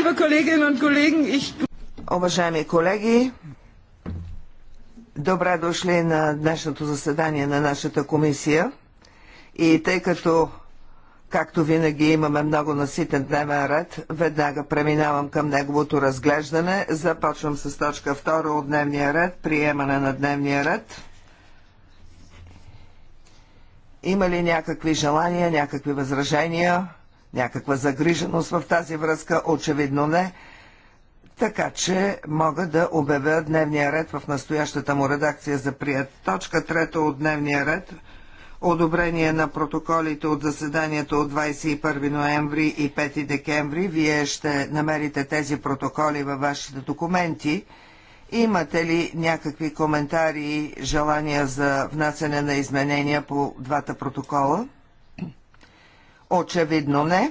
liebe Kolleginnen und Kollegen, ich... Уважаеми колеги, добре дошли на днешното заседание на нашата комисия. И тъй като, както винаги, имаме много наситен дневен ред, веднага преминавам към неговото разглеждане. Започвам с точка 2 от дневния ред, приемане на дневния ред. Има ли някакви желания, някакви възражения? някаква загриженост в тази връзка? Очевидно не. Така че мога да обявя дневния ред в настоящата му редакция за прият. Точка трета от дневния ред одобрение на протоколите от заседанието от 21 ноември и 5 декември. Вие ще намерите тези протоколи във вашите документи. Имате ли някакви коментари и желания за внасяне на изменения по двата протокола? Очевидно не.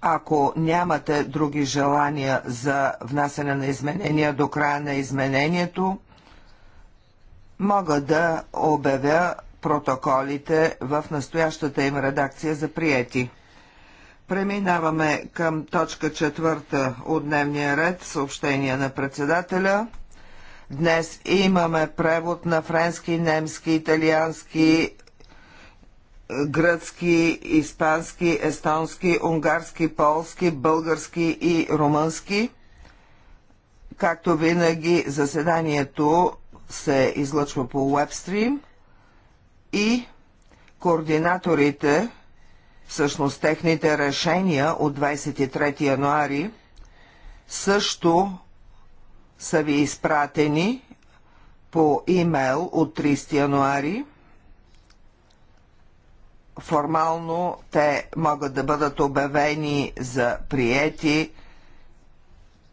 Ако нямате други желания за внасяне на изменения до края на изменението, мога да обявя протоколите в настоящата им редакция за приети. Преминаваме към точка четвърта от дневния ред, съобщение на председателя – Днес имаме превод на френски, немски, италиански, гръцки, испански, естонски, унгарски, полски, български и румънски. Както винаги, заседанието се излъчва по вебстрим и координаторите, всъщност техните решения от 23 януари, също са ви изпратени по имейл от 30 януари. Формално те могат да бъдат обявени за приети,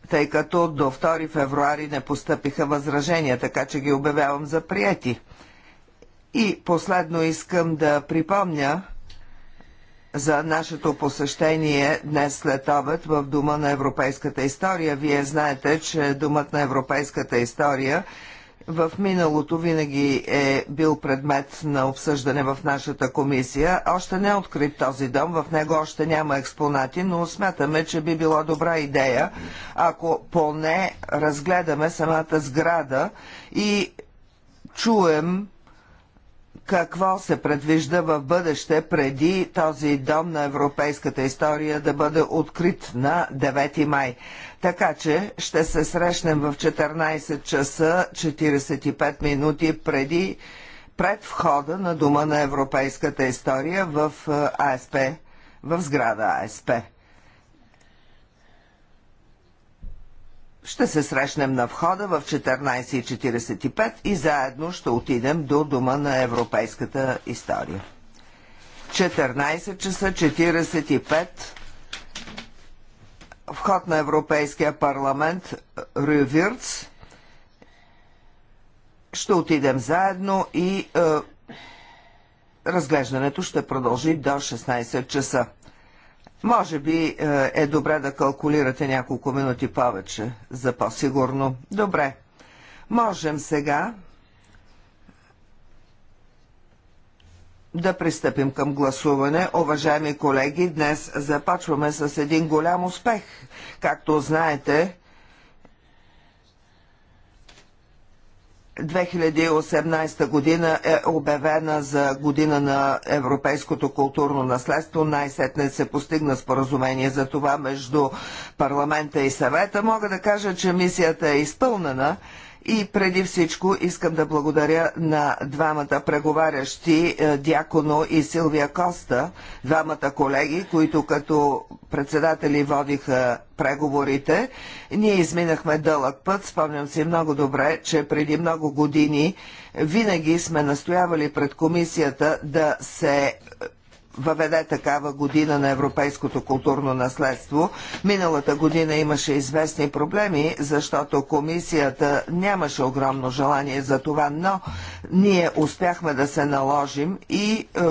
тъй като до 2 февруари не постъпиха възражения, така че ги обявявам за приети. И последно искам да припомня, за нашето посещение днес след обед в Дома на европейската история. Вие знаете, че Думът на европейската история в миналото винаги е бил предмет на обсъждане в нашата комисия. Още не е открит този дом, в него още няма експонати, но смятаме, че би била добра идея, ако поне разгледаме самата сграда и чуем какво се предвижда в бъдеще преди този дом на европейската история да бъде открит на 9 май. Така че ще се срещнем в 14 часа 45 минути преди пред входа на Дома на европейската история в е, АСП, в сграда АСП. Ще се срещнем на входа в 14.45 и заедно ще отидем до Дома на европейската история. 14 часа 45 вход на Европейския парламент Рювирц. Ще отидем заедно и е, разглеждането ще продължи до 16 часа. Може би е, е добре да калкулирате няколко минути повече за по-сигурно. Добре. Можем сега Да пристъпим към гласуване. Уважаеми колеги, днес започваме с един голям успех. Както знаете, 2018 година е обявена за година на европейското културно наследство. Най-сетне се постигна споразумение за това между парламента и съвета. Мога да кажа, че мисията е изпълнена. И преди всичко искам да благодаря на двамата преговарящи е, Дяконо и Силвия Коста, двамата колеги, които като председатели водиха преговорите. Ние изминахме дълъг път. Спомням си много добре, че преди много години винаги сме настоявали пред комисията да се въведе такава година на европейското културно наследство. Миналата година имаше известни проблеми, защото комисията нямаше огромно желание за това, но ние успяхме да се наложим и е,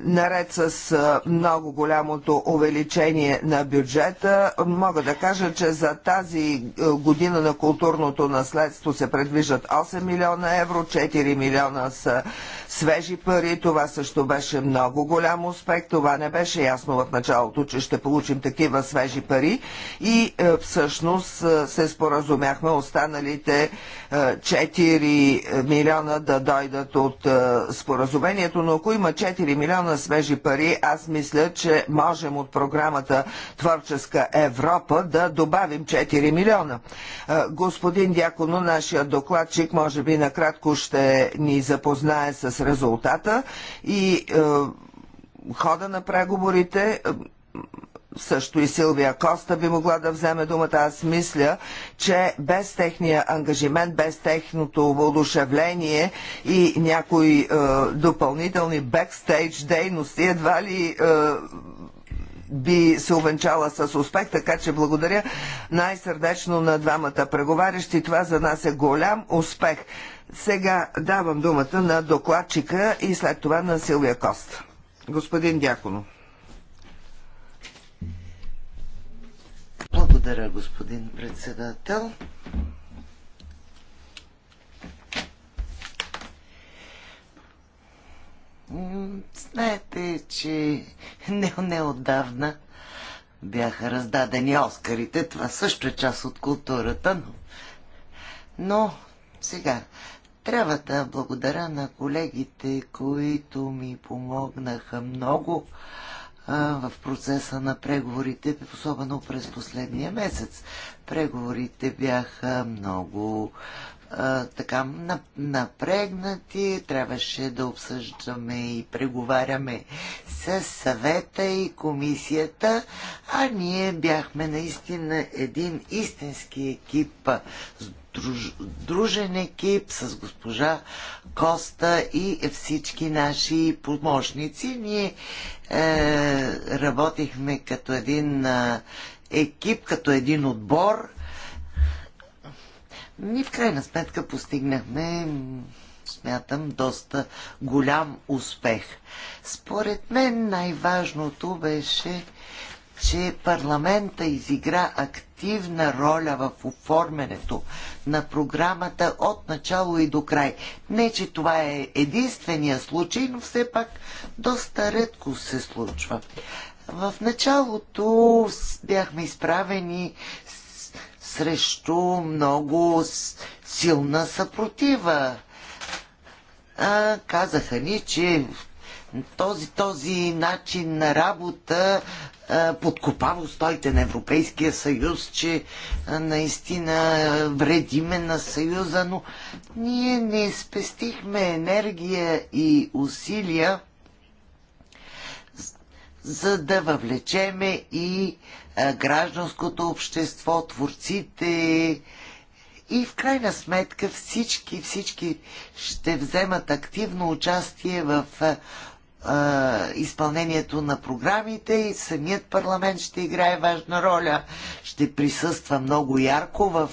наред с много голямото увеличение на бюджета, мога да кажа, че за тази година на културното наследство се предвиждат 8 милиона евро, 4 милиона са свежи пари. Това също беше много голям успех. Това не беше ясно в началото, че ще получим такива свежи пари. И всъщност се споразумяхме останалите 4 милиона да дойдат от споразумението, но ако има 4 милиона на свежи пари, аз мисля, че можем от програмата Творческа Европа да добавим 4 милиона. Е, господин Дяконо, нашия докладчик, може би накратко ще ни запознае с резултата и е, хода на преговорите също и Силвия Коста би могла да вземе думата. Аз мисля, че без техния ангажимент, без техното воодушевление и някои е, допълнителни бекстейдж дейности, едва ли е, би се увенчала с успех, така че благодаря най-сърдечно на двамата преговарящи. Това за нас е голям успех. Сега давам думата на докладчика и след това на Силвия Коста. Господин Дяконов. Благодаря, господин председател. Знаете, че не, не отдавна бяха раздадени Оскарите. Това също е част от културата, но, но сега трябва да благодаря на колегите, които ми помогнаха много в процеса на преговорите, особено през последния месец. Преговорите бяха много така напрегнати, трябваше да обсъждаме и преговаряме с съвета и комисията, а ние бяхме наистина един истински екип с друж, дружен екип с госпожа Коста и всички наши помощници. Ние е, работихме като един е, екип, като един отбор. И в крайна сметка постигнахме, смятам, доста голям успех. Според мен най-важното беше че парламента изигра активна роля в оформянето на програмата от начало и до край. Не, че това е единствения случай, но все пак доста редко се случва. В началото бяхме изправени срещу много силна съпротива. А, казаха ни, че този, този начин на работа подкопава устоите на Европейския съюз, че наистина вредиме на съюза, но ние не спестихме енергия и усилия за да въвлечеме и гражданското общество, творците, и в крайна сметка всички, всички ще вземат активно участие в изпълнението на програмите и самият парламент ще играе важна роля. Ще присъства много ярко в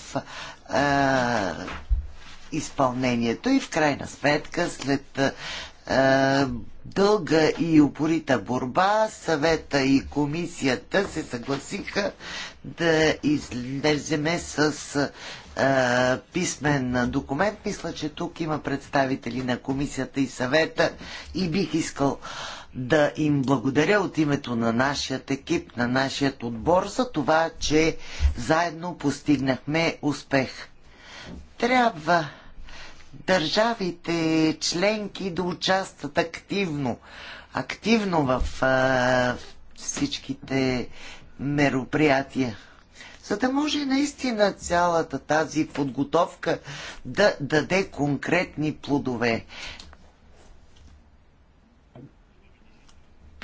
изпълнението и в крайна сметка след дълга и упорита борба, съвета и комисията се съгласиха да излеземе с е, писмен документ. Мисля, че тук има представители на комисията и съвета и бих искал да им благодаря от името на нашия екип, на нашия отбор за това, че заедно постигнахме успех. Трябва държавите членки да участват активно, активно в е, в всичките мероприятия за да може наистина цялата тази подготовка да даде конкретни плодове.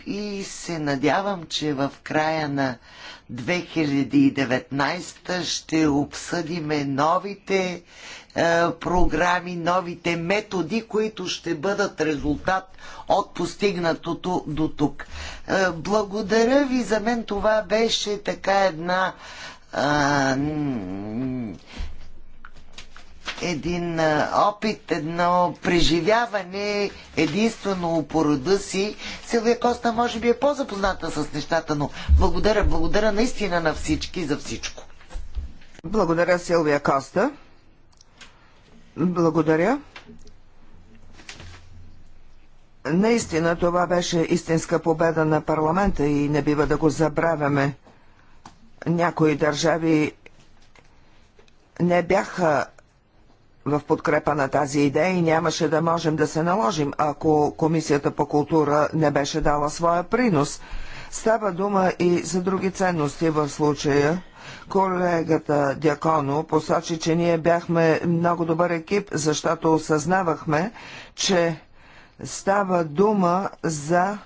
И се надявам, че в края на 2019 ще обсъдиме новите е, програми, новите методи, които ще бъдат резултат от постигнатото до тук. Е, благодаря ви, за мен това беше така една а, един опит, едно преживяване единствено по рода си. Силвия Коста може би е по-запозната с нещата, но благодаря, благодаря наистина на всички за всичко. Благодаря, Силвия Коста. Благодаря. Наистина това беше истинска победа на парламента и не бива да го забравяме някои държави не бяха в подкрепа на тази идея и нямаше да можем да се наложим, ако Комисията по култура не беше дала своя принос. Става дума и за други ценности в случая. Колегата Дяконо посочи, че ние бяхме много добър екип, защото осъзнавахме, че става дума за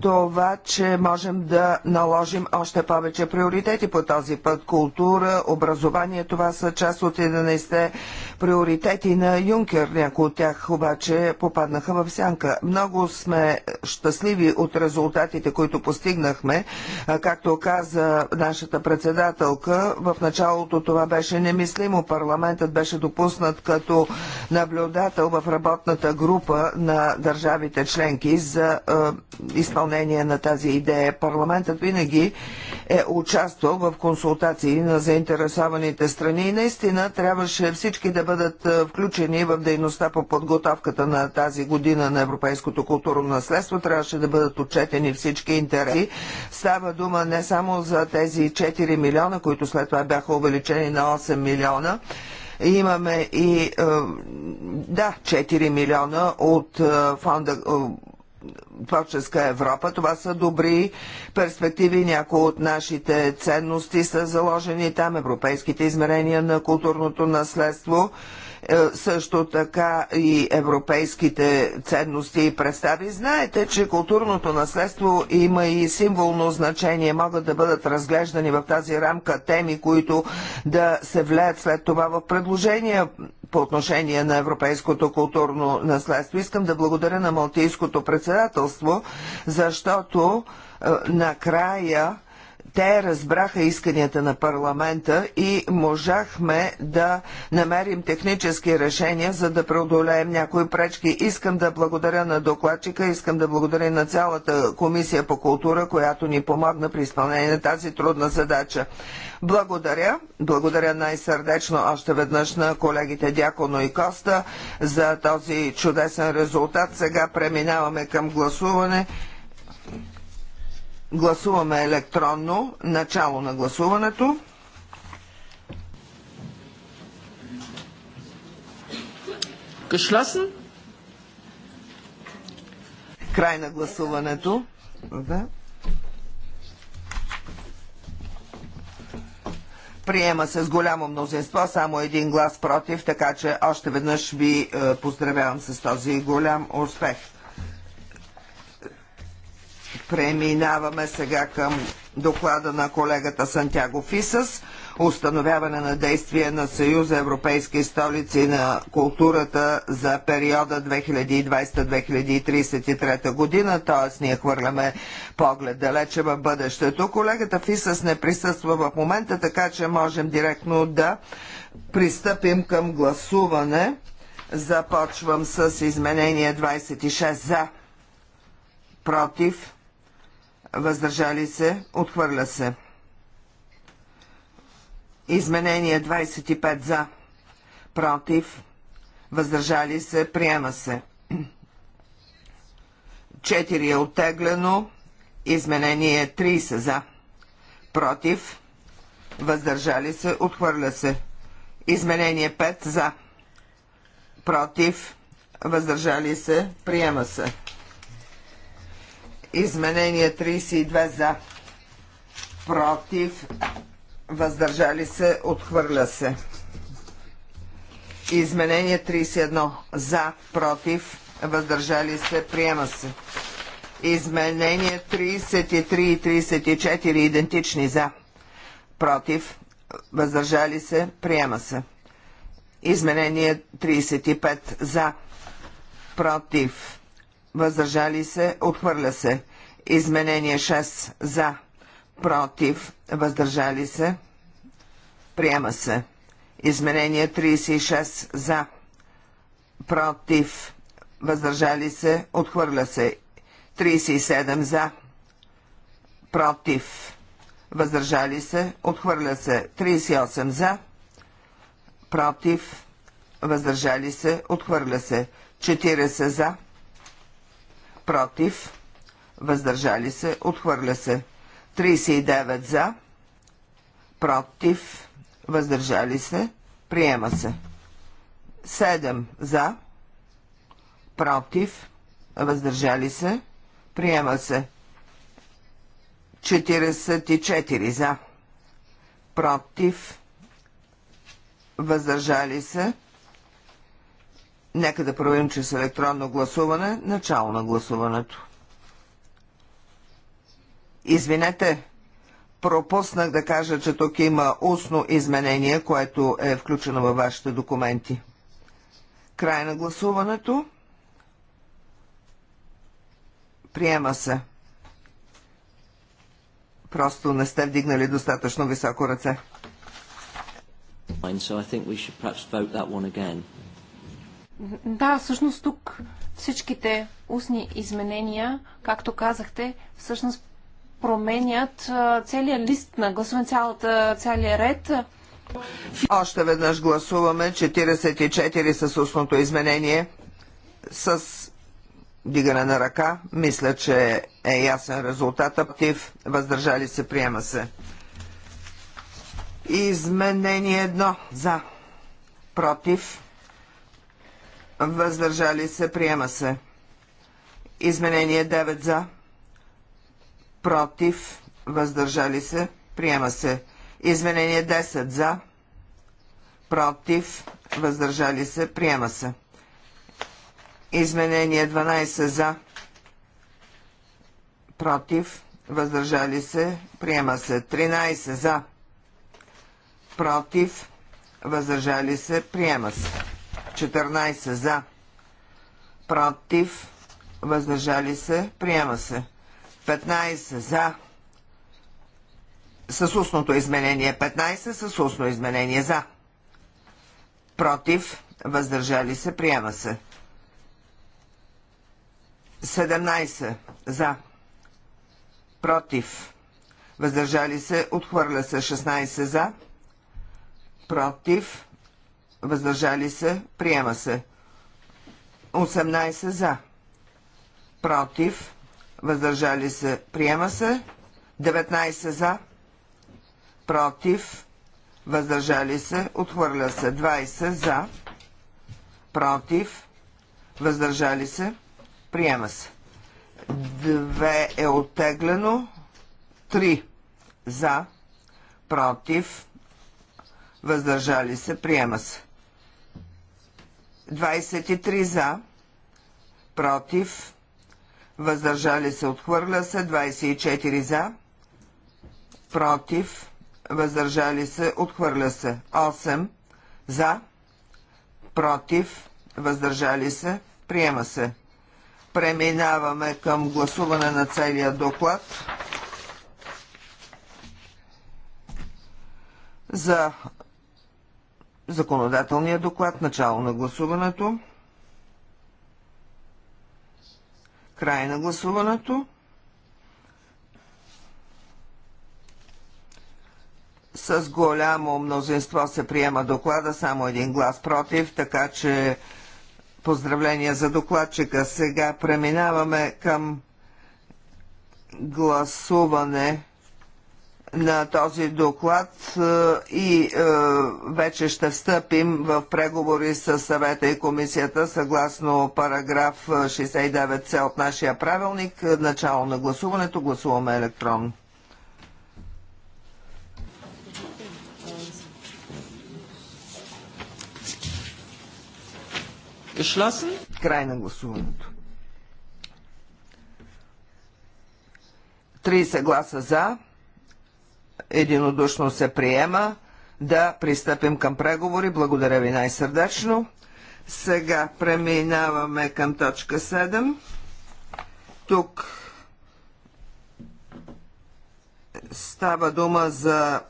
това, че можем да наложим още повече приоритети по този път. Култура, образование, това са част от 11 приоритети на Юнкер. Някои от тях обаче попаднаха в сянка. Много сме щастливи от резултатите, които постигнахме. Както каза нашата председателка, в началото това беше немислимо. Парламентът беше допуснат като наблюдател в работната група на държавите членки за е, изпълнение на тази идея. Парламентът винаги е участвал в консултации на заинтересованите страни и наистина трябваше всички да бъдат включени в дейността по подготовката на тази година на европейското културно наследство. Трябваше да бъдат отчетени всички интереси. Става дума не само за тези 4 милиона, които след това бяха увеличени на 8 милиона, имаме и да, 4 милиона от фонда творческа Европа. Това са добри перспективи. Някои от нашите ценности са заложени там. Европейските измерения на културното наследство – е, също така и европейските ценности и представи. Знаете, че културното наследство има и символно значение. Могат да бъдат разглеждани в тази рамка теми, които да се влеят след това в предложения по отношение на европейското културно наследство. Искам да благодаря на Малтийското председателство, защото е, накрая те разбраха исканията на парламента и можахме да намерим технически решения, за да преодолеем някои пречки. Искам да благодаря на докладчика, искам да благодаря на цялата комисия по култура, която ни помогна при изпълнение на тази трудна задача. Благодаря. Благодаря най-сърдечно още веднъж на колегите Дяконо и Коста за този чудесен резултат. Сега преминаваме към гласуване. Гласуваме електронно. Начало на гласуването. Geschlossen. Край на гласуването. Да. Приема се с голямо мнозинство, само един глас против, така че още веднъж ви е, поздравявам с този голям успех. Преминаваме сега към доклада на колегата Сантяго Фисас установяване на действие на Съюза Европейски столици на културата за периода 2020-2033 година, т.е. ние хвърляме поглед далече в бъдещето. Колегата Фисас не присъства в момента, така че можем директно да пристъпим към гласуване. Започвам с изменение 26 за, против, въздържали се, отхвърля се. Изменение 25 за, против, въздържали се, приема се. 4 е оттеглено, изменение 30 за, против, въздържали се, отхвърля се. Изменение 5 за, против, въздържали се, приема се. Изменение 32 за. Против. Въздържали се. Отхвърля се. Изменение 31 за. Против. Въздържали се. Приема се. Изменение 33 и 34 идентични за. Против. Въздържали се. Приема се. Изменение 35 за. Против въздържали се, отхвърля се. Изменение 6 за, против, въздържали се, приема се. Изменение 36 за, против, въздържали се, отхвърля се. 37 за, против, въздържали се, отхвърля се. 38 за, против, въздържали се, отхвърля се. 40 за, против, въздържали се, отхвърля се. 39 за, против, въздържали се, приема се. 7 за, против, въздържали се, приема се. 44 за, против, въздържали се, Нека да проверим, че с електронно гласуване начало на гласуването. Извинете, пропуснах да кажа, че тук има устно изменение, което е включено във вашите документи. Край на гласуването. Приема се. Просто не сте вдигнали достатъчно високо ръце. So I think we should perhaps vote that one again. Да, всъщност тук всичките устни изменения, както казахте, всъщност променят целият лист на гласуване, цялата, целият ред. Още веднъж гласуваме 44 с устното изменение. С дигане на ръка, мисля, че е ясен резултат. Актив, въздържали се, приема се. Изменение едно За. Против въздържали се, приема се. Изменение 9 за, против, въздържали се, приема се. Изменение 10 за, против, въздържали се, приема се. Изменение 12 за, против, въздържали се, приема се. 13 за, против, въздържали се, приема се. 14 за, против, въздържали се, приема се. 15 за, с устното изменение 15, с устно изменение за, против, въздържали се, приема се. 17 за, против, въздържали се, отхвърля се 16 за, против, въздържали се, приема се. 18 за, против, въздържали се, приема се. 19 за, против, въздържали се, отхвърля се. 20 за, против, въздържали се, приема се. 2 е оттеглено, 3 за, против, въздържали се, приема се. 23 за, против, въздържали се, отхвърля се, 24 за, против, въздържали се, отхвърля се, 8 за, против, въздържали се, приема се. Преминаваме към гласуване на целия доклад. За законодателния доклад, начало на гласуването, край на гласуването, с голямо мнозинство се приема доклада, само един глас против, така че поздравления за докладчика. Сега преминаваме към гласуване на този доклад е, и е, вече ще встъпим в преговори с съвета и комисията съгласно параграф 69 е, цел от нашия правилник. Начало на гласуването. Гласуваме електронно. Край на гласуването. 30 гласа за, единодушно се приема да пристъпим към преговори. Благодаря ви най-сърдечно. Сега преминаваме към точка 7. Тук става дума за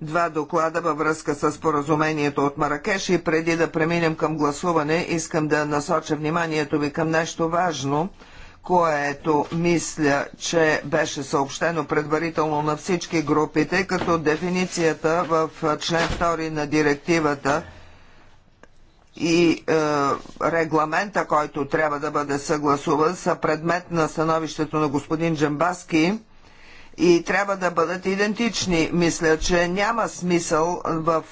два доклада във връзка с поразумението от Маракеш и преди да преминем към гласуване, искам да насоча вниманието ви към нещо важно – което мисля, че беше съобщено предварително на всички групите, като дефиницията в член 2 на директивата и е, регламента, който трябва да бъде съгласуван, са предмет на становището на господин Джамбаски и трябва да бъдат идентични. Мисля, че няма смисъл в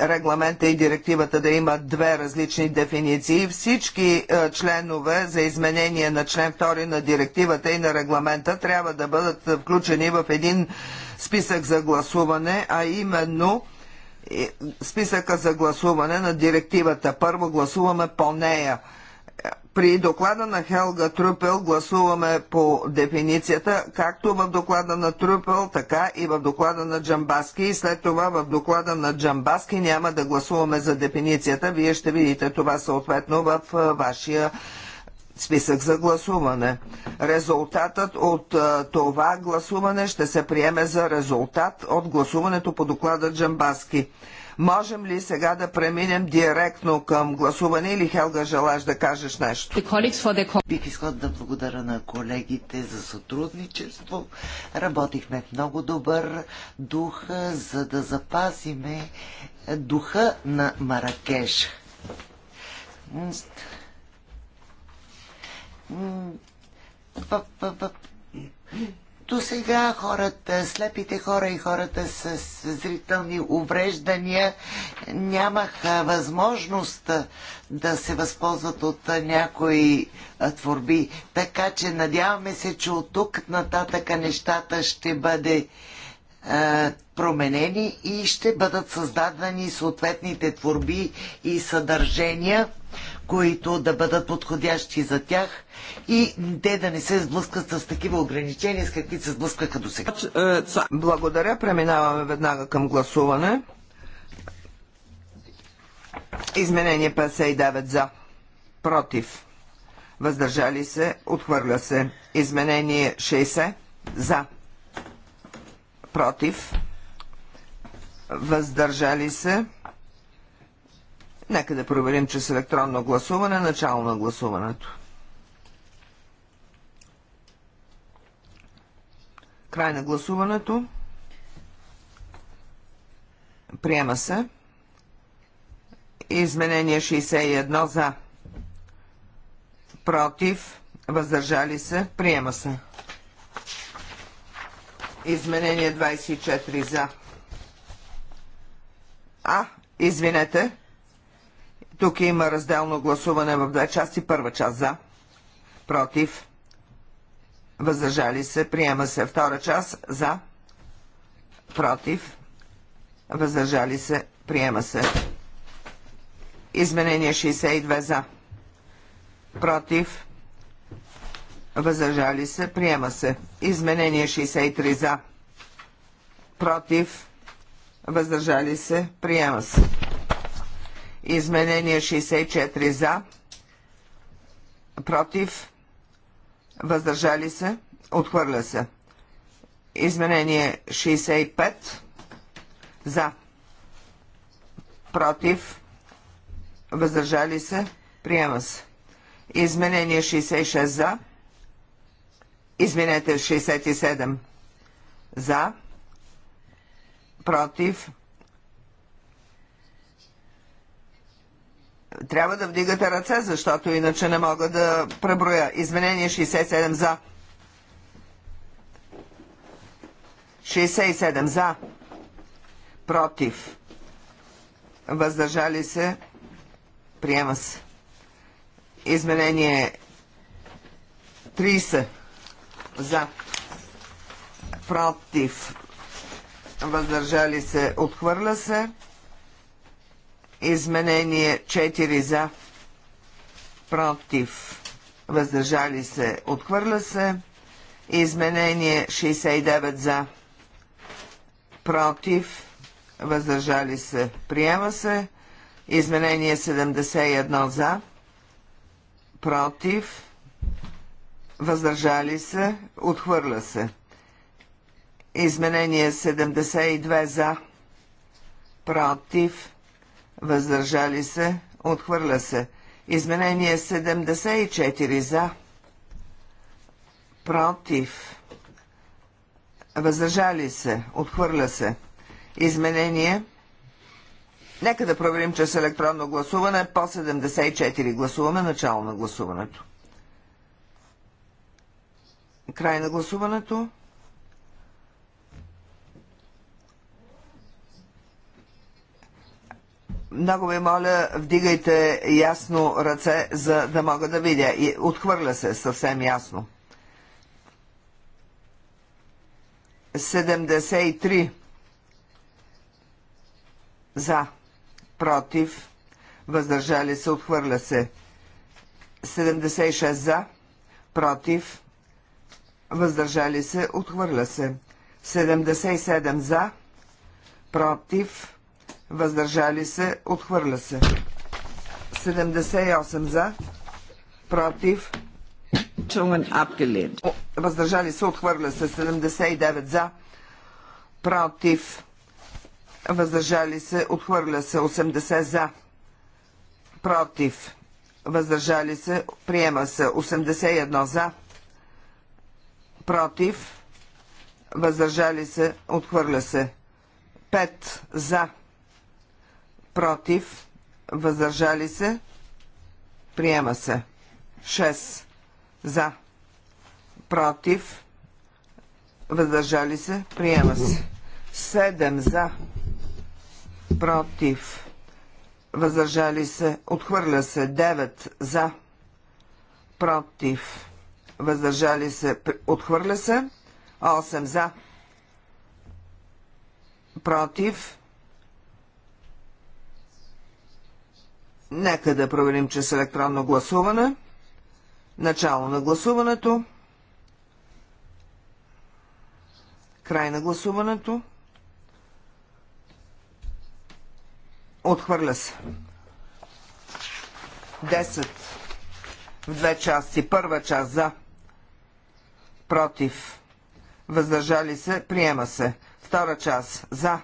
регламента и директивата да има две различни дефиниции. Всички членове за изменение на член 2 на директивата и на регламента трябва да бъдат включени в един списък за гласуване, а именно е, списъка за гласуване на директивата. Първо гласуваме по нея. При доклада на Хелга Трупел гласуваме по дефиницията, както в доклада на Трупел, така и в доклада на Джамбаски. И след това в доклада на Джамбаски няма да гласуваме за дефиницията. Вие ще видите това съответно в вашия списък за гласуване. Резултатът от това гласуване ще се приеме за резултат от гласуването по доклада Джамбаски. Можем ли сега да преминем директно към гласуване или Хелга желаш да кажеш нещо? Бих искал да благодаря на колегите за сътрудничество. Работихме в много добър дух, за да запазиме духа на Маракеш до сега хората, слепите хора и хората с зрителни увреждания нямаха възможност да се възползват от някои творби. Така че надяваме се, че от тук нататъка нещата ще бъде променени и ще бъдат създадени съответните творби и съдържания, които да бъдат подходящи за тях и те да не се сблъскат с такива ограничения, с каквито се сблъскаха до сега. Значи, е, Благодаря. Преминаваме веднага към гласуване. Изменение 59 за. Против. Въздържали се. Отхвърля се. Изменение 60 за. Против. Въздържали се. Нека да проверим, че с електронно гласуване, начало на гласуването. Край на гласуването. Приема се. Изменение 61 за. Против. Въздържали се. Приема се. Изменение 24 за. А, извинете. Тук има разделно гласуване в две части. Първа част за, против, въздържали се, приема се. Втора част за, против, въздържали се, приема се. Изменение 62 за, против, въздържали се, приема се. Изменение 63 за, против, въздържали се, приема се. Изменение 64 за, против, въздържали се, отхвърля се. Изменение 65 за, против, въздържали се, приема се. Изменение 66 за, изменете 67 за, против, трябва да вдигате ръце, защото иначе не мога да преброя. Изменение 67 за. 67 за. Против. Въздържали се. Приема се. Изменение 30 за. Против. Въздържали се. Отхвърля се. Изменение 4 за, против, въздържали се, отхвърля се. Изменение 69 за, против, въздържали се, приема се. Изменение 71 за, против, въздържали се, отхвърля се. Изменение 72 за, против, въздържали се, отхвърля се. Изменение 74 за, против, въздържали се, отхвърля се. Изменение. Нека да проверим, че с електронно гласуване по 74 гласуваме начало на гласуването. Край на гласуването. много ви моля, вдигайте ясно ръце, за да мога да видя. И отхвърля се съвсем ясно. 73 за, против, въздържали се, отхвърля се. 76 за, против, въздържали се, отхвърля се. 77 за, против, въздържали се, отхвърля се. 78 за, против, въздържали се, отхвърля се. 79 за, против, въздържали се, отхвърля се. 80 за, против, въздържали се, приема се. 81 за, против, въздържали се, отхвърля се. 5 за, против, против, въздържали се, приема се. 6 за, против, въздържали се, приема се. 7 за, против, въздържали се, отхвърля се. 9 за, против, въздържали се, отхвърля се. 8 за, против, Нека да проверим, че с електронно гласуване. Начало на гласуването. Край на гласуването. Отхвърля се. 10 в две части. Първа част за. Против. Въздържали се. Приема се. Втора част за.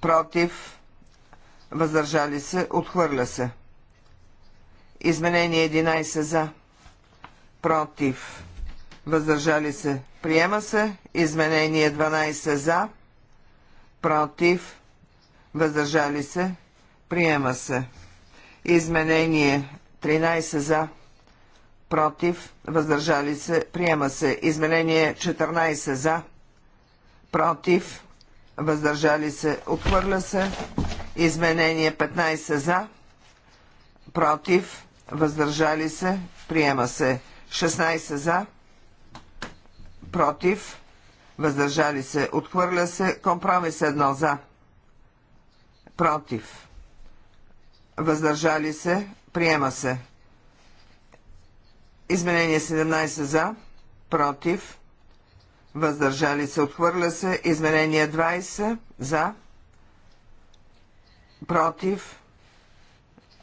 Против въздържали се, отхвърля се. Изменение 11 за, против, въздържали се, приема се. Изменение 12 за, против, въздържали се, приема се. Изменение 13 за, против, въздържали се, приема се. Изменение 14 за, против, въздържали се, отхвърля се. Изменение 15 за, против, въздържали се, приема се. 16 за, против, въздържали се, отхвърля се. Компромис 1 за, против, въздържали се, приема се. Изменение 17 за, против, въздържали се, отхвърля се. Изменение 20 за, против против,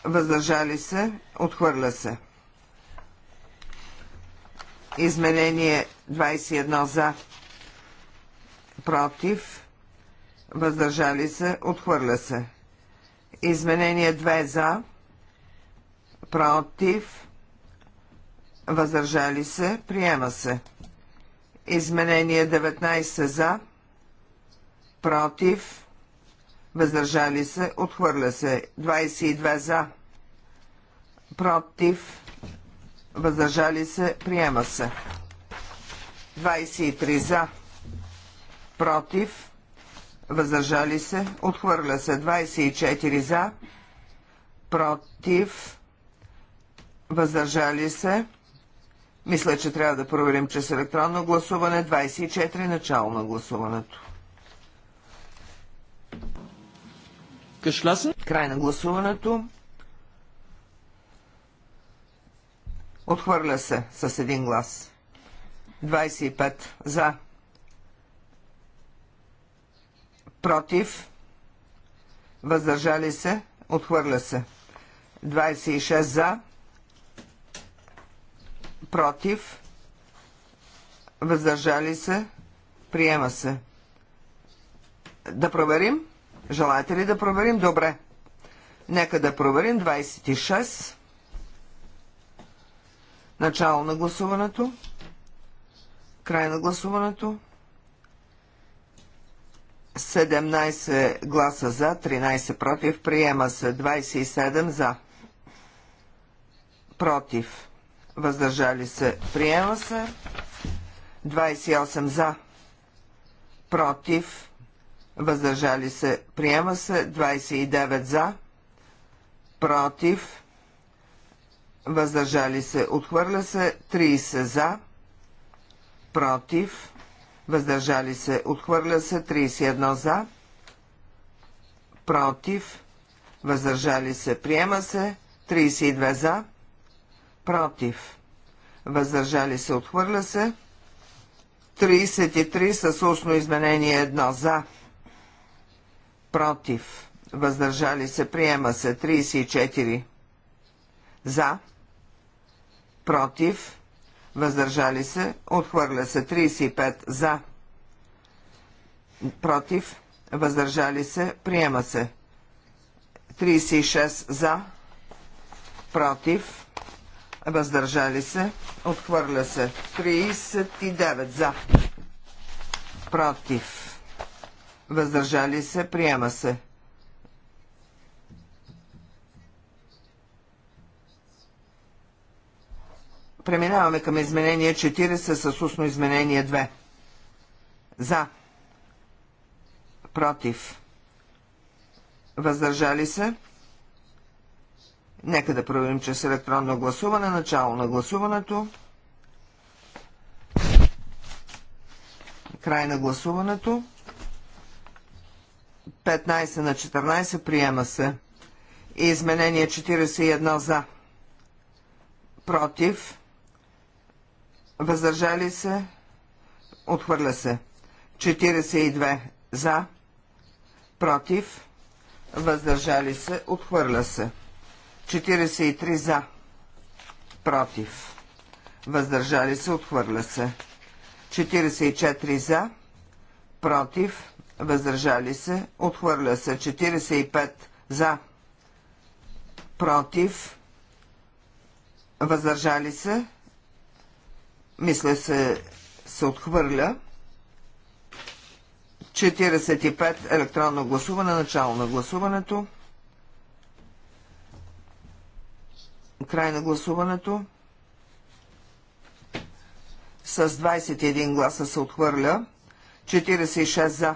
въздържали се, отхвърля се. Изменение 21 за, против, въздържали се, отхвърля се. Изменение 2 за, против, въздържали се, приема се. Изменение 19 за, против, въздържали се, отхвърля се. 22 за, против, въздържали се, приема се. 23 за, против, въздържали се, отхвърля се. 24 за, против, въздържали се. Мисля, че трябва да проверим че с електронно гласуване. 24 начало на гласуването. Geschlossen. Край на гласуването. Отхвърля се с един глас. 25 за. Против. Въздържали се. Отхвърля се. 26 за. Против. Въздържали се. Приема се. Да проверим. Желаете ли да проверим? Добре. Нека да проверим 26. Начало на гласуването. Край на гласуването. 17 гласа за, 13 против. Приема се 27 за. Против. Въздържали се. Приема се. 28 за. Против въздържали се, приема се, 29 за, против, въздържали се, отхвърля се, 30 за, против, въздържали се, отхвърля се, 31 за, против, въздържали се, приема се, 32 за, против, въздържали се, отхвърля се, 33 с устно изменение 1 за, против, въздържали се, приема се 34 за, против, въздържали се, отхвърля се 35 за, против, въздържали се, приема се 36 за, против, въздържали се, отхвърля се 39 за, против въздържали се, приема се. Преминаваме към изменение 40 с устно изменение 2. За. Против. Въздържали се. Нека да проверим, чрез електронно гласуване, начало на гласуването, край на гласуването, 15 на 14 приема се. И изменение 41 за. Против. Въздържали се. Отхвърля се. 42 за. Против. Въздържали се. Отхвърля се. 43 за. Против. Въздържали се. Отхвърля се. 44 за. Против въздържали се, отхвърля се 45 за, против, въздържали се, мисля се, се отхвърля. 45 електронно гласуване, начало на гласуването. Край на гласуването. С 21 гласа се отхвърля. 46 за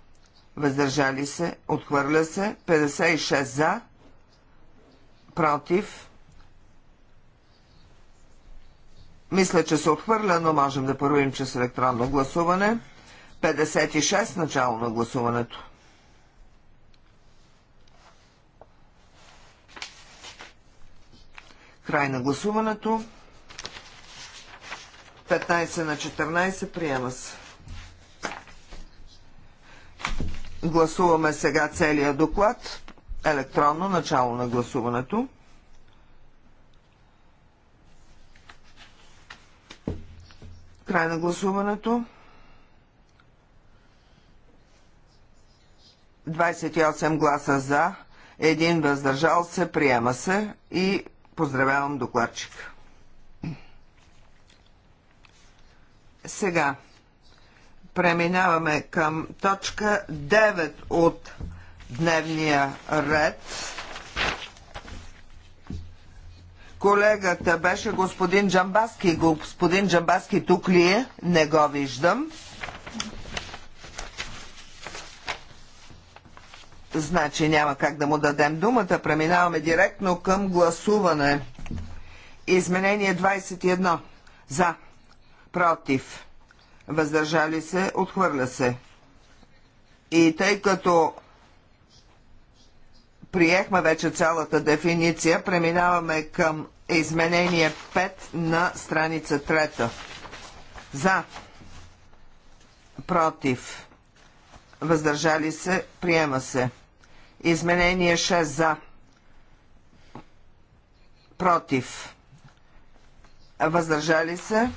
въздържали се, отхвърля се, 56 за, против. Мисля, че се отхвърля, но можем да проверим чрез електронно гласуване. 56 начало на гласуването. Край на гласуването. 15 на 14 приема се. Гласуваме сега целия доклад. Електронно начало на гласуването. Край на гласуването. 28 гласа за, един въздържал се, приема се и поздравявам докладчика. Сега преминаваме към точка 9 от дневния ред. Колегата беше господин Джамбаски. Господин Джамбаски тук ли е? Не го виждам. Значи няма как да му дадем думата. Преминаваме директно към гласуване. Изменение 21. За. Против въздържали се, отхвърля се. И тъй като приехме вече цялата дефиниция, преминаваме към изменение 5 на страница 3. За, против, въздържали се, приема се. Изменение 6 за, против, въздържали се,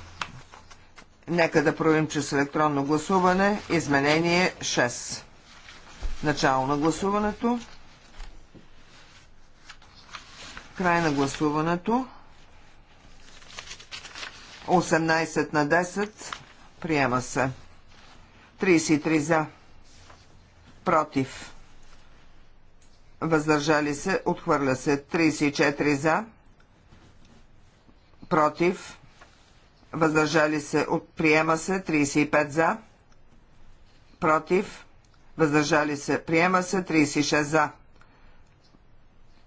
Нека да проверим чрез електронно гласуване. Изменение 6. Начало на гласуването. Край на гласуването. 18 на 10. Приема се. 33 за. Против. Въздържали се. Отхвърля се. 34 за. Против въздържали се, приема се, 35 за, против, въздържали се, приема се, 36 за,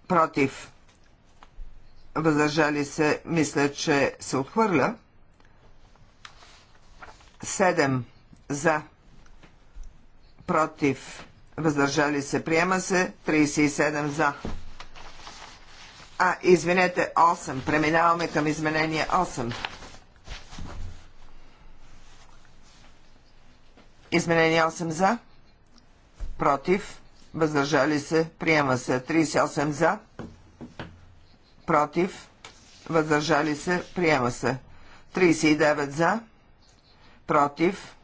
против, въздържали се, мисля, че се отхвърля, 7 за, против, въздържали се, приема се, 37 за. А, извинете, 8. Преминаваме към изменение 8. Изменение 8 за. Против. Въздържали се. Приема се. 38 за. Против. Въздържали се. Приема се. 39 за. Против.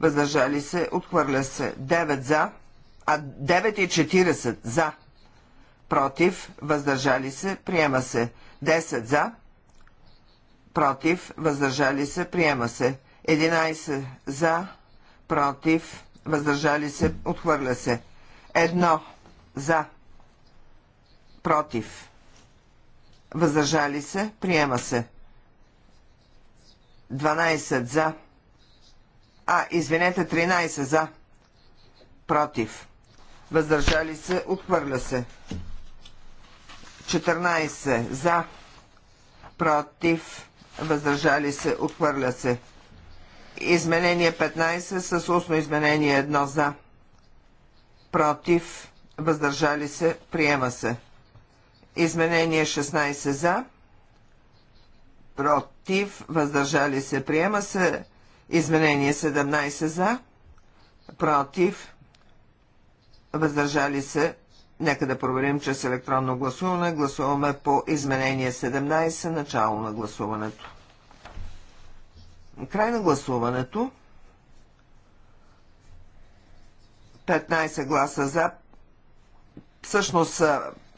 Въздържали се. Отхвърля се. 9 за. А 9 и 40 за. Против. Въздържали се. Приема се. 10 за. Против. Въздържали се. Приема се. 11 за против, въздържали се, отхвърля се. Едно за, против, въздържали се, приема се. 12 за. А, извинете, 13 за. Против. Въздържали се, отхвърля се. 14 за. Против. Въздържали се, отхвърля се. Изменение 15 с устно изменение 1 за. Против. Въздържали се. Приема се. Изменение 16 за. Против. Въздържали се. Приема се. Изменение 17 за. Против. Въздържали се. Нека да проверим, че с електронно гласуване гласуваме по изменение 17, начало на гласуването. Край на гласуването. 15 гласа за. Всъщност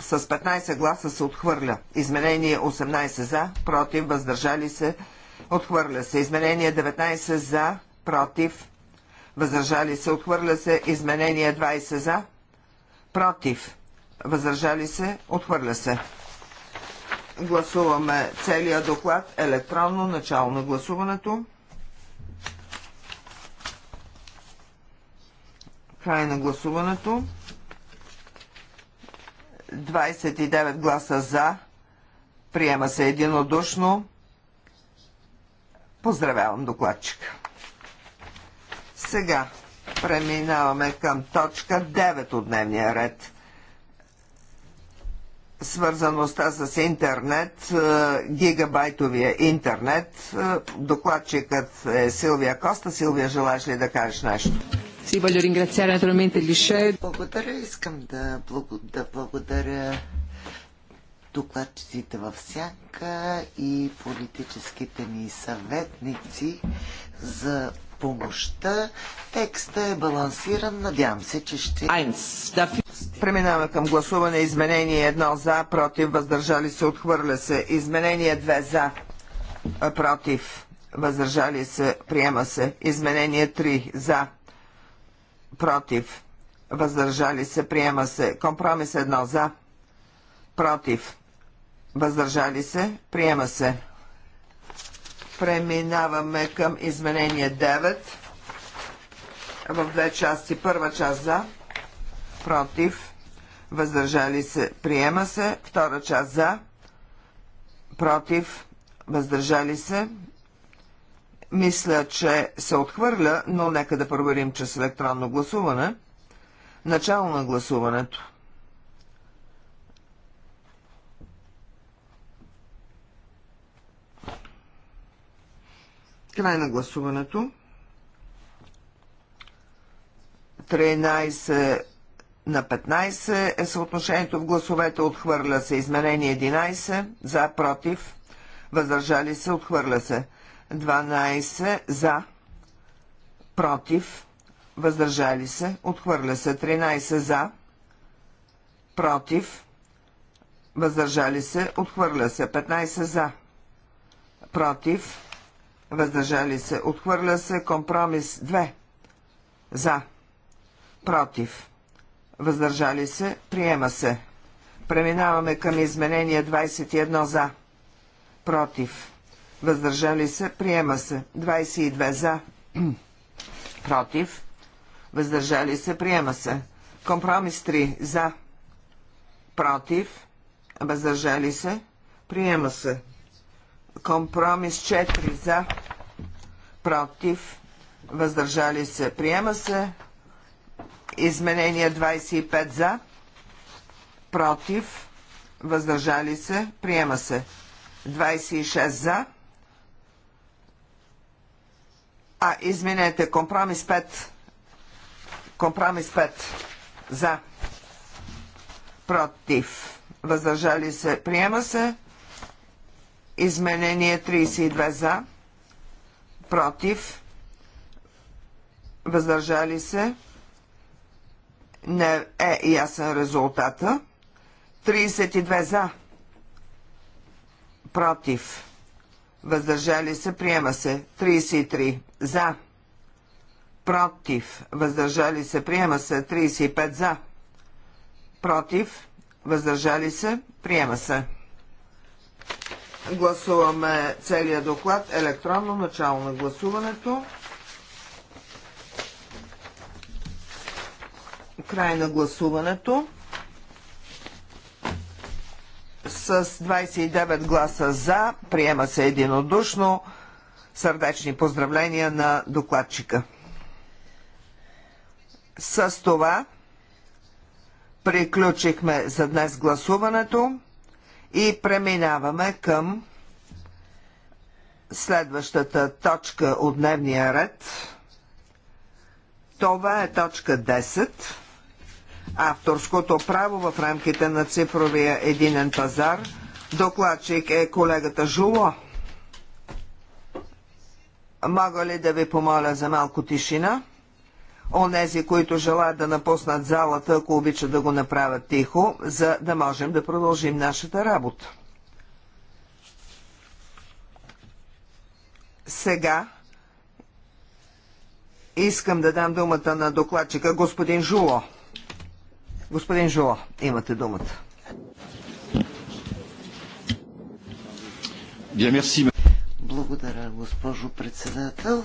с 15 гласа се отхвърля. Изменение 18 за, против, въздържали се, отхвърля се. Изменение 19 за, против, въздържали се, отхвърля се. Изменение 20 за, против, въздържали се, отхвърля се. Гласуваме целия доклад електронно начало на гласуването. Край на гласуването. 29 гласа за. Приема се единодушно. Поздравявам докладчика. Сега преминаваме към точка 9 от дневния ред – свързаността с интернет, е, гигабайтовия интернет. Е, докладчикът е Силвия Коста. Силвия, желаеш ли да кажеш нещо? Си, voglio ringraziare натурамент gli Благодаря, искам да, да благодаря докладчиците в сянка и политическите ни съветници за помощта. Текста е балансиран. Надявам се, че ще... Преминаваме към гласуване. Изменение 1 за, против, въздържали се, отхвърля се. Изменение 2 за, против, въздържали се, приема се. Изменение 3 за, против, въздържали се, приема се. Компромис 1 за, против, въздържали се, приема се. Преминаваме към изменение 9 в две части. Първа част за, против, въздържали се, приема се. Втора част за, против, въздържали се. Мисля, че се отхвърля, но нека да проверим чрез електронно гласуване. Начало на гласуването. Край на гласуването. 13 на 15 е съотношението в гласовете. Отхвърля се. Изменение 11. За, против. Въздържали се. Отхвърля се. 12. За, против. Въздържали се. Отхвърля се. 13. За, против. Въздържали се. Отхвърля се. 15. За, против въздържали се, отхвърля се. Компромис 2 за, против, въздържали се, приема се. Преминаваме към изменение 21 за, против, въздържали се, приема се. 22 за, против, въздържали се, приема се. Компромис 3 за, против, въздържали се, приема се. Компромис 4 за, против, въздържали се, приема се. Изменение 25 за, против, въздържали се, приема се. 26 за. А, изменете, компромис 5. Компромис 5 за, против, въздържали се, приема се. Изменение 32 за против, въздържали се, не е ясен резултата. 32 за, против, въздържали се, приема се. 33 за, против, въздържали се, приема се. 35 за, против, въздържали се, приема се. Гласуваме целия доклад електронно начало на гласуването. Край на гласуването. С 29 гласа за приема се единодушно. Сърдечни поздравления на докладчика. С това приключихме за днес гласуването. И преминаваме към следващата точка от дневния ред. Това е точка 10. Авторското право в рамките на цифровия единен пазар. Докладчик е колегата Жуло. Мога ли да ви помоля за малко тишина? онези, които желаят да напуснат залата, ако обичат да го направят тихо, за да можем да продължим нашата работа. Сега искам да дам думата на докладчика господин Жуло. Господин Жуло, имате думата. Благодаря, госпожо председател.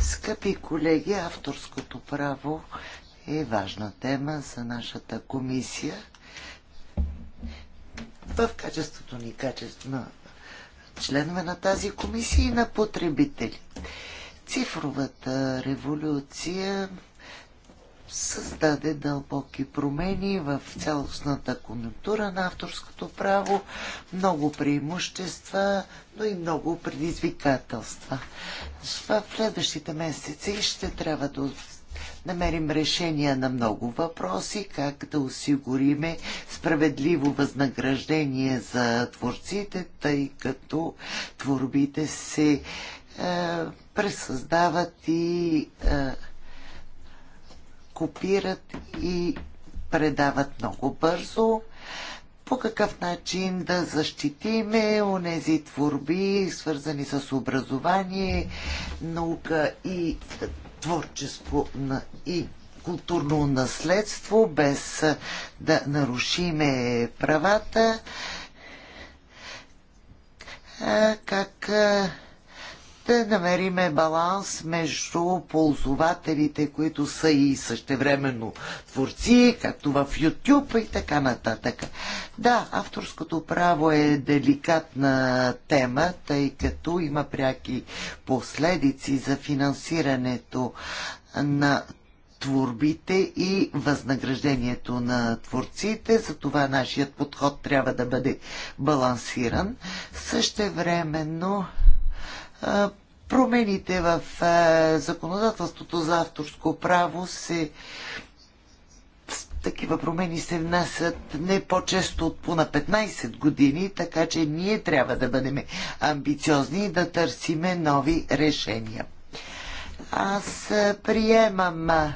Скъпи колеги, авторското право е важна тема за нашата комисия. В качеството ни качество на членове на тази комисия и на потребители. Цифровата революция създаде дълбоки промени в цялостната конъюнктура на авторското право, много преимущества, но и много предизвикателства. В следващите месеци ще трябва да намерим решения на много въпроси, как да осигуриме справедливо възнаграждение за творците, тъй като творбите се е, пресъздават и е, копират и предават много бързо. По какъв начин да защитиме онези творби, свързани с образование, наука и творчество и културно наследство, без да нарушиме правата. Как ще намериме баланс между ползователите, които са и същевременно творци, както в YouTube и така нататък. Да, авторското право е деликатна тема, тъй като има пряки последици за финансирането на творбите и възнаграждението на творците. Затова нашият подход трябва да бъде балансиран. също времено промените в законодателството за авторско право се такива промени се внасят не по-често от по на 15 години, така че ние трябва да бъдем амбициозни и да търсиме нови решения. Аз приемам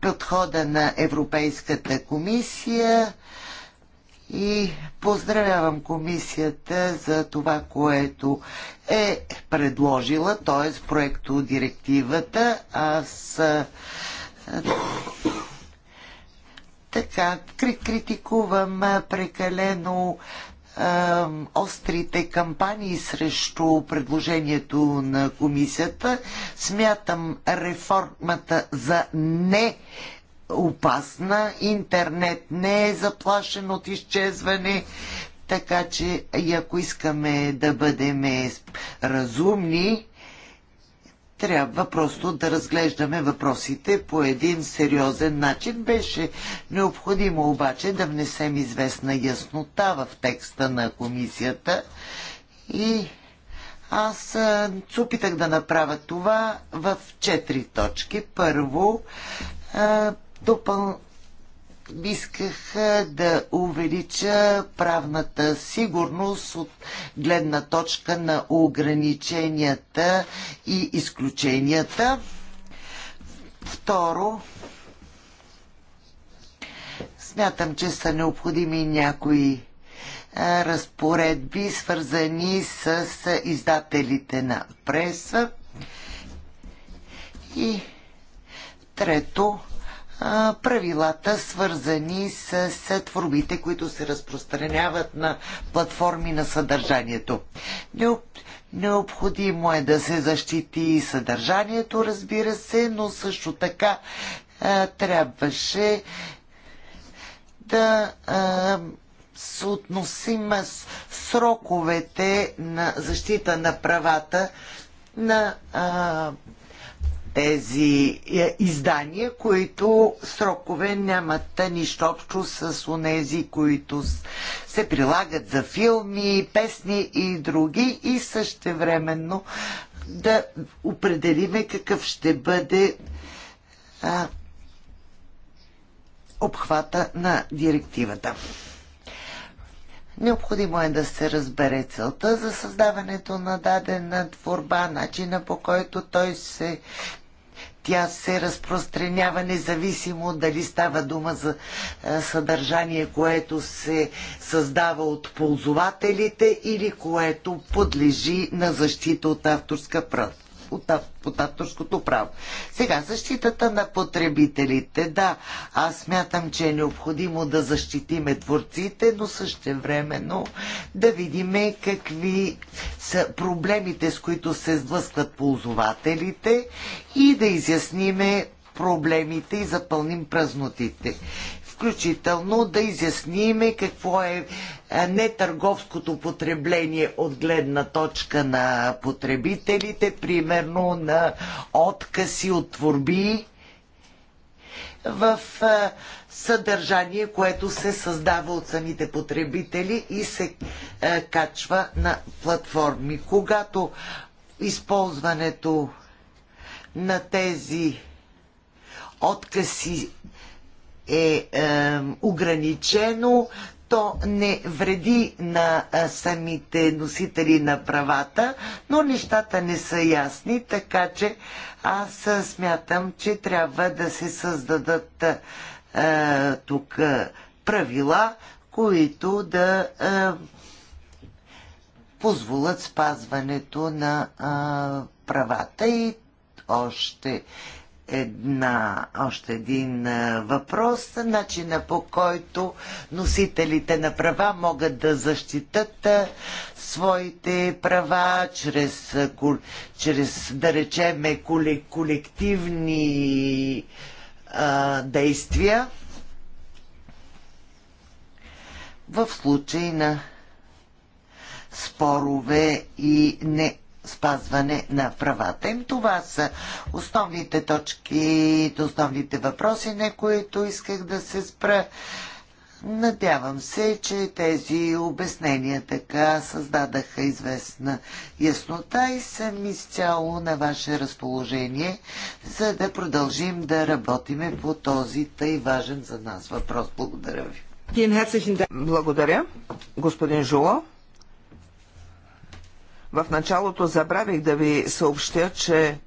подхода на Европейската комисия и поздравявам комисията за това, което е предложила, т.е. проекто директивата. Аз така критикувам прекалено острите кампании срещу предложението на комисията. Смятам реформата за не опасна. Интернет не е заплашен от изчезване, така че и ако искаме да бъдем разумни, трябва просто да разглеждаме въпросите по един сериозен начин. Беше необходимо обаче да внесем известна яснота в текста на комисията и аз се опитах да направя това в четири точки. Първо, допъл... исках да увелича правната сигурност от гледна точка на ограниченията и изключенията. Второ, смятам, че са необходими някои е, разпоредби, свързани с издателите на преса. И трето, правилата, свързани с, с творбите, които се разпространяват на платформи на съдържанието. Необходимо е да се защити съдържанието, разбира се, но също така а, трябваше да а, съотносим сроковете на защита на правата на а, тези е, издания, които срокове нямат нищо общо с онези, които се прилагат за филми, песни и други и същевременно да определиме какъв ще бъде а, обхвата на директивата. Необходимо е да се разбере целта за създаването на дадена творба, начина по който той се тя се разпространява независимо дали става дума за е, съдържание, което се създава от ползвателите или което подлежи на защита от авторска прав от авторското право. Сега, защитата на потребителите. Да, аз смятам, че е необходимо да защитиме творците, но също времено да видим какви са проблемите, с които се сблъскват ползвателите и да изясниме проблемите и запълним празнотите включително да изясниме какво е нетърговското потребление от гледна точка на потребителите, примерно на откази от творби в съдържание, което се създава от самите потребители и се качва на платформи. Когато използването на тези откази е, е ограничено, то не вреди на е, самите носители на правата, но нещата не са ясни, така че аз е, смятам, че трябва да се създадат е, тук правила, които да позволят спазването на правата и още една, още един въпрос. Начина по който носителите на права могат да защитат своите права чрез, чрез да речеме, колективни а, действия в случай на спорове и не спазване на правата им. Това са основните точки, основните въпроси, на които исках да се спра. Надявам се, че тези обяснения така създадаха известна яснота и съм изцяло на ваше разположение, за да продължим да работиме по този тъй важен за нас въпрос. Благодаря ви. Благодаря, господин Жуло. В началото забравих да ви съобщя, че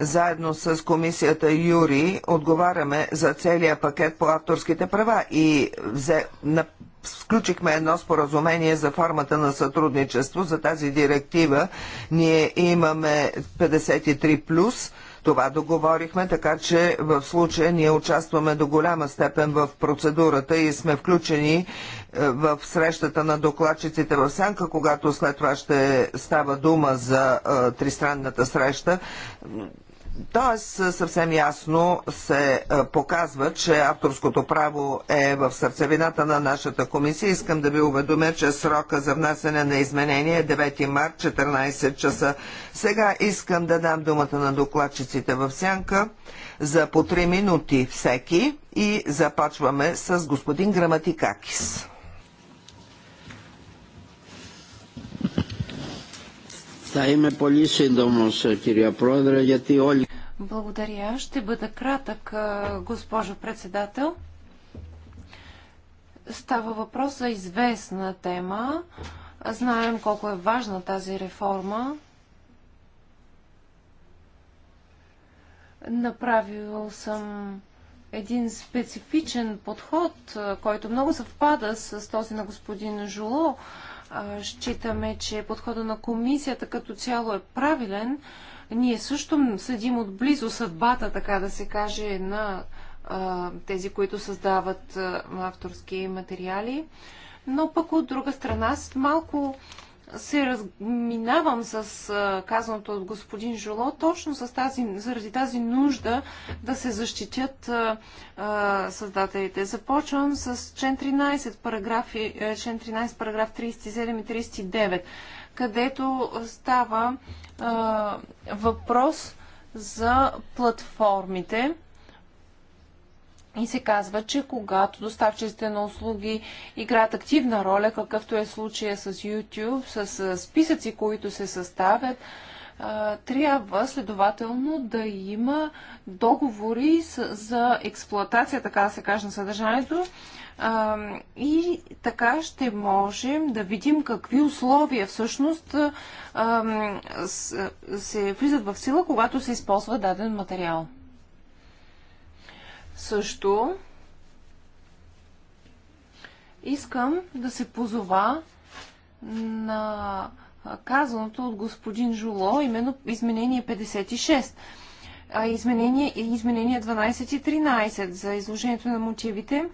заедно с комисията Юри отговаряме за целия пакет по авторските права и взе, на, включихме едно споразумение за формата на сътрудничество за тази директива. Ние имаме 53+, плюс. Това договорихме, така че в случая ние участваме до голяма степен в процедурата и сме включени е, в срещата на докладчиците в Сянка, когато след това ще става дума за е, тристранната среща. Тоест, съвсем ясно се е, показва, че авторското право е в сърцевината на нашата комисия. Искам да ви уведомя, че срока за внасене на изменение е 9 март, 14 часа. Сега искам да дам думата на докладчиците в сянка за по 3 минути всеки и започваме с господин Граматикакис. Θα είμαι πολύ σύντομος, κυρία Πρόεδρε, γιατί όλοι... Благодаря. Ще бъда кратък, е, госпожо председател. Става въпрос за известна тема. Знаем колко е важна тази реформа. Направил съм един специфичен подход, е, който много съвпада с този на господин Жуло. Считаме, че подхода на комисията като цяло е правилен. Ние също съдим отблизо съдбата, така да се каже, на тези, които създават авторски материали. Но пък от друга страна, малко се разминавам с казаното от господин Жоло, точно с тази, заради тази нужда да се защитят а, създателите. Започвам с член 13, параграфи, е, член 13, параграф 37 и 39, където става а, въпрос за платформите, и се казва, че когато доставчиците на услуги играят активна роля, какъвто е случая с YouTube, с списъци, които се съставят, трябва следователно да има договори за експлоатация, така да се каже, на съдържанието. И така ще можем да видим какви условия всъщност се влизат в сила, когато се използва даден материал. Също искам да се позова на казаното от господин Жуло, именно изменение 56, а изменение, изменение 12 и 13 за изложението на мотивите.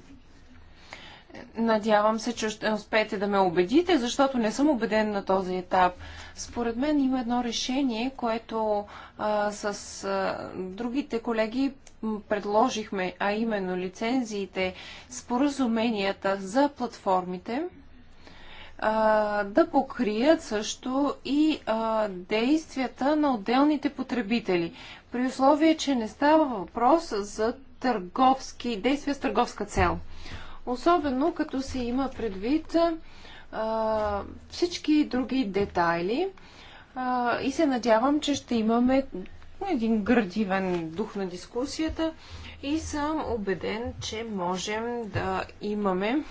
Надявам се, че ще успеете да ме убедите, защото не съм убеден на този етап. Според мен има едно решение, което а, с а, другите колеги предложихме, а именно лицензиите, споразуменията за платформите, да покрият също и действията на отделните потребители, при условие, че не става въпрос за търговски действия с търговска цел. Особено като се има предвид всички други детайли и се надявам, че ще имаме един градивен дух на дискусията и съм убеден, че можем да имаме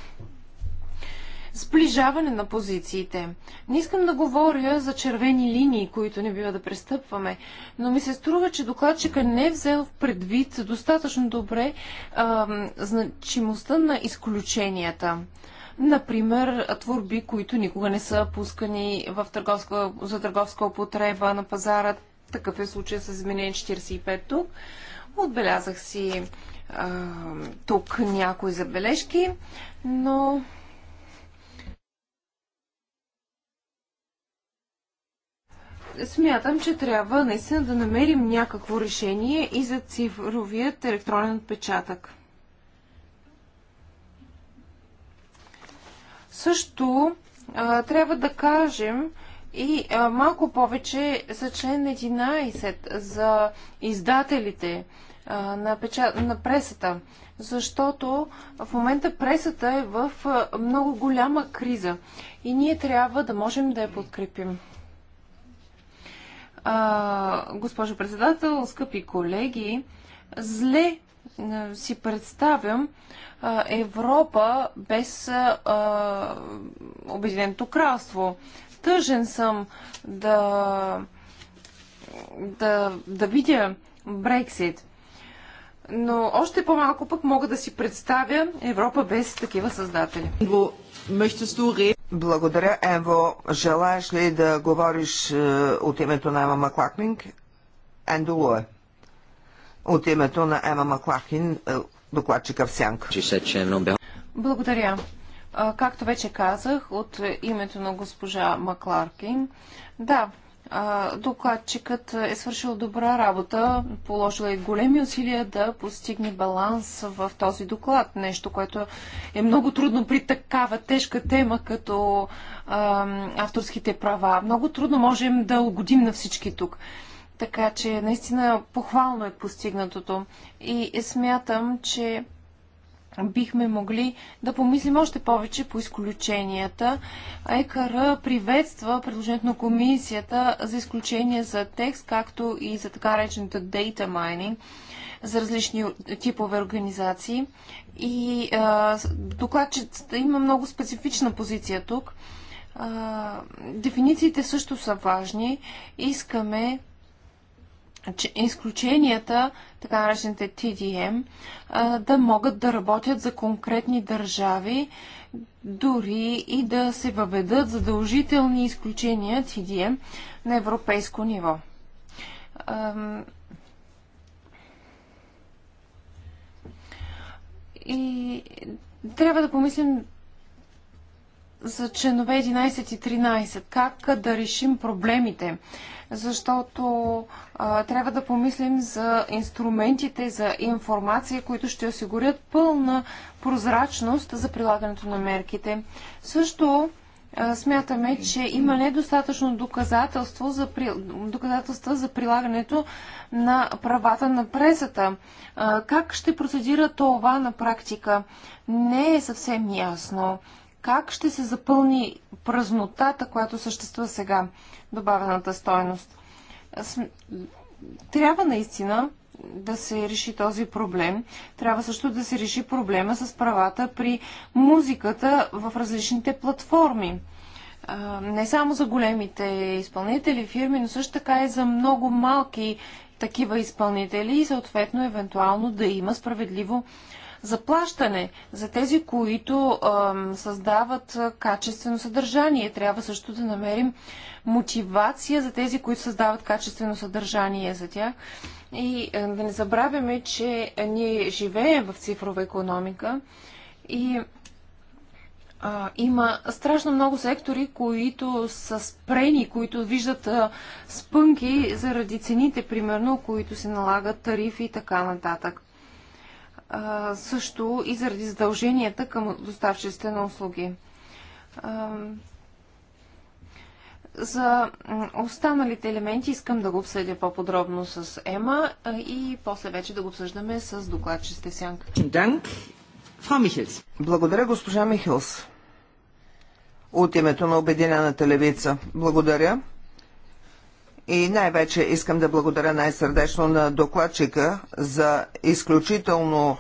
сближаване на позициите. Не искам да говоря за червени линии, които не бива да престъпваме, но ми се струва, че докладчика не е взел в предвид достатъчно добре а, значимостта на изключенията. Например, творби, които никога не са пускани в търговска, за търговска употреба на пазара, такъв е случай с изменение 45 тук. Отбелязах си а, тук някои забележки, но смятам, че трябва наистина да намерим някакво решение и за цифровият електронен отпечатък. Също а, трябва да кажем, и а, малко повече за член 11 за издателите а, на, печа... на пресата, защото в момента пресата е в а, много голяма криза и ние трябва да можем да я подкрепим. А, госпожо председател, скъпи колеги, зле си представям Европа без Обединеното кралство. Тъжен съм да, да, да видя Брексит. Но още по-малко пък мога да си представя Европа без такива създатели. Благодаря, Енво. Желаеш ли да говориш е, от името на Ема Маклаклинг? Ендолуе. От името на Ема Маклахин, е, докладчика в Сянка. Е Благодаря. Както вече казах, от името на госпожа Макларкин, да, докладчикът е свършил добра работа, положил е големи усилия да постигне баланс в този доклад. Нещо, което е много трудно при такава тежка тема, като авторските права. Много трудно можем да угодим на всички тук. Така че наистина похвално е постигнатото. И смятам, че бихме могли да помислим още повече по изключенията. ЕКР приветства предложението на комисията за изключение за текст, както и за така речената data mining за различни типове организации. И а, докладчицата има много специфична позиция тук. А, дефинициите също са важни. Искаме че изключенията, така наречените TDM, да могат да работят за конкретни държави, дори и да се въведат задължителни изключения TDM на европейско ниво. И трябва да помислим за членове 11 и 13, как да решим проблемите защото а, трябва да помислим за инструментите за информация, които ще осигурят пълна прозрачност за прилагането на мерките. Също а, смятаме, че има недостатъчно доказателство за при... доказателства за прилагането на правата на пресата. А, как ще процедира това на практика? Не е съвсем ясно как ще се запълни празнотата, която съществува сега, добавената стойност. Трябва наистина да се реши този проблем. Трябва също да се реши проблема с правата при музиката в различните платформи. Не само за големите изпълнители фирми, но също така и за много малки такива изпълнители и съответно евентуално да има справедливо заплащане за тези, които а, създават качествено съдържание. Трябва също да намерим мотивация за тези, които създават качествено съдържание за тях. И а, да не забравяме, че ние живеем в цифрова економика и а, има страшно много сектори, които са спрени, които виждат а, спънки заради цените, примерно, които се налагат тарифи и така нататък а, също и заради задълженията към доставчиците на услуги. А, за останалите елементи искам да го обсъдя по-подробно с Ема и после вече да го обсъждаме с докладчиците Сянка. Благодаря, госпожа Михилс. От името на Обединената левица. Благодаря. И най-вече искам да благодаря най-сърдечно на докладчика за изключително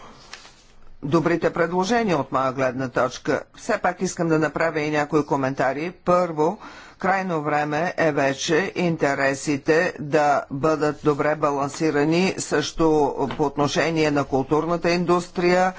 добрите предложения от моя гледна точка. Все пак искам да направя и някои коментари. Първо, крайно време е вече интересите да бъдат добре балансирани също по отношение на културната индустрия,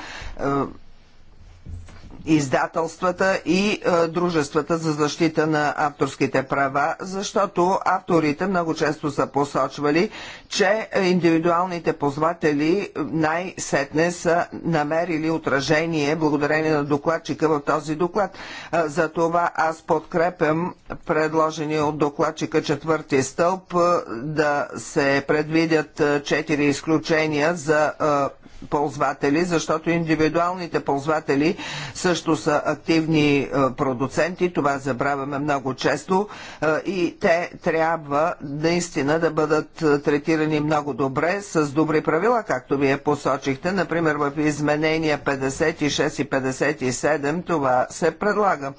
издателствата и е, дружествата за защита на авторските права, защото авторите много често са посочвали, че индивидуалните позватели най-сетне са намерили отражение благодарение на докладчика в този доклад. Е, за това аз подкрепям предложения от докладчика четвърти стълб е, да се предвидят е, четири изключения за е, ползватели, защото индивидуалните ползватели също са активни е, продуценти, това забравяме много често е, и те трябва наистина да бъдат е, третирани много добре, с добри правила, както вие посочихте. Например, в изменения 56 и 57 това се предлага.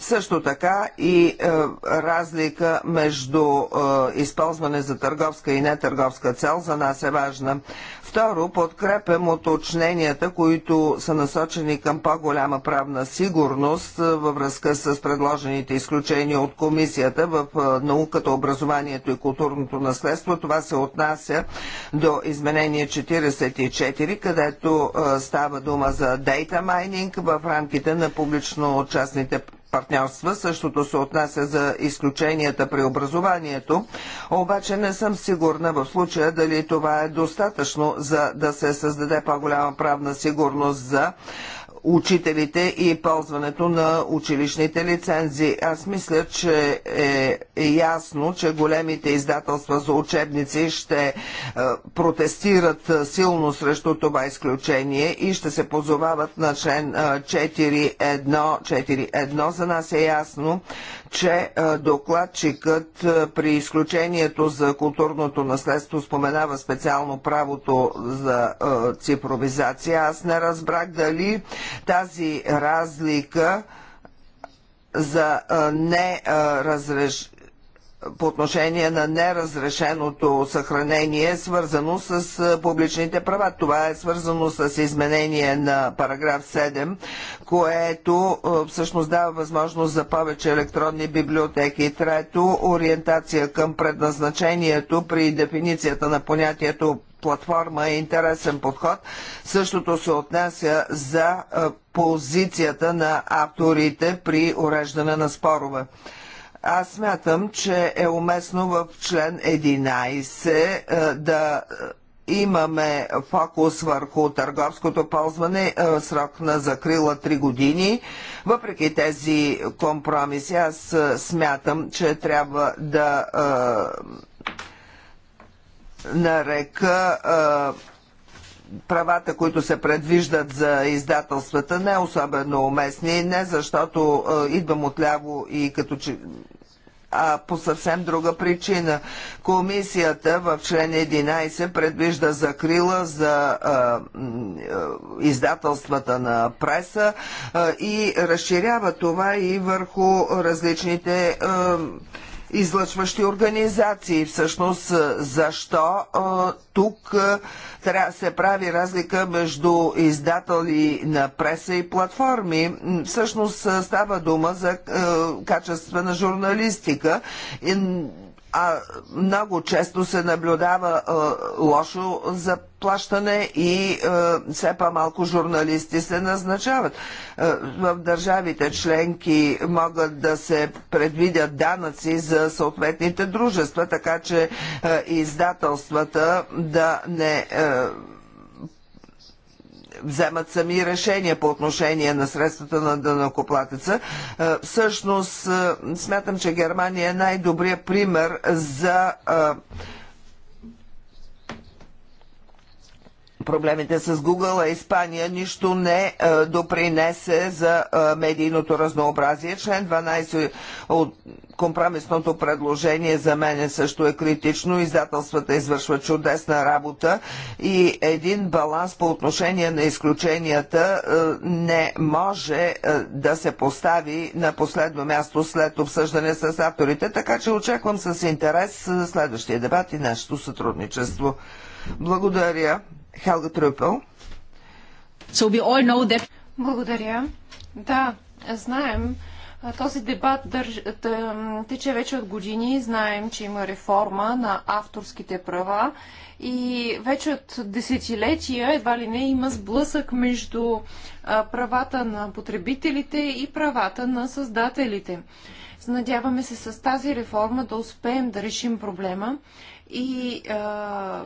Също така и е, разлика между е, използване за търговска и нетърговска цел за нас е важна. Второ, подкрепям оточненията, които са насочени към по-голяма правна сигурност във връзка с предложените изключения от комисията в науката, образованието и културното наследство. Това се отнася до изменение 44, където става дума за дейта майнинг в рамките на публично-частните партньорства. Същото се отнася за изключенията при образованието, обаче не съм сигурна в случая дали това е достатъчно за да се създаде по-голяма правна сигурност за учителите и ползването на училищните лицензи. Аз мисля, че е, е ясно, че големите издателства за учебници ще е, протестират е, силно срещу това изключение и ще се позовават на член 4.1. 4.1 за нас е ясно, че докладчикът при изключението за културното наследство споменава специално правото за цифровизация. Аз не разбрах дали тази разлика за неразреш... по отношение на неразрешеното съхранение е свързано с публичните права. Това е свързано с изменение на параграф 7, което всъщност дава възможност за повече електронни библиотеки. Трето, ориентация към предназначението при дефиницията на понятието платформа е интересен подход. Същото се отнася за позицията на авторите при уреждане на спорове. Аз смятам, че е уместно в член 11 да имаме фокус върху търговското ползване, срок на закрила 3 години. Въпреки тези компромиси, аз смятам, че трябва да нарека правата, които се предвиждат за издателствата, не е особено уместни, не защото идвам отляво и като че а по съвсем друга причина. Комисията в член 11 предвижда закрила за а, издателствата на преса а, и разширява това и върху различните а, излъчващи организации. Всъщност, защо тук трябва да се прави разлика между издатели на преса и платформи? Всъщност става дума за качествена журналистика а много често се наблюдава а, е, лошо заплащане и а, е, все по-малко журналисти се назначават. А, е, в държавите членки могат да се предвидят данъци за съответните дружества, така че а, издателствата да не. А, вземат сами решения по отношение на средствата на дънакоплатеца. Е, всъщност, е, смятам, че Германия е най-добрият пример за е, проблемите с Google, а Испания нищо не е, допринесе за е, медийното разнообразие. Член 12 от компромисното предложение за мене също е критично. Издателствата извършват чудесна работа и един баланс по отношение на изключенията е, не може да се постави на последно място след обсъждане с авторите, така че очаквам с интерес следващия дебат и нашето сътрудничество. Благодаря. Хелга Трюпел. So we all know that... Благодаря. Да, знаем. Този дебат държ... тече вече от години. Знаем, че има реформа на авторските права и вече от десетилетия едва ли не има сблъсък между правата на потребителите и правата на създателите. Надяваме се с тази реформа да успеем да решим проблема и а,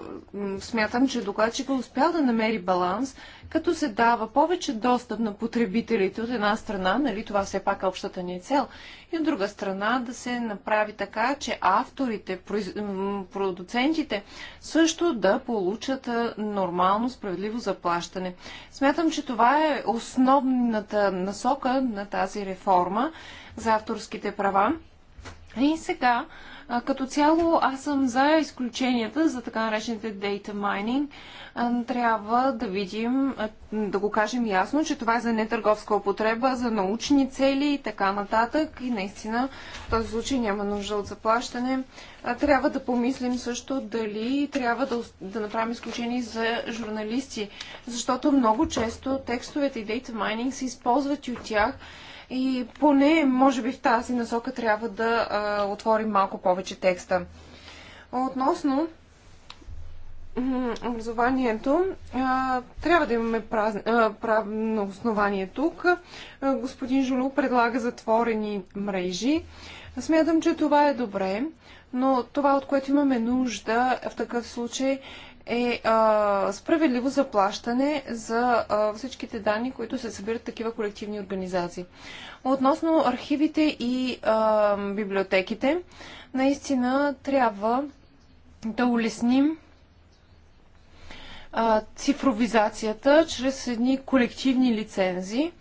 смятам, че докладчика успя да намери баланс, като се дава повече достъп на потребителите от една страна, нали, това все пак е общата ни е цел, и от друга страна да се направи така, че авторите, продуцентите също да получат нормално, справедливо заплащане. Смятам, че това е основната насока на тази реформа за авторските права. И сега като цяло аз съм за изключенията за така наречените data mining. трябва да видим, да го кажем ясно, че това е за нетърговска употреба, за научни цели и така нататък. И наистина в този случай няма нужда от заплащане. трябва да помислим също дали трябва да, да направим изключение за журналисти, защото много често текстовете и data mining се използват и от тях и поне, може би в тази насока трябва да а, отворим малко повече текста. Относно образованието, а, трябва да имаме праз... а, правно основание тук. А, господин Жулу предлага затворени мрежи. Смятам, че това е добре, но това, от което имаме нужда в такъв случай е а, справедливо заплащане за а, всичките данни, които се събират такива колективни организации. Относно архивите и а, библиотеките, наистина трябва да улесним а, цифровизацията чрез едни колективни лицензи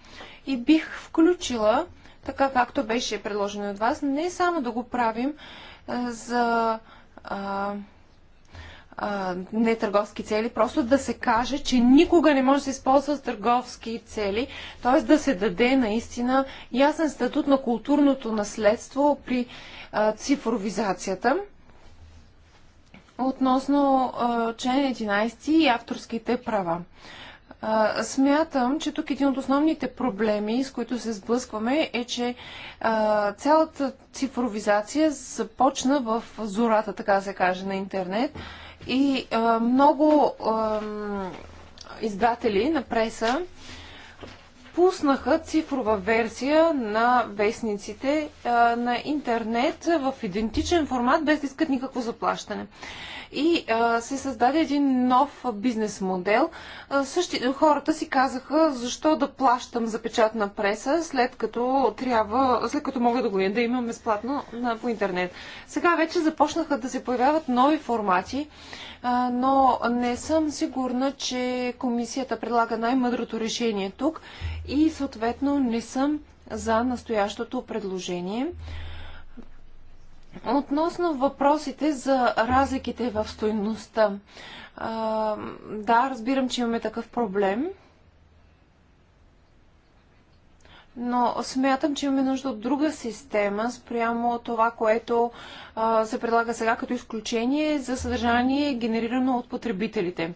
и бих включила, така както беше предложено от вас, не само да го правим а, за. А, не търговски цели, просто да се каже, че никога не може да се използва с търговски цели, т.е. да се даде наистина ясен статут на културното наследство при а, цифровизацията. Относно член 11 и авторските права. смятам, че тук един от основните проблеми, с които се сблъскваме, е, че цялата цифровизация започна в зората, така се каже, на интернет. И а, много а, издатели на преса пуснаха цифрова версия на вестниците а, на интернет в идентичен формат, без да искат никакво заплащане и а, се създаде един нов бизнес модел. А, същи, хората си казаха, защо да плащам за печатна преса, след като трябва, след като мога да го да имам безплатно на, по интернет. Сега вече започнаха да се появяват нови формати, а, но не съм сигурна, че комисията предлага най-мъдрото решение тук и съответно не съм за настоящото предложение. Относно въпросите за разликите в стоеността. Да, разбирам, че имаме такъв проблем. Но смятам, че имаме нужда от друга система спрямо това, което а, се предлага сега като изключение за съдържание, генерирано от потребителите.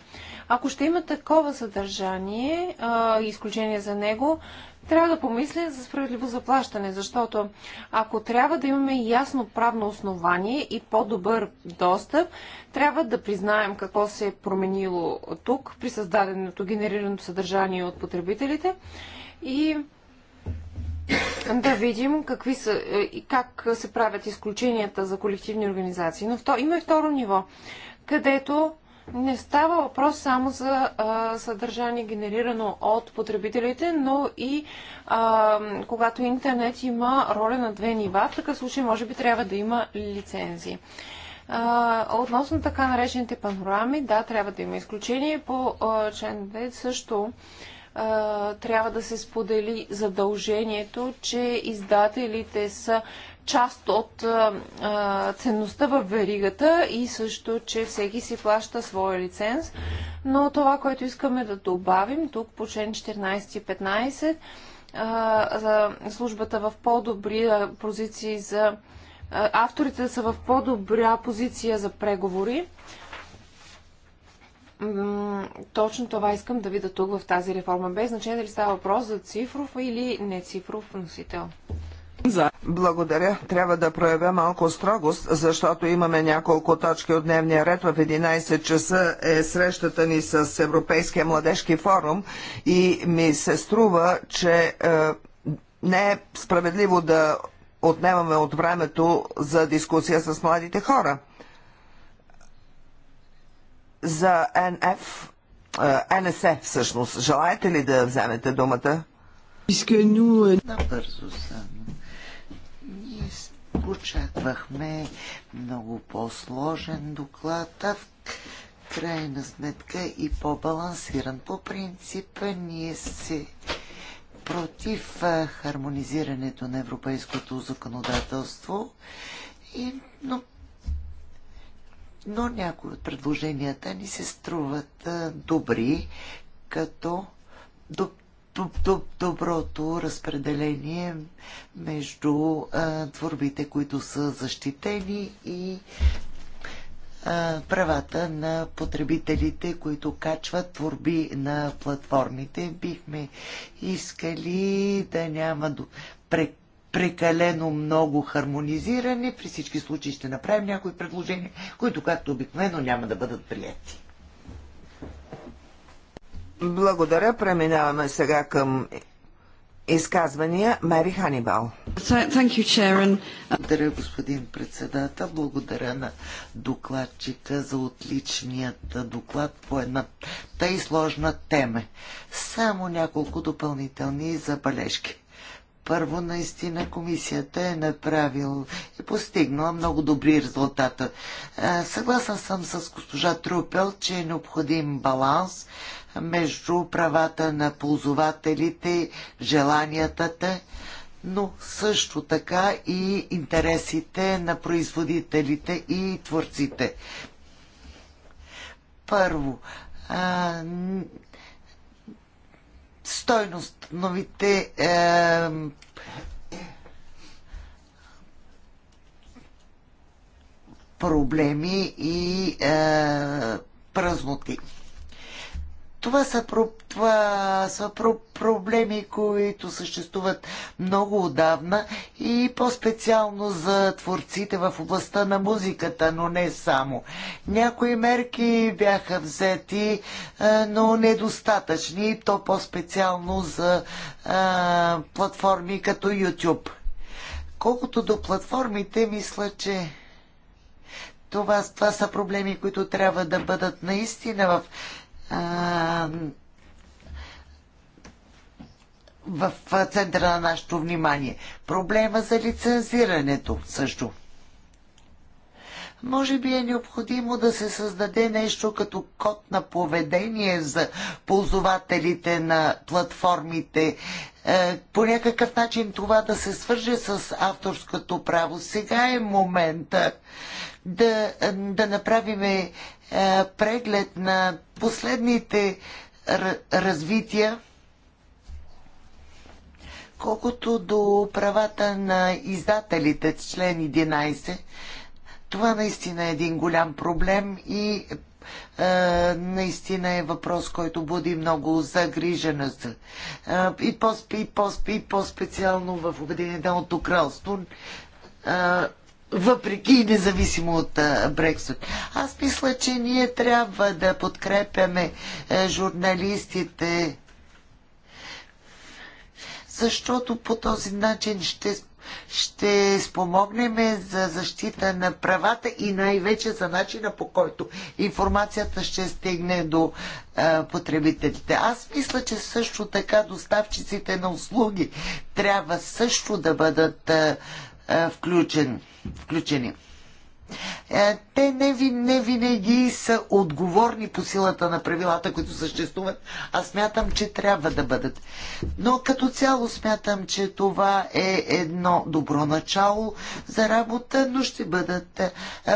Ако ще има такова съдържание, а, изключение за него, трябва да помисля за справедливо заплащане, защото ако трябва да имаме ясно правно основание и по-добър достъп, трябва да признаем какво се е променило тук при създаденото, генерираното съдържание от потребителите и да видим какви са е, и как се правят изключенията за колективни организации. Но има и второ ниво, където не става въпрос само за а, съдържание генерирано от потребителите, но и а, когато интернет има роля на две нива, в такъв случай може би трябва да има лицензии. А, относно така наречените панорами, да, трябва да има изключение. По а, член 2 също а, трябва да се сподели задължението, че издателите са част от а, ценността в веригата и също, че всеки си плаща своя лиценз. Но това, което искаме да добавим тук по член 14 и 15, а, за службата в по-добри позиции за а, авторите са в по-добра позиция за преговори. точно това искам да видя тук в тази реформа, без значение дали става въпрос за цифров или не цифров носител. Благодаря. Трябва да проявя малко строгост, защото имаме няколко точки от дневния ред. В 11 часа е срещата ни с Европейския младежки форум и ми се струва, че е, не е справедливо да отнемаме от времето за дискусия с младите хора. За НФ, е, НСЕ всъщност. Желаете ли да вземете думата? Искрено е. Да, бързо съм. Очаквахме много по-сложен доклад, а в крайна сметка и по-балансиран. По принцип ние се против хармонизирането на европейското законодателство, и, но, но някои от предложенията ни се струват добри, като доброто разпределение между творбите, които са защитени и правата на потребителите, които качват творби на платформите. Бихме искали да няма прекалено много хармонизиране. При всички случаи ще направим някои предложения, които както обикновено няма да бъдат прияти. Благодаря. Преминаваме сега към изказвания. Мери Ханибал. Благодаря, господин председател. Благодаря на докладчика за отличният доклад по една тъй сложна тема. Само няколко допълнителни забележки. Първо, наистина комисията е направил и постигнала много добри резултата. Е, съгласен съм с госпожа Трупел, че е необходим баланс между правата на ползователите, желанията, но също така и интересите на производителите и творците. Първо, а, стойност новите а, е, проблеми и а, е, празноти. Това са, това са проблеми, които съществуват много отдавна и по-специално за творците в областта на музиката, но не само. Някои мерки бяха взети, е, но недостатъчни, то по-специално за е, платформи като YouTube. Колкото до платформите, мисля, че това, това са проблеми, които трябва да бъдат наистина в в центъра на нашето внимание. Проблема за лицензирането също. Може би е необходимо да се създаде нещо като код на поведение за ползвателите на платформите. Е, по някакъв начин това да се свърже с авторското право. Сега е момента да, да направим е, преглед на последните развития, колкото до правата на издателите, член 11, това наистина е един голям проблем и е, наистина е въпрос, който буди много загриженост. Е, и, по, и, по, и по-специално в Обединеното кралство. Е, въпреки и независимо от Брексит. Аз мисля, че ние трябва да подкрепяме е, журналистите, защото по този начин ще, ще спомогнем за защита на правата и най-вече за начина по който информацията ще стигне до е, потребителите. Аз мисля, че също така доставчиците на услуги трябва също да бъдат. А, е, е, включен, включени. Е, те не, не винаги са отговорни по силата на правилата, които съществуват. а смятам, че трябва да бъдат. Но като цяло смятам, че това е едно добро начало за работа, но ще бъдат е,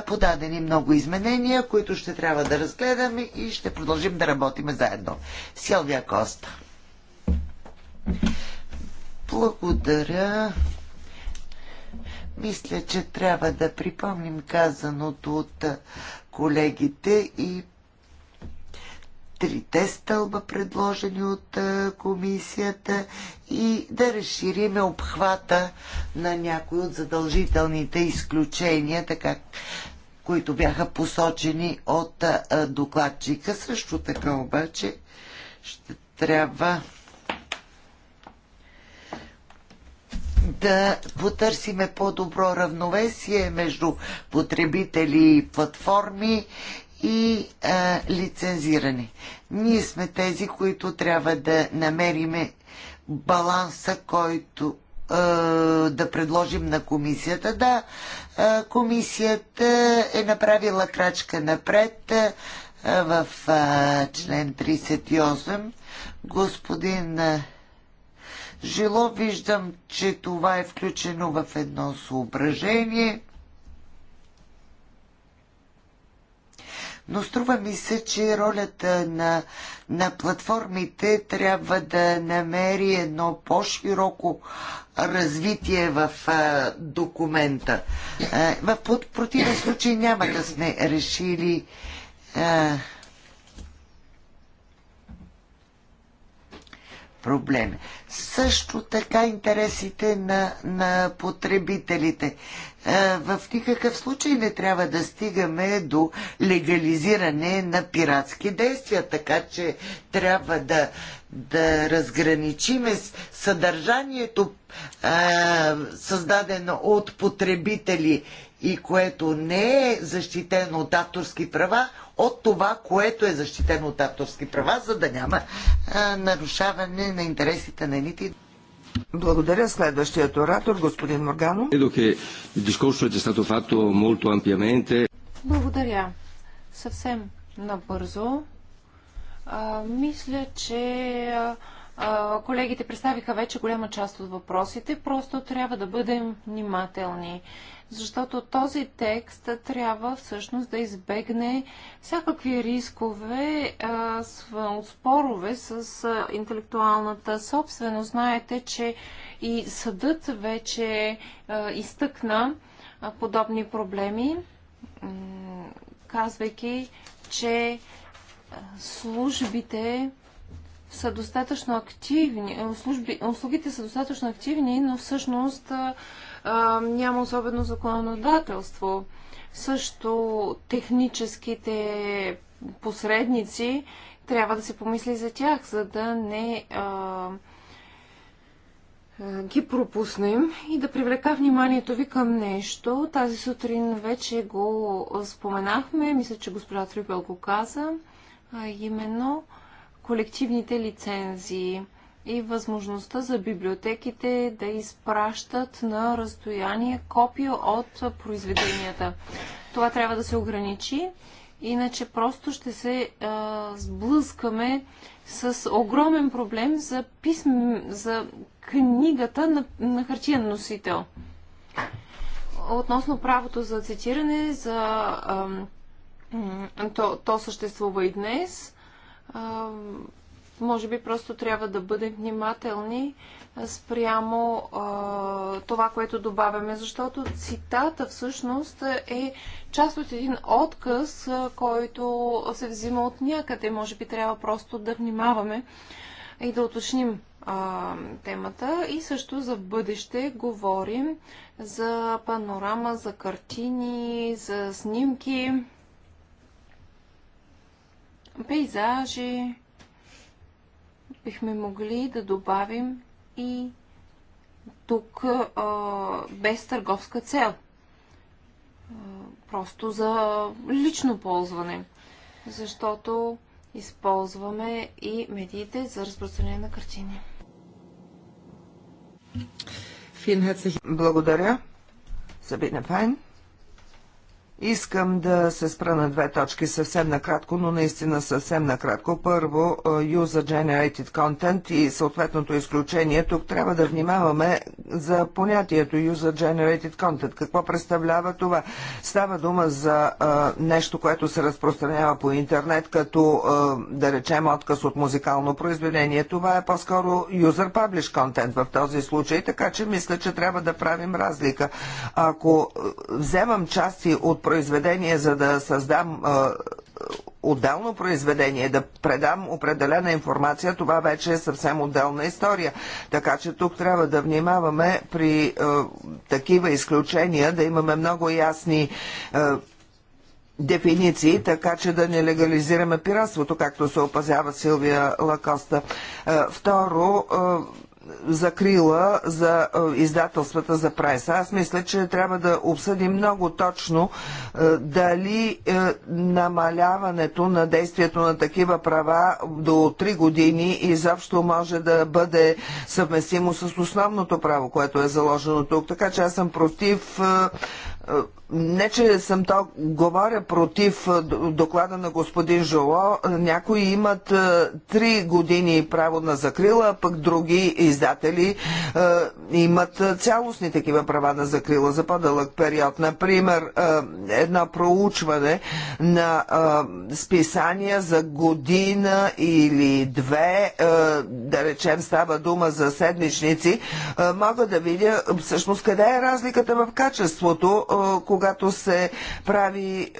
подадени много изменения, които ще трябва да разгледаме и ще продължим да работим заедно. Силвия Коста. Благодаря. Мисля, че трябва да припомним казаното от колегите и трите стълба, предложени от комисията и да разшириме обхвата на някои от задължителните изключения, така които бяха посочени от докладчика. Също така обаче ще трябва да потърсиме по-добро равновесие между потребители и платформи и а, лицензиране. Ние сме тези, които трябва да намериме баланса, който а, да предложим на комисията. Да, а, комисията е направила крачка напред а, в а, член 38. Господин а, жило. Виждам, че това е включено в едно съображение. Но струва ми се, че ролята на, на платформите трябва да намери едно по-широко развитие в а, документа. А, в противен случай няма да сме решили а, проблеми. Също така интересите на, на потребителите. Е, в никакъв случай не трябва да стигаме до легализиране на пиратски действия, така че трябва да, да разграничиме съдържанието, е, създадено от потребители и което не е защитено от авторски права, от това, което е защитено от авторски права, за да няма а, нарушаване на интересите на нити. Благодаря. Следващият оратор, господин Моргано. Благодаря. Съвсем набързо. А, мисля, че а, Колегите представиха вече голяма част от въпросите, просто трябва да бъдем внимателни, защото този текст трябва всъщност да избегне всякакви рискове от спорове с интелектуалната собственост. Знаете, че и съдът вече изтъкна подобни проблеми, казвайки, че службите са достатъчно активни, услужби, е, услугите са достатъчно активни, но всъщност а, е, е, няма особено законодателство. Също техническите посредници трябва да се помисли за тях, за да не а, а, ги пропуснем и да привлека вниманието ви към нещо. Тази сутрин вече го споменахме, мисля, че госпожа Трюбел го каза, а именно колективните лицензии и възможността за библиотеките да изпращат на разстояние копия от произведенията. Това трябва да се ограничи, иначе просто ще се а, сблъскаме с огромен проблем за, писм, за книгата на, на хартиен носител. Относно правото за цитиране, за, а, то, то съществува и днес – може би просто трябва да бъдем внимателни спрямо а, това, което добавяме, защото цитата всъщност е част от един отказ, който се взима от някъде. Може би трябва просто да внимаваме и да уточним а, темата. И също за бъдеще говорим за панорама, за картини, за снимки пейзажи, бихме могли да добавим и тук а, без търговска цел. А, просто за лично ползване. Защото използваме и медиите за разпространение на картини. Благодаря. Сабина Файн. Искам да се спра на две точки съвсем накратко, но наистина съвсем накратко. Първо, е, User Generated Content и съответното изключение. Тук трябва да внимаваме за понятието User Generated Content. Какво представлява това? Става дума за а, е, нещо, което се разпространява по интернет, като а, е, да речем отказ от музикално произведение. Това е по-скоро User Publish Content в този случай, така че мисля, че трябва да правим разлика. Ако вземам части от произведение, за да създам отделно произведение, да предам определена информация, това вече е съвсем отделна история. Така че тук трябва да внимаваме при а, такива изключения, да имаме много ясни А, дефиниции, така че да не легализираме пиратството, както се опазява Силвия Лакоста. второ, закрила за е, издателствата за прайса. Аз мисля, че трябва да обсъдим много точно е, дали е, намаляването на действието на такива права до 3 години изобщо може да бъде съвместимо с основното право, което е заложено тук. Така че аз съм против не, че съм то говоря против доклада на господин Жоло, някои имат три години право на закрила, а пък други издатели имат цялостни такива права на закрила за по-дълъг период. Например, едно проучване на списания за година или две, да речем става дума за седмичници, мога да видя всъщност къде е разликата в качеството, когато се прави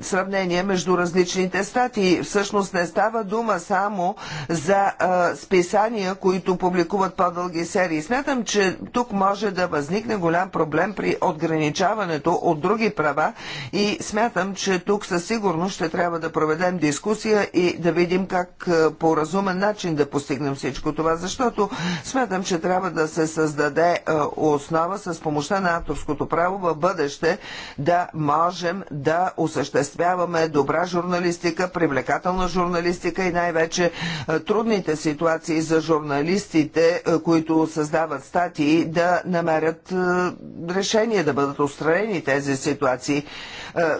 сравнение между различните статии. Всъщност не става дума само за а, списания, които публикуват по-дълги серии. Смятам, че тук може да възникне голям проблем при отграничаването от други права и смятам, че тук със сигурност ще трябва да проведем дискусия и да видим как а, по разумен начин да постигнем всичко това, защото смятам, че трябва да се създаде а, основа с помощта на авторското право в бъдеще да можем да осъществим осъществяваме добра журналистика, привлекателна журналистика и най-вече е, трудните ситуации за журналистите, е, които създават статии, да намерят е, решение да бъдат устранени тези ситуации.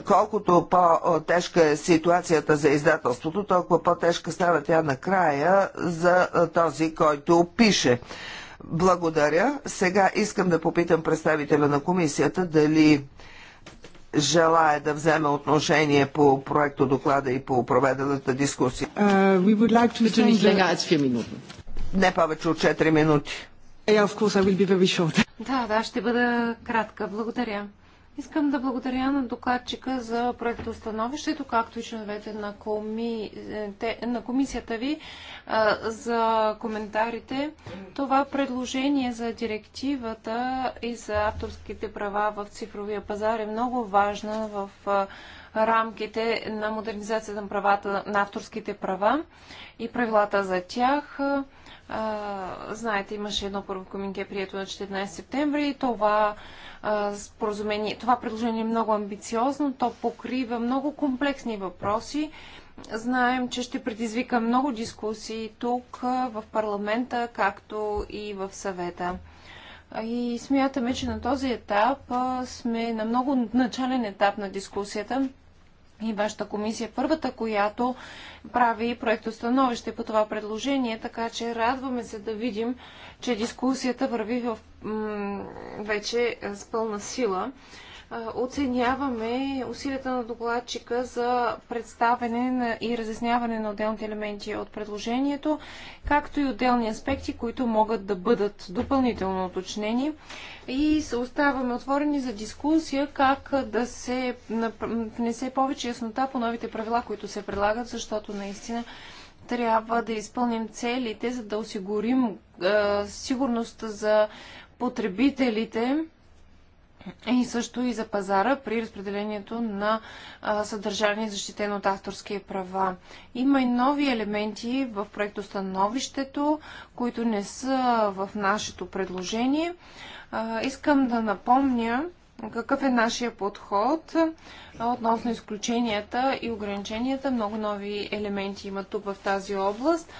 Колкото по-тежка е ситуацията за издателството, толкова по-тежка става тя накрая за този, който пише. Благодаря. Сега искам да попитам представителя на комисията дали желая да вземе отношение по проекто доклада и по проведената дискусия. Uh, we would like to Не повече от 4 минути. Yeah, of course I will be very short. да, да, ще бъда кратка. Благодаря. Искам да благодаря на докладчика за проектостановището, както и членовете на, коми... Е, на комисията ви а, е, за коментарите. Това предложение за директивата и за авторските права в цифровия пазар е много важна в а, е, рамките на модернизацията на, правата, на авторските права и правилата за тях. А, знаете, имаше едно първо коминке прието на 14 септември. Това, а, споразумение, това предложение е много амбициозно. То покрива много комплексни въпроси. Знаем, че ще предизвика много дискусии тук в парламента, както и в съвета. И смятаме, че на този етап сме на много начален етап на дискусията. И вашата комисия е първата, която прави проектостановище по това предложение, така че радваме се да видим, че дискусията върви в, вече с пълна сила. Оценяваме усилията на докладчика за представене и разясняване на отделните елементи от предложението, както и отделни аспекти, които могат да бъдат допълнително уточнени и се оставаме отворени за дискусия как да се внесе повече яснота по новите правила, които се прилагат, защото наистина трябва да изпълним целите, за да осигурим е, сигурност за потребителите и също и за пазара при разпределението на а, съдържание защитено от авторски права. Има и нови елементи в проектостановището, които не са в нашето предложение искам да напомня какъв е нашия подход относно изключенията и ограниченията. Много нови елементи има тук в тази област.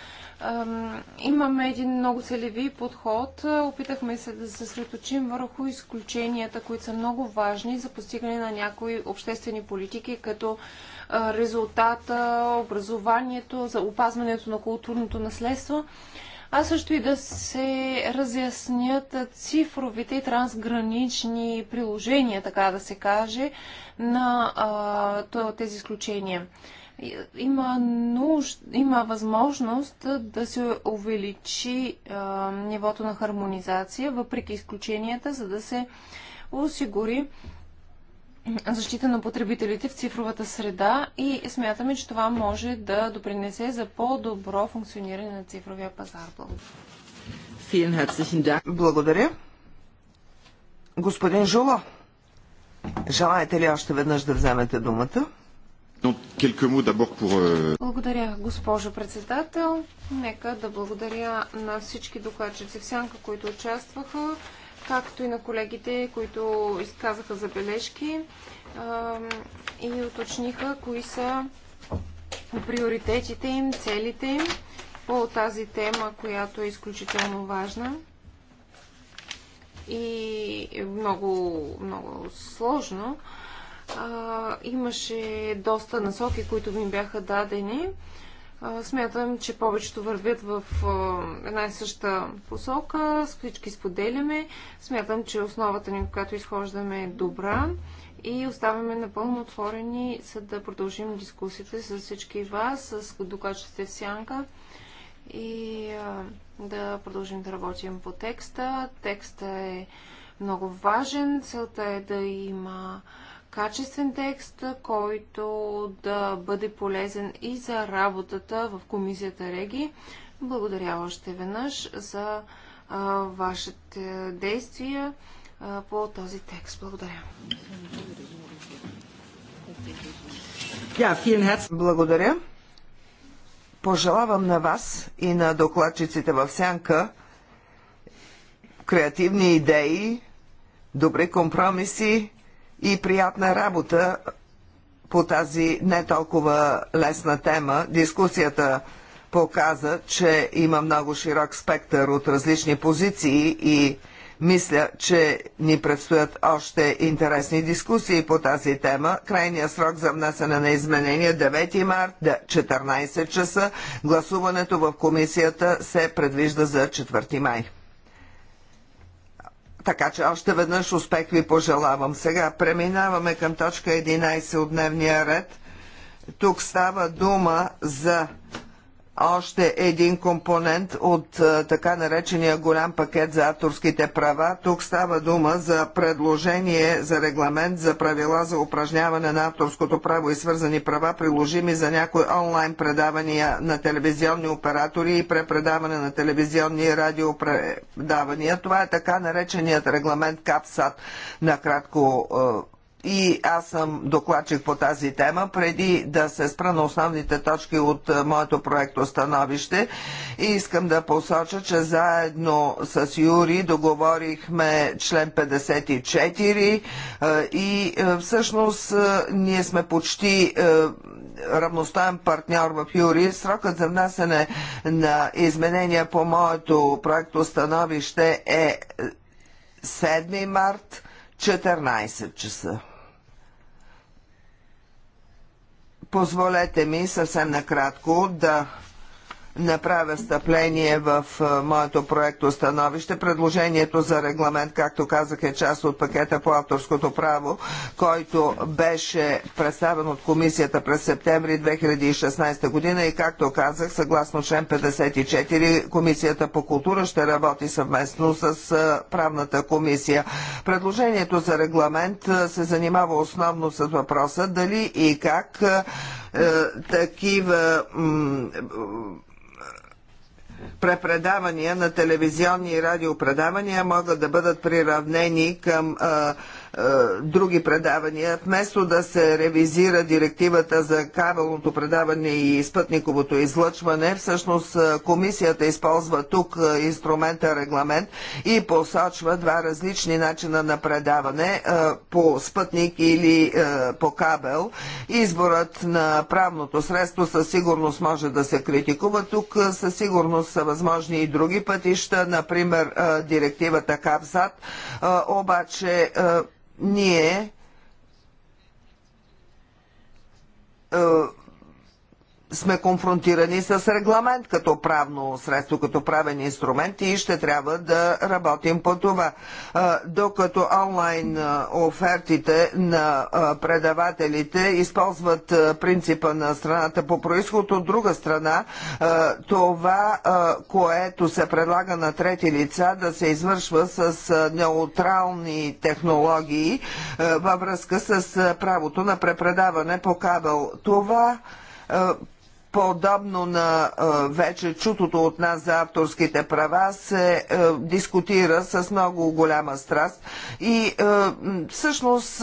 Имаме един много целеви подход. Опитахме се да се съсредоточим върху изключенията, които са много важни за постигане на някои обществени политики, като резултата, образованието, за опазването на културното наследство а също и да се разяснят цифровите и трансгранични приложения, така да се каже, на тези изключения. Има, нуж... има възможност да се увеличи а, нивото на хармонизация, въпреки изключенията, за да се осигури защита на потребителите в цифровата среда и смятаме, че това може да допринесе за по-добро функциониране на цифровия пазар. Благодаря. Благодаря. Господин Жоло, желаете ли още веднъж да вземете думата? Euh, благодаря, госпожо председател. Нека да благодаря на всички докладчици в сянка, които участваха както и на колегите, които изказаха забележки и уточниха кои са приоритетите им, целите им по тази тема, която е изключително важна и много, много сложно. А, имаше доста насоки, които ми бяха дадени. Смятам, че повечето вървят в една и съща посока, всички споделяме. Смятам, че основата ни, която изхождаме е добра и оставяме напълно отворени, за да продължим дискусията с всички вас, с докачите в сянка и да продължим да работим по текста. Текста е много важен. Целта е да има качествен текст, който да бъде полезен и за работата в комисията Реги. Благодаря още веднъж за а, вашите действия а, по този текст. Благодаря. Благодаря. Пожелавам на вас и на докладчиците в Сянка креативни идеи, добри компромиси и приятна работа по тази не толкова лесна тема. Дискусията показа, че има много широк спектър от различни позиции и мисля, че ни предстоят още интересни дискусии по тази тема. Крайният срок за внасяне на изменения 9 март, 14 часа. Гласуването в комисията се предвижда за 4 май. Така че още веднъж успех ви пожелавам. Сега преминаваме към точка 11 от дневния ред. Тук става дума за още един компонент от е, така наречения голям пакет за авторските права. Тук става дума за предложение за регламент за правила за упражняване на авторското право и свързани права, приложими за някои онлайн предавания на телевизионни оператори и препредаване на телевизионни и радиопредавания. Това е така нареченият регламент КАПСАТ, накратко е, и аз съм докладчик по тази тема, преди да се спра на основните точки от е, моето проекто становище. И искам да посоча, че заедно с Юри договорихме член 54 и е, е, всъщност ние сме почти равностоен партньор в Юри. Срокът за внасене на изменения по моето проекто становище е 7 март 14 часа. Позволете ми съвсем накратко да направя стъпление в е, моето проекто становище. Предложението за регламент, както казах, е част от пакета по авторското право, който беше представен от комисията през септември 2016 година и както казах, съгласно член 54, комисията по култура ще работи съвместно с е, правната комисия. Предложението за регламент е, се занимава основно с въпроса дали и как такива препредавания на телевизионни и радиопредавания могат да бъдат приравнени към а, е, други предавания, вместо да се ревизира директивата за кабелното предаване и спътниковото излъчване, всъщност е, комисията използва тук е, инструмента регламент и посочва два различни начина на предаване по спътник или по кабел. Изборът на правното средство със сигурност може да се критикува. Тук със сигурност са възможни и други пътища, например директивата КАПСАТ, обаче ние е, сме конфронтирани с регламент като правно средство, като правен инструмент и ще трябва да работим по това. Докато онлайн офертите на предавателите използват принципа на страната по происход, от друга страна това, което се предлага на трети лица да се извършва с неутрални технологии във връзка с правото на препредаване по кабел. Това подобно на вече чутото от нас за авторските права, се дискутира с много голяма страст и всъщност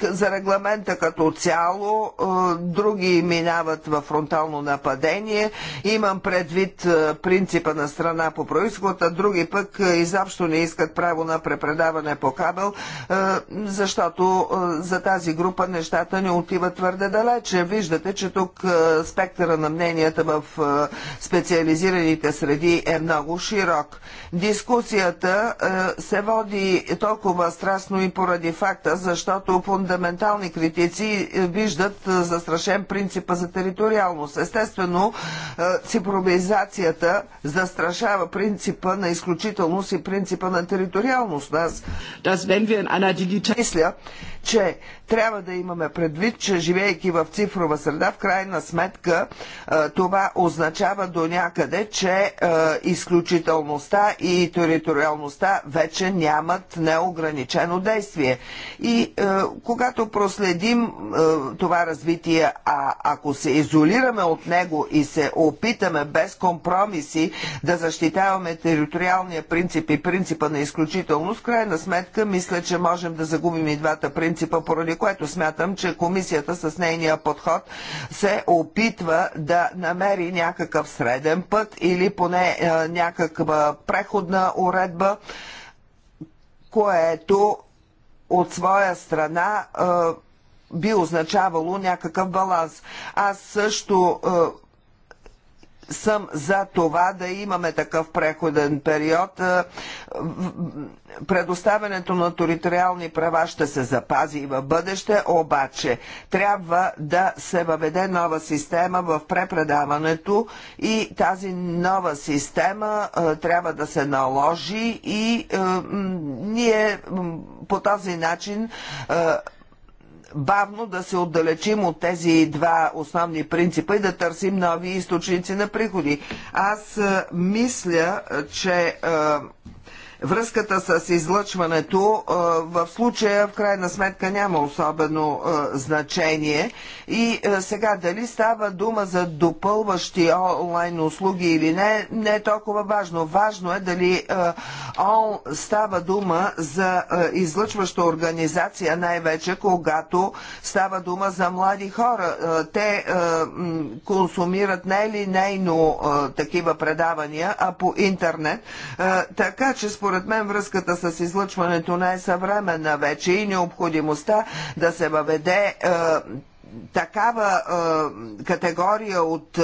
за регламента като цяло, е, други минават във фронтално нападение. Имам предвид е, принципа на страна по происход, а други пък е, изобщо не искат право на препредаване по кабел, защото за тази група нещата не отиват твърде далече. Виждате, че тук спектъра на мненията в специализираните среди е много широк. Дискусията се води толкова страстно и поради факта, защото фундаментално фундаментални критици виждат е, застрашен принципа за териториалност. Естествено, е, цифровизацията застрашава принципа на изключителност и принципа на териториалност. Аз мисля, че трябва да имаме предвид, че живеейки в цифрова среда, в крайна сметка е, това означава до някъде, че изключителността и териториалността вече нямат неограничено действие. И когато проследим е, това развитие, а ако се изолираме от него и се опитаме без компромиси да защитаваме териториалния принцип и принципа на изключителност, крайна сметка мисля, че можем да загубим и двата принципа, поради което смятам, че комисията с нейния подход се опитва да намери някакъв среден път или поне е, някаква преходна уредба, което от своя страна би означавало някакъв баланс. Аз също съм за това да имаме такъв преходен период. Е, предоставянето на териториални права ще се запази и в бъдеще, обаче трябва да се въведе нова система в препредаването и тази нова система е, трябва да се наложи и е, ние по този начин бавно да се отдалечим от тези два основни принципа и да търсим нови източници на приходи. Аз мисля, че връзката с излъчването в случая в крайна сметка няма особено значение. И сега дали става дума за допълващи онлайн услуги или не, не е толкова важно. Важно е дали он става дума за излъчваща организация, най-вече когато става дума за млади хора. Те консумират не линейно такива предавания, а по интернет. Така че според според мен връзката с излъчването не е съвременна вече и необходимостта да се въведе е, такава е, категория от е,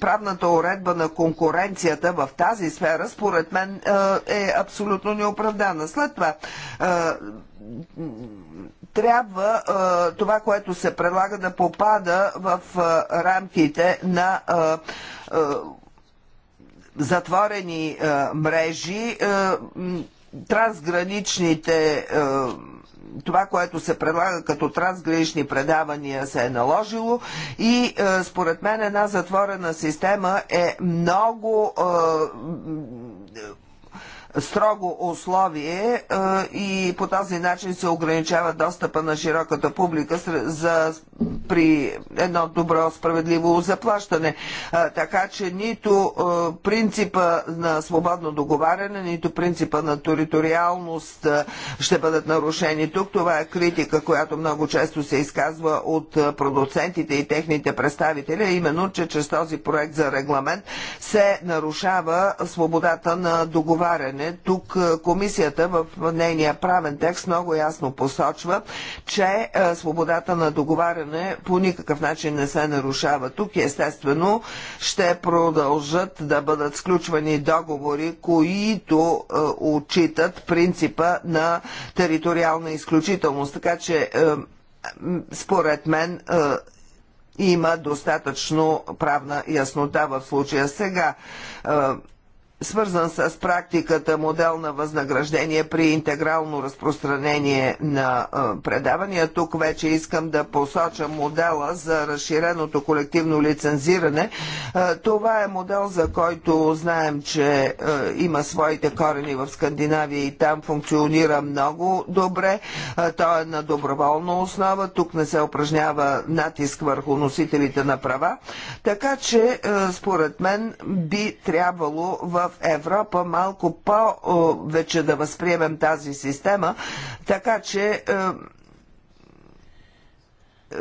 правната уредба на конкуренцията в тази сфера, според мен е, е абсолютно неоправдана. След това е, трябва е, това, което се предлага да попада в рамките на затворени е, мрежи, е, трансграничните е, това, което се предлага като трансгранични предавания се е наложило и е, според мен една затворена система е много е, строго условие е, и по този начин се ограничава достъпа на широката публика за, при едно добро справедливо заплащане. Така че нито е, принципа на свободно договаряне, нито принципа на териториалност е, ще бъдат нарушени тук. Това е критика, която много често се изказва от продуцентите и техните представители, именно, че чрез този проект за регламент се нарушава свободата на договаряне изменение. Тук комисията в нейния правен текст много ясно посочва, че свободата на договаряне по никакъв начин не се нарушава. Тук естествено ще продължат да бъдат сключвани договори, които отчитат принципа на териториална изключителност. Така че според мен има достатъчно правна яснота в случая. Сега свързан с практиката модел на възнаграждение при интегрално разпространение на предавания. Тук вече искам да посоча модела за разширеното колективно лицензиране. Това е модел, за който знаем, че има своите корени в Скандинавия и там функционира много добре. Той е на доброволна основа. Тук не се упражнява натиск върху носителите на права. Така че, според мен, би трябвало в Европа малко по-вече да възприемем тази система, така че е, е,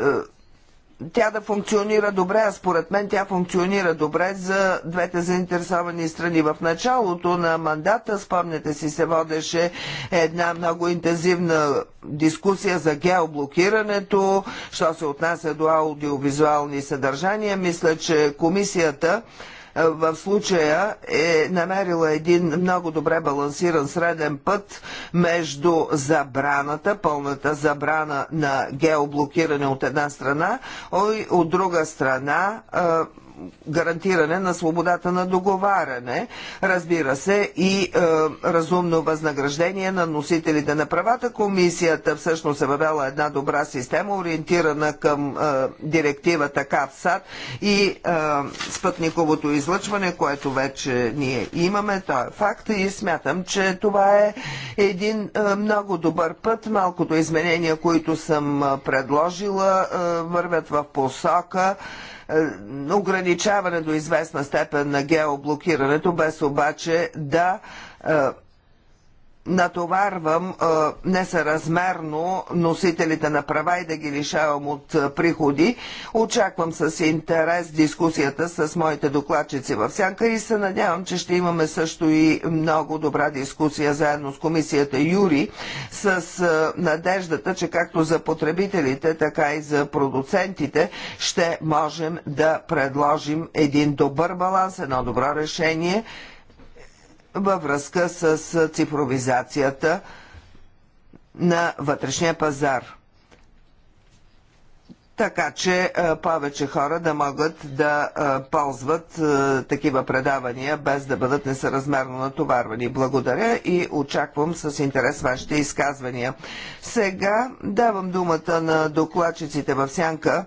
тя да функционира добре, а според мен тя функционира добре за двете заинтересовани страни. В началото на мандата, спомняте си, се водеше една много интензивна дискусия за геоблокирането, що се отнася до аудиовизуални съдържания. Мисля, че комисията в случая е намерила един много добре балансиран среден път между забраната, пълната забрана на геоблокиране от една страна, от друга страна гарантиране на свободата на договаряне, разбира се, и е, разумно възнаграждение на носителите на правата. Комисията всъщност е въвела една добра система, ориентирана към е, директивата КАПСАД и е, спътниковото излъчване, което вече ние имаме. То е факт и смятам, че това е един е, много добър път. Малкото изменения, които съм е, предложила, е, вървят в посока. Е, ограничаване до известна степен на геоблокирането, без обаче да е, натоварвам а, несъразмерно носителите на права и да ги лишавам от а, приходи. Очаквам с интерес дискусията с моите докладчици в Сянка и се надявам, че ще имаме също и много добра дискусия заедно с комисията Юри с а, надеждата, че както за потребителите, така и за продуцентите ще можем да предложим един добър баланс, едно добро решение – във връзка с цифровизацията на вътрешния пазар. Така че повече хора да могат да ползват такива предавания, без да бъдат несъразмерно натоварвани. Благодаря и очаквам с интерес вашите изказвания. Сега давам думата на докладчиците в сянка.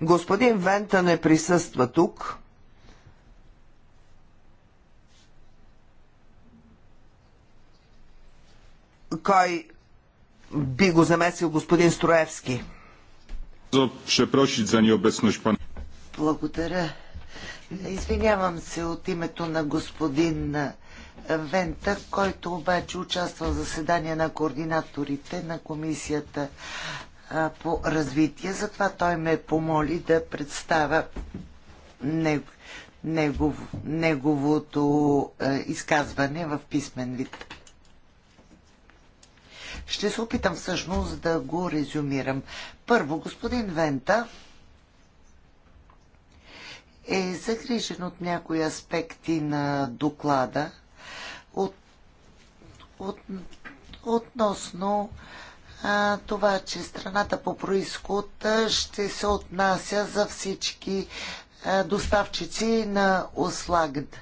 Господин Вентън не присъства тук. кой би го замесил господин Строевски. за ни nieobecność pana. Благодаря. Извинявам се от името на господин Вента, който обаче участва в заседание на координаторите на комисията по развитие. Затова той ме помоли да представя негов, неговото изказване в писмен вид. Ще се опитам всъщност да го резюмирам. Първо, господин Вента е загрижен от някои аспекти на доклада от, от, относно а, това, че страната по происход ще се отнася за всички а, доставчици на ослагд.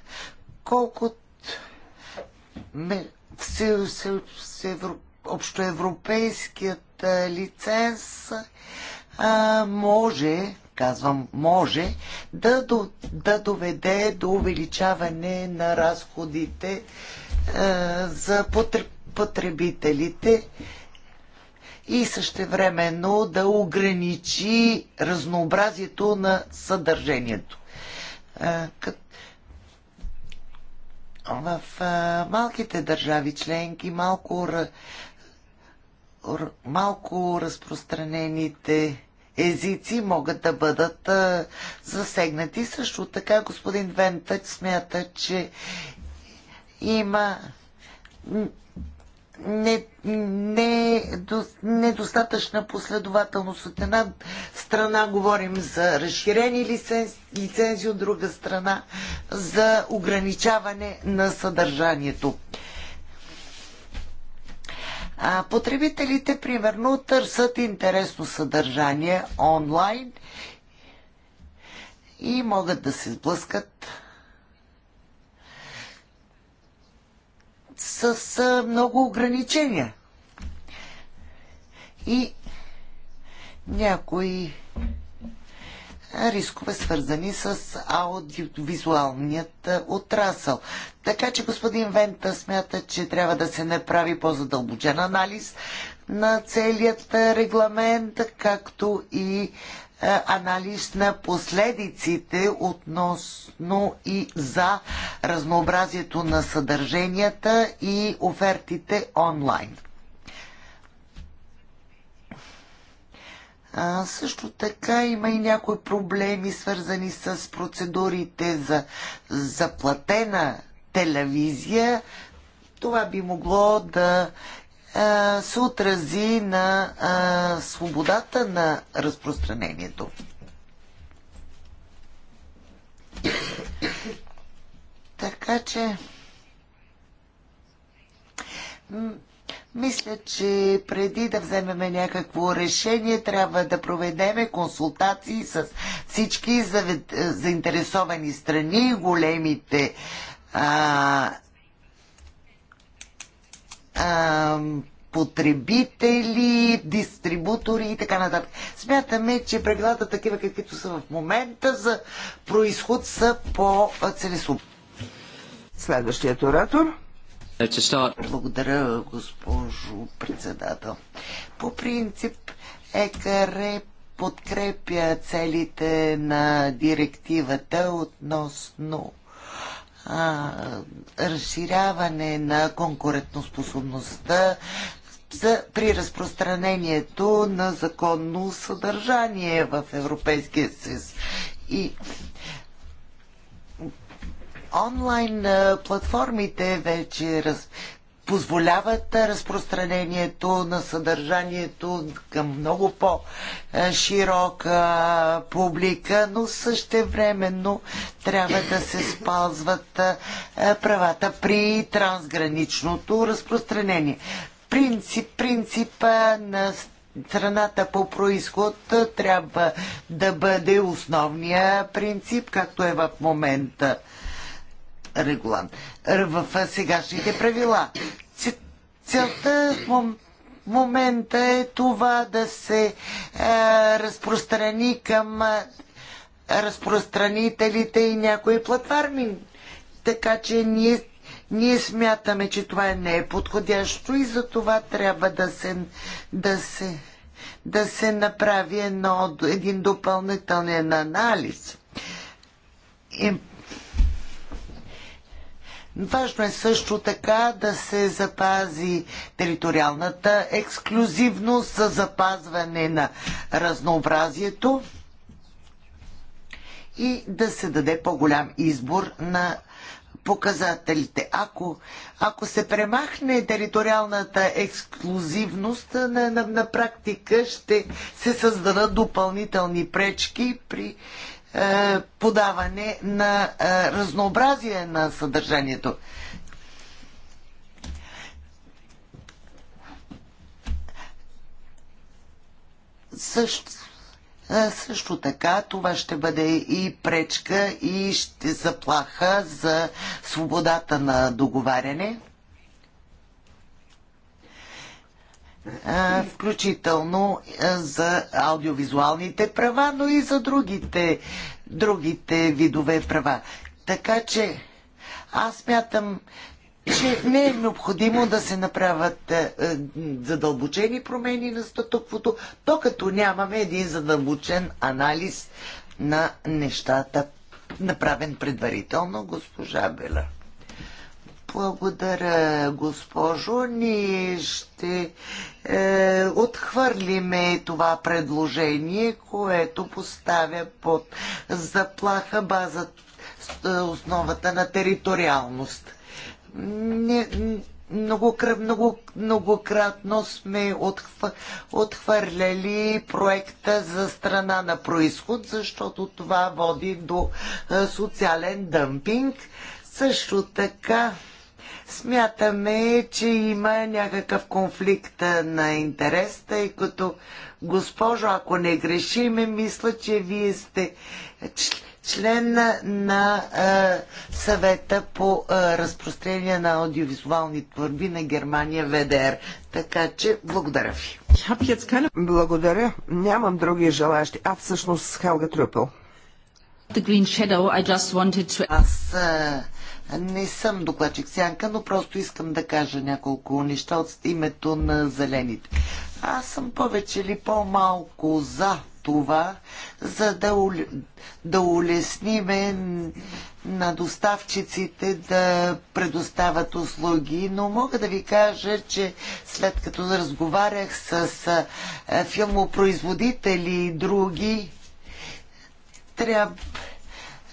Колкото се, се, се, общоевропейският лиценз а, може, казвам може, да, до, да доведе до увеличаване на разходите а, за потребителите и същевременно да ограничи разнообразието на съдържанието. в а, малките държави членки малко малко разпространените езици могат да бъдат а, засегнати. Също така господин Вентъч смята, че има не, не, до, недостатъчна последователност. От една страна говорим за разширени лицензии, лицензи, от друга страна за ограничаване на съдържанието. А, потребителите, примерно, търсят интересно съдържание онлайн и могат да се сблъскат с много ограничения. И някои рискове, свързани с аудиовизуалният отрасъл. Така че господин Вента смята, че трябва да се направи по-задълбочен анализ на целият регламент, както и анализ на последиците относно и за разнообразието на съдържанията и офертите онлайн. А, също така има и някои проблеми, свързани с процедурите за заплатена телевизия. Това би могло да а, се отрази на а, свободата на разпространението. Така че мисля, че преди да вземем някакво решение, трябва да проведеме консултации с всички заинтересовани страни, големите а, а, потребители, дистрибутори и така нататък. Смятаме, че правилата такива, каквито са в момента, за происход са по целесообразно. Следващият оратор. Благодаря, госпожо председател. По принцип, ЕКР подкрепя целите на директивата относно а, разширяване на конкурентоспособността за, при разпространението на законно съдържание в Европейския съюз. И онлайн платформите вече раз, позволяват разпространението на съдържанието към много по-широка публика, но същевременно трябва да се спазват правата при трансграничното разпространение. Принцип, принципа на страната по происход трябва да бъде основния принцип, както е в момента регулан, в сегашните правила. Целта в момента е това да се разпространи към разпространителите и някои платформи. Така че ние ние смятаме, че това не е подходящо и за това трябва да се, да се, да се направи едно, един допълнителен анализ. И Важно е също така да се запази териториалната ексклюзивност за запазване на разнообразието и да се даде по-голям избор на показателите. Ако, ако се премахне териториалната ексклюзивност, на, на, на практика ще се създадат допълнителни пречки при е, подаване на е, разнообразие на съдържанието. Също, е, също така това ще бъде и пречка и ще заплаха за свободата на договаряне. включително за аудиовизуалните права, но и за другите, другите видове права. Така че аз мятам, че не е необходимо да се направят задълбочени промени на статуквото, докато нямаме един задълбочен анализ на нещата, направен предварително госпожа Бела. Благодаря, госпожо. Ние ще е, отхвърлиме това предложение, което поставя под заплаха база е, основата на териториалност. Не, много, много, многократно сме отхвърляли проекта за страна на происход, защото това води до е, социален дъмпинг. Също така Смятаме, че има някакъв конфликт на интерес, тъй като госпожо, ако не грешиме, мисля, че вие сте член на е, съвета по е, разпространение на аудиовизуални творби на Германия ВДР. Така че, благодаря ви. Благодаря. Нямам други желаящи. А всъщност Хелга Трюпел. Shadow, wanted... Аз е, не съм докладчик сянка, но просто искам да кажа няколко неща от името на зелените. Аз съм повече или по-малко за това, за да, да улесниме на доставчиците да предоставят услуги, но мога да ви кажа, че след като разговарях с филмопроизводители и други, трябва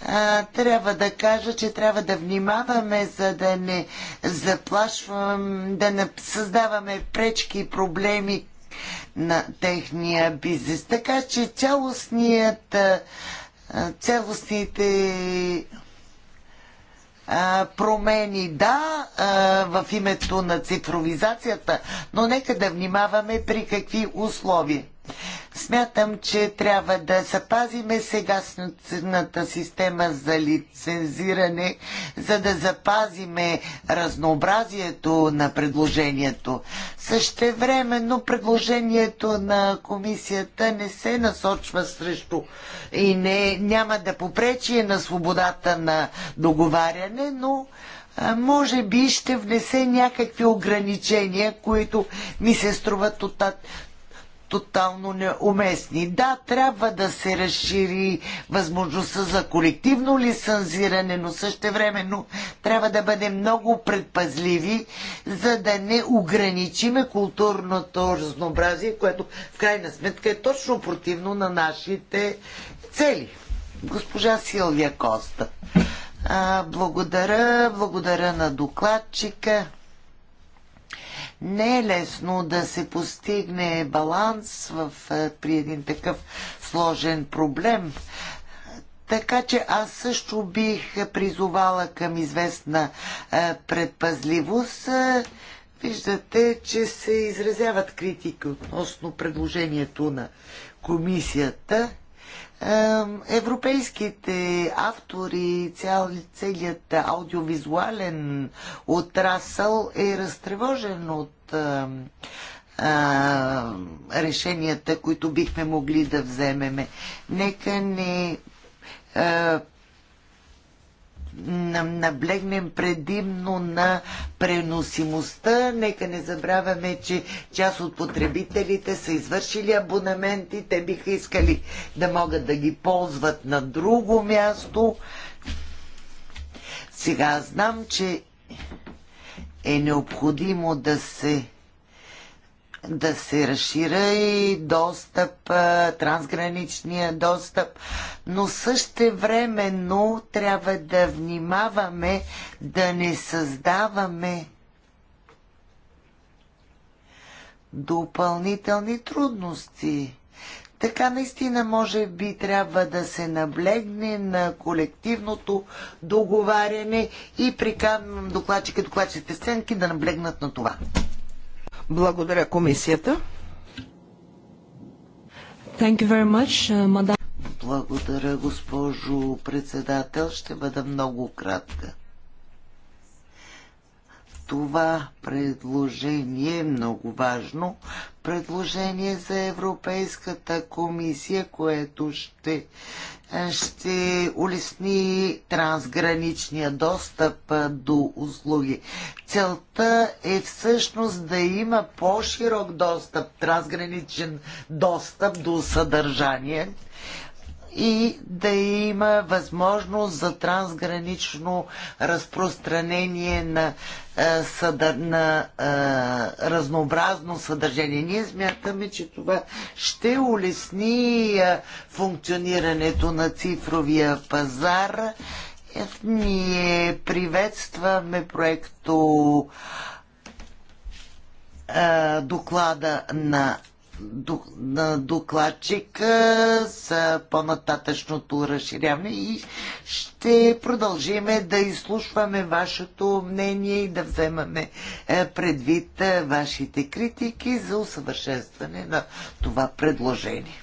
а, трябва да кажа, че трябва да внимаваме, за да не заплашвам, да не създаваме пречки и проблеми на техния бизнес. Така че цялостният, цялостните промени, да, в името на цифровизацията, но нека да внимаваме при какви условия. Смятам, че трябва да запазиме сегашната система за лицензиране, за да запазиме разнообразието на предложението. Същевременно предложението на комисията не се насочва срещу и не, няма да попречи на свободата на договаряне, но може би ще внесе някакви ограничения, които ми се струват от тотално неуместни. Да, трябва да се разшири възможността за колективно лицензиране, но същевременно трябва да бъдем много предпазливи, за да не ограничиме културното разнообразие, което в крайна сметка е точно противно на нашите цели. Госпожа Силвия Коста. А, благодаря, благодаря на докладчика. Не е лесно да се постигне баланс в, е, при един такъв сложен проблем. Така че аз също бих призовала към известна е, предпазливост. Е, виждате, че се изразяват критики относно предложението на комисията европейските автори, цял, целият аудиовизуален отрасъл е разтревожен от а, а, решенията, които бихме могли да вземеме. Нека не наблегнем предимно на преносимостта. Нека не забравяме, че част от потребителите са извършили абонаменти, те биха искали да могат да ги ползват на друго място. Сега знам, че е необходимо да се да се разшира и достъп, трансграничния достъп, но също времено трябва да внимаваме да не създаваме допълнителни трудности. Така наистина може би трябва да се наблегне на колективното договаряне и приканвам докладчика, докладчите сценки да наблегнат на това. Благодаря комисията. Thank you very much, uh, Благодаря, госпожо председател. Ще бъда много кратка. Това предложение е много важно. Предложение за Европейската комисия, което ще е, ще улесни трансграничния достъп е, до услуги. Целта е всъщност да има по-широк достъп, трансграничен достъп до съдържание и да има възможност за трансгранично разпространение на, а, е, съда, на а, е, разнообразно съдържание. Ние смятаме, че това ще улесни а, е, функционирането на цифровия пазар. Ние приветстваме проекто доклада на докладчик с по-нататъчното разширяване и ще продължиме да изслушваме вашето мнение и да вземаме е, предвид е, вашите критики за усъвършенстване на това предложение.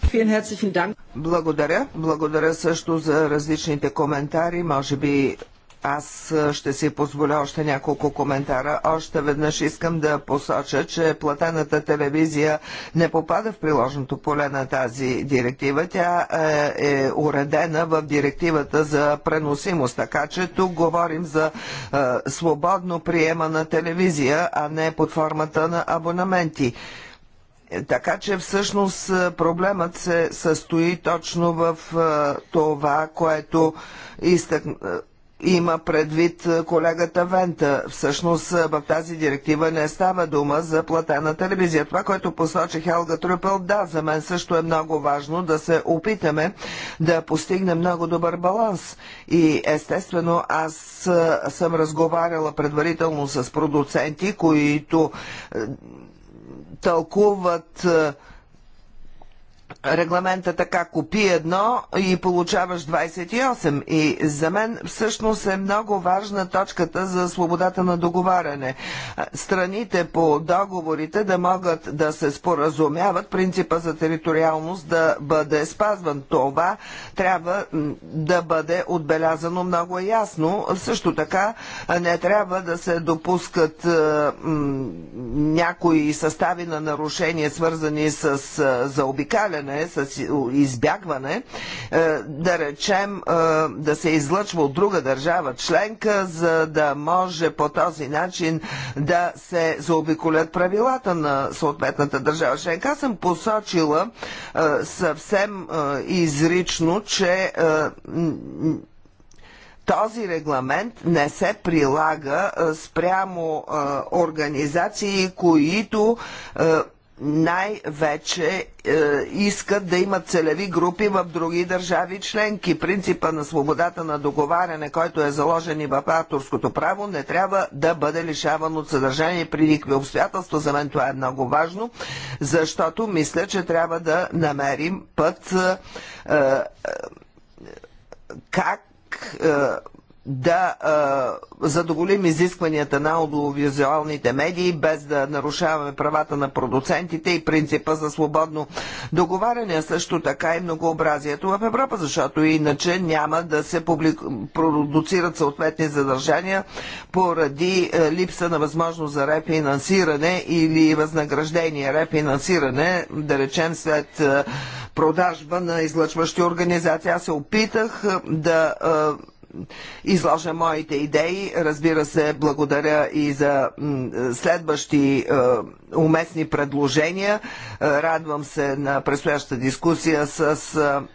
Благодаря. Благодаря също за различните коментари. Може би аз ще си позволя още няколко коментара. Още веднъж искам да посоча, че платената телевизия не попада в приложното поле на тази директива. Тя е, е уредена в директивата за преносимост, така че тук говорим за свободно приема на телевизия, а не под формата на абонаменти. Така че всъщност проблемът се състои точно в това, което изтък има предвид е, колегата Вента. Всъщност е, в тази директива не става дума за платена телевизия. Това, което посочи Хелга Трупел, да, за мен също е много важно да се опитаме да постигнем много добър баланс. И естествено аз е, съм разговаряла предварително с продуценти, които тълкуват регламента така купи едно и получаваш 28. И за мен всъщност е много важна точката за свободата на договаряне. Страните по договорите да могат да се споразумяват, принципа за териториалност да бъде спазван. Това трябва да бъде отбелязано много ясно. Също така не трябва да се допускат някои състави на нарушения, свързани с заобикаляне избягване, с избягване, да речем, е, да се излъчва от друга държава членка, за да може по този начин да се заобиколят правилата на съответната държава членка. Аз съм посочила е, съвсем е, изрично, че този регламент не се прилага спрямо организации, които най-вече е, искат да имат целеви групи в други държави членки. Принципа на свободата на договаряне, който е заложен и в авторското право, не трябва да бъде лишаван от съдържание при никакви обстоятелства. За мен това е много важно, защото мисля, че трябва да намерим път е, е, как е, да а, задоволим изискванията на аудиовизуалните медии, без да нарушаваме правата на продуцентите и принципа за свободно договаряне, също така и многообразието в Европа, защото иначе няма да се публику... продуцират съответни задържания поради е, липса на възможност за рефинансиране или възнаграждение рефинансиране, да речем след е, продажба на излъчващи организации. Аз се опитах е, да изложа моите идеи. Разбира се, благодаря и за следващи е, уместни предложения. Радвам се на предстояща дискусия с е,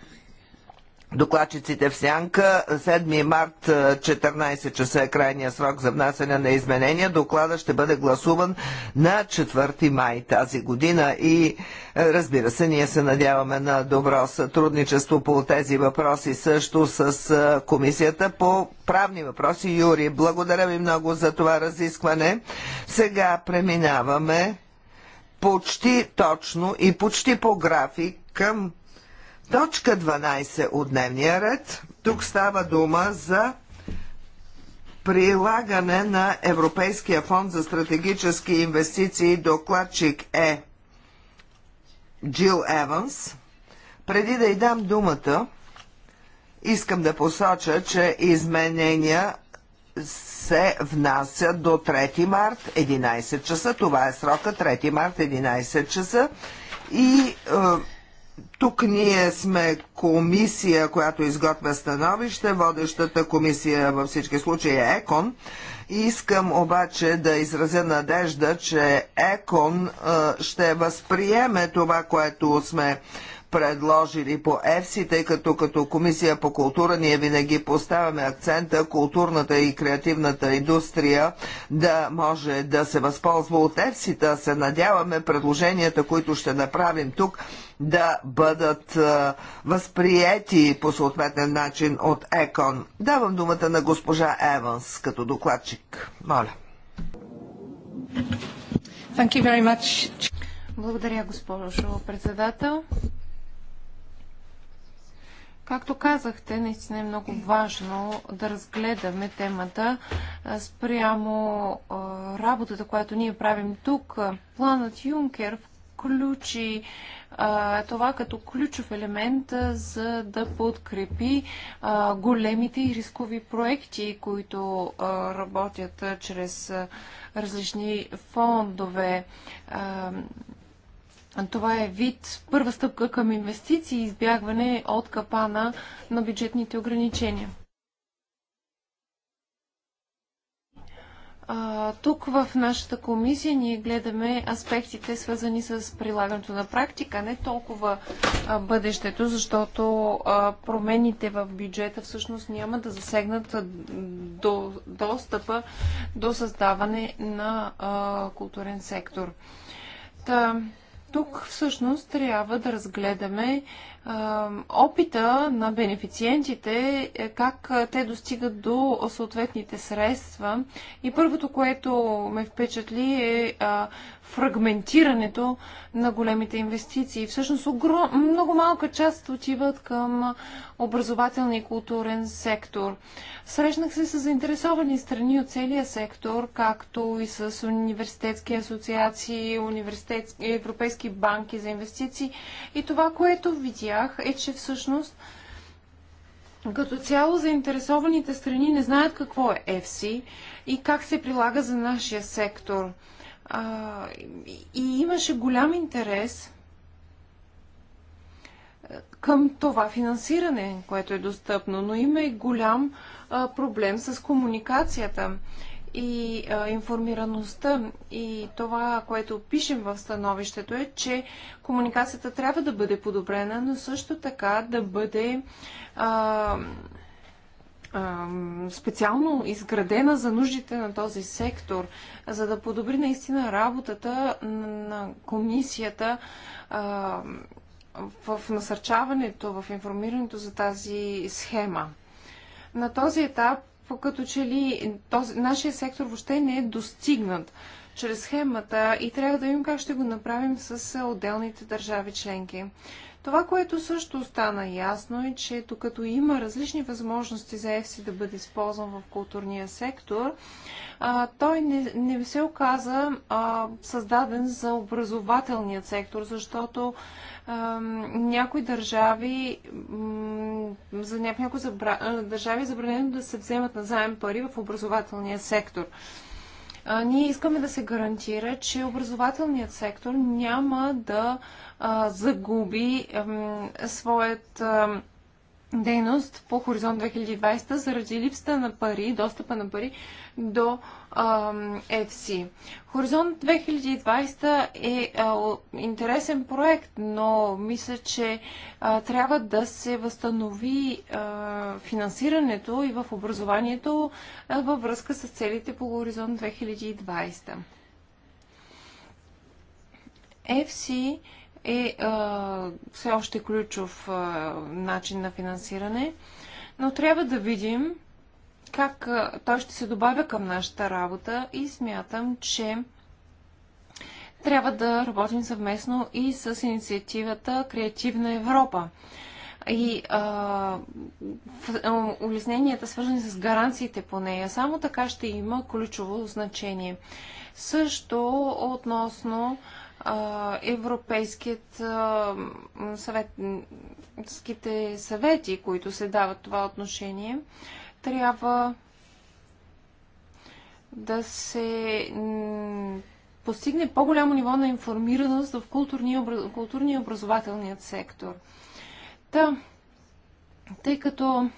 докладчиците в Сянка. 7 март 14 часа е крайния срок за внасяне на изменения. Доклада ще бъде гласуван на 4 май тази година и разбира се, ние се надяваме на добро сътрудничество по тези въпроси също с Комисията по правни въпроси. Юри, благодаря ви много за това разискване. Сега преминаваме почти точно и почти по график към Точка 12 от дневния ред. Тук става дума за прилагане на Европейския фонд за стратегически инвестиции. Докладчик е Джил Еванс. Преди да й дам думата, искам да посоча, че изменения се внася до 3 март 11 часа. Това е срока 3 март 11 часа. И е, тук ние сме комисия, която изготвя становище, водещата комисия във всички случаи е ЕКОН. Искам обаче да изразя надежда, че ЕКОН ще възприеме това, което сме предложили по ЕФСИ, тъй като като Комисия по култура ние винаги поставяме акцента културната и креативната индустрия да може да се възползва от ЕФСИ, да се надяваме предложенията, които ще направим тук, да бъдат е, възприети по съответен начин от ЕКОН. Давам думата на госпожа Еванс като докладчик. Моля. Thank you very much. Благодаря, госпожо председател. Както казахте, наистина е много важно да разгледаме темата спрямо работата, която ние правим тук. Планът Юнкер включи това като ключов елемент, за да подкрепи големите и рискови проекти, които работят чрез различни фондове. Това е вид първа стъпка към инвестиции и избягване от капана на бюджетните ограничения. А, тук в нашата комисия ние гледаме аспектите, свързани с прилагането на практика, не толкова а, бъдещето, защото а, промените в бюджета всъщност няма да засегнат до, достъпа до създаване на а, културен сектор. Та, тук всъщност трябва да разгледаме е, опита на бенефициентите, е, как те достигат до съответните средства. И първото, което ме впечатли е е фрагментирането на големите инвестиции. Всъщност огром... много малка част отиват към образователния и културен сектор. Срещнах се с заинтересовани страни от целия сектор, както и с университетски асоциации, университетски, европейски банки за инвестиции. И това, което видях е, че всъщност като цяло заинтересованите страни не знаят какво е EFSI и как се прилага за нашия сектор – а, и имаше голям интерес е, към това финансиране, което е достъпно, но има и голям а, е, проблем с комуникацията и а, е, информираността. И това, което пишем в становището е, че комуникацията трябва да бъде подобрена, но също така да бъде а, специално изградена за нуждите на този сектор, за да подобри наистина работата на комисията в насърчаването, в информирането за тази схема. На този етап, като че ли този, нашия сектор въобще не е достигнат чрез схемата и трябва да видим как ще го направим с отделните държави членки. Това, което също стана ясно е, че докато има различни възможности за ЕФСИ да бъде използван в културния сектор, а, той не, не се оказа а, създаден за образователният сектор, защото а, някои държави, за някои забра... държави е забранено да се вземат назаем пари в образователния сектор а, ние искаме да се гарантира, че образователният сектор няма да а, загуби а, своят. А, дейност по Хоризонт 2020 заради липсата на пари, достъпа на пари до FC. Хоризонт 2020 е а, интересен проект, но мисля, че а, трябва да се възстанови а, финансирането и в образованието във връзка с целите по Хоризонт 2020. FC е а, все още ключов а, начин на финансиране, но трябва да видим как а, той ще се добавя към нашата работа и смятам, че трябва да работим съвместно и с инициативата Креативна Европа. И а, улесненията, свързани с гаранциите по нея, само така ще има ключово значение. Също относно Европейският съвет, ските съвети, които се дават това отношение, трябва да се постигне по-голямо ниво на информираност в културния, културния образователният сектор. Та, тъй като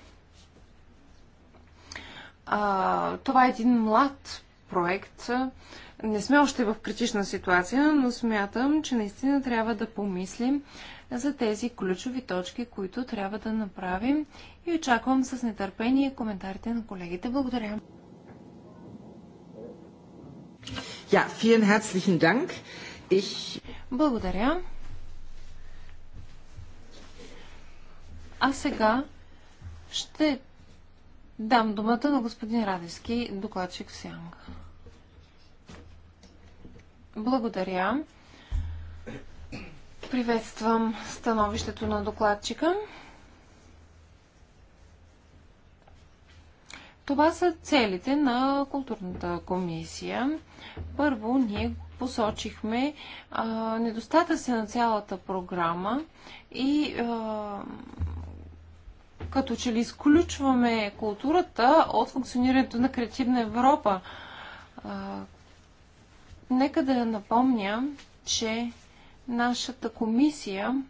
а, това е един млад проект. Не сме още в критична ситуация, но смятам, че наистина трябва да помислим за тези ключови точки, които трябва да направим и очаквам с нетърпение коментарите на колегите. Благодаря. Ja, vielen herzlichen Dank. Ich... Благодаря. А сега ще дам думата на господин Радевски, докладчик в Сянга. Благодаря. Приветствам становището на докладчика. Това са целите на културната комисия. Първо, ние посочихме а, недостатъци на цялата програма и а, като че ли изключваме културата от функционирането на Креативна Европа. А, Нека да напомня, че нашата комисия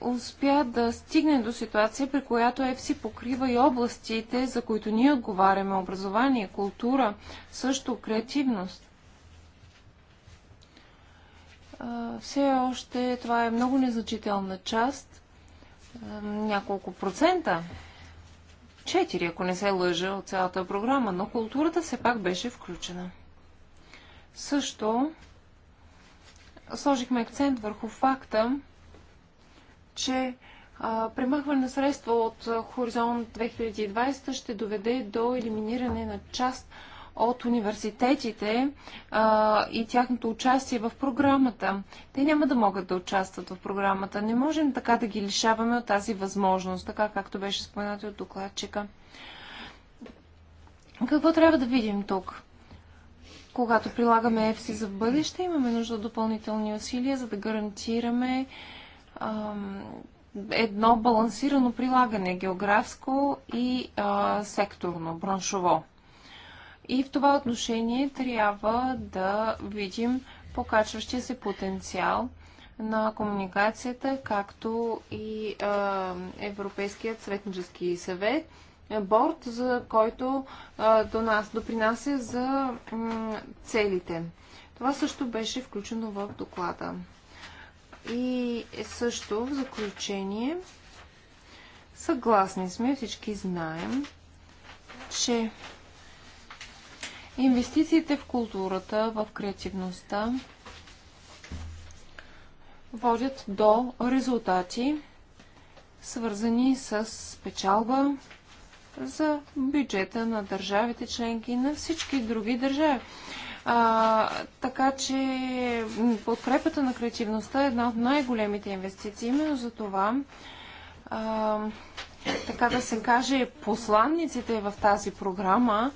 успя да стигне до ситуация, при която ЕФСИ покрива и областите, за които ние отговаряме образование, култура, също креативност. Все още това е много незначителна част, няколко процента четири, ако не се лъжа, от цялата програма, но културата все пак беше включена. Също сложихме акцент върху факта, че а, премахване на средства от Хоризонт 2020 ще доведе до елиминиране на част от университетите а, и тяхното участие в програмата. Те няма да могат да участват в програмата. Не можем така да ги лишаваме от тази възможност, така както беше споменато от докладчика. Какво трябва да видим тук? Когато прилагаме EFSI за бъдеще, имаме нужда от допълнителни усилия, за да гарантираме ам, едно балансирано прилагане географско и а, секторно, браншово. И в това отношение трябва да видим покачващия се потенциал на комуникацията, както и а, Европейският светнически съвет, е, борт, за който а, до нас допринася за целите. Това също беше включено в доклада. И също в заключение, съгласни сме, всички знаем, че Инвестициите в културата, в креативността водят до резултати, свързани с печалба за бюджета на държавите членки и на всички други държави. А, така че подкрепата на креативността е една от най-големите инвестиции. Именно за това, а, така да се каже, посланниците в тази програма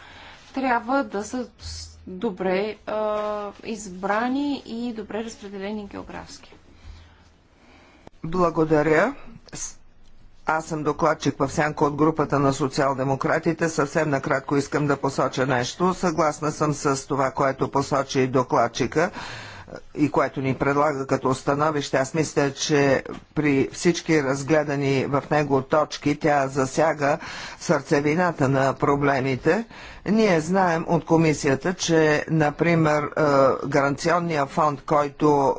трябва да са добре а, избрани и добре разпределени географски. Благодаря. Аз съм докладчик в сянка от групата на социал-демократите. Съвсем накратко искам да посоча нещо. Съгласна съм с това, което посочи докладчика и което ни предлага като становище. Аз мисля, че при всички разгледани в него точки тя засяга сърцевината на проблемите. Ние знаем от комисията, че, например, е, гаранционния фонд, който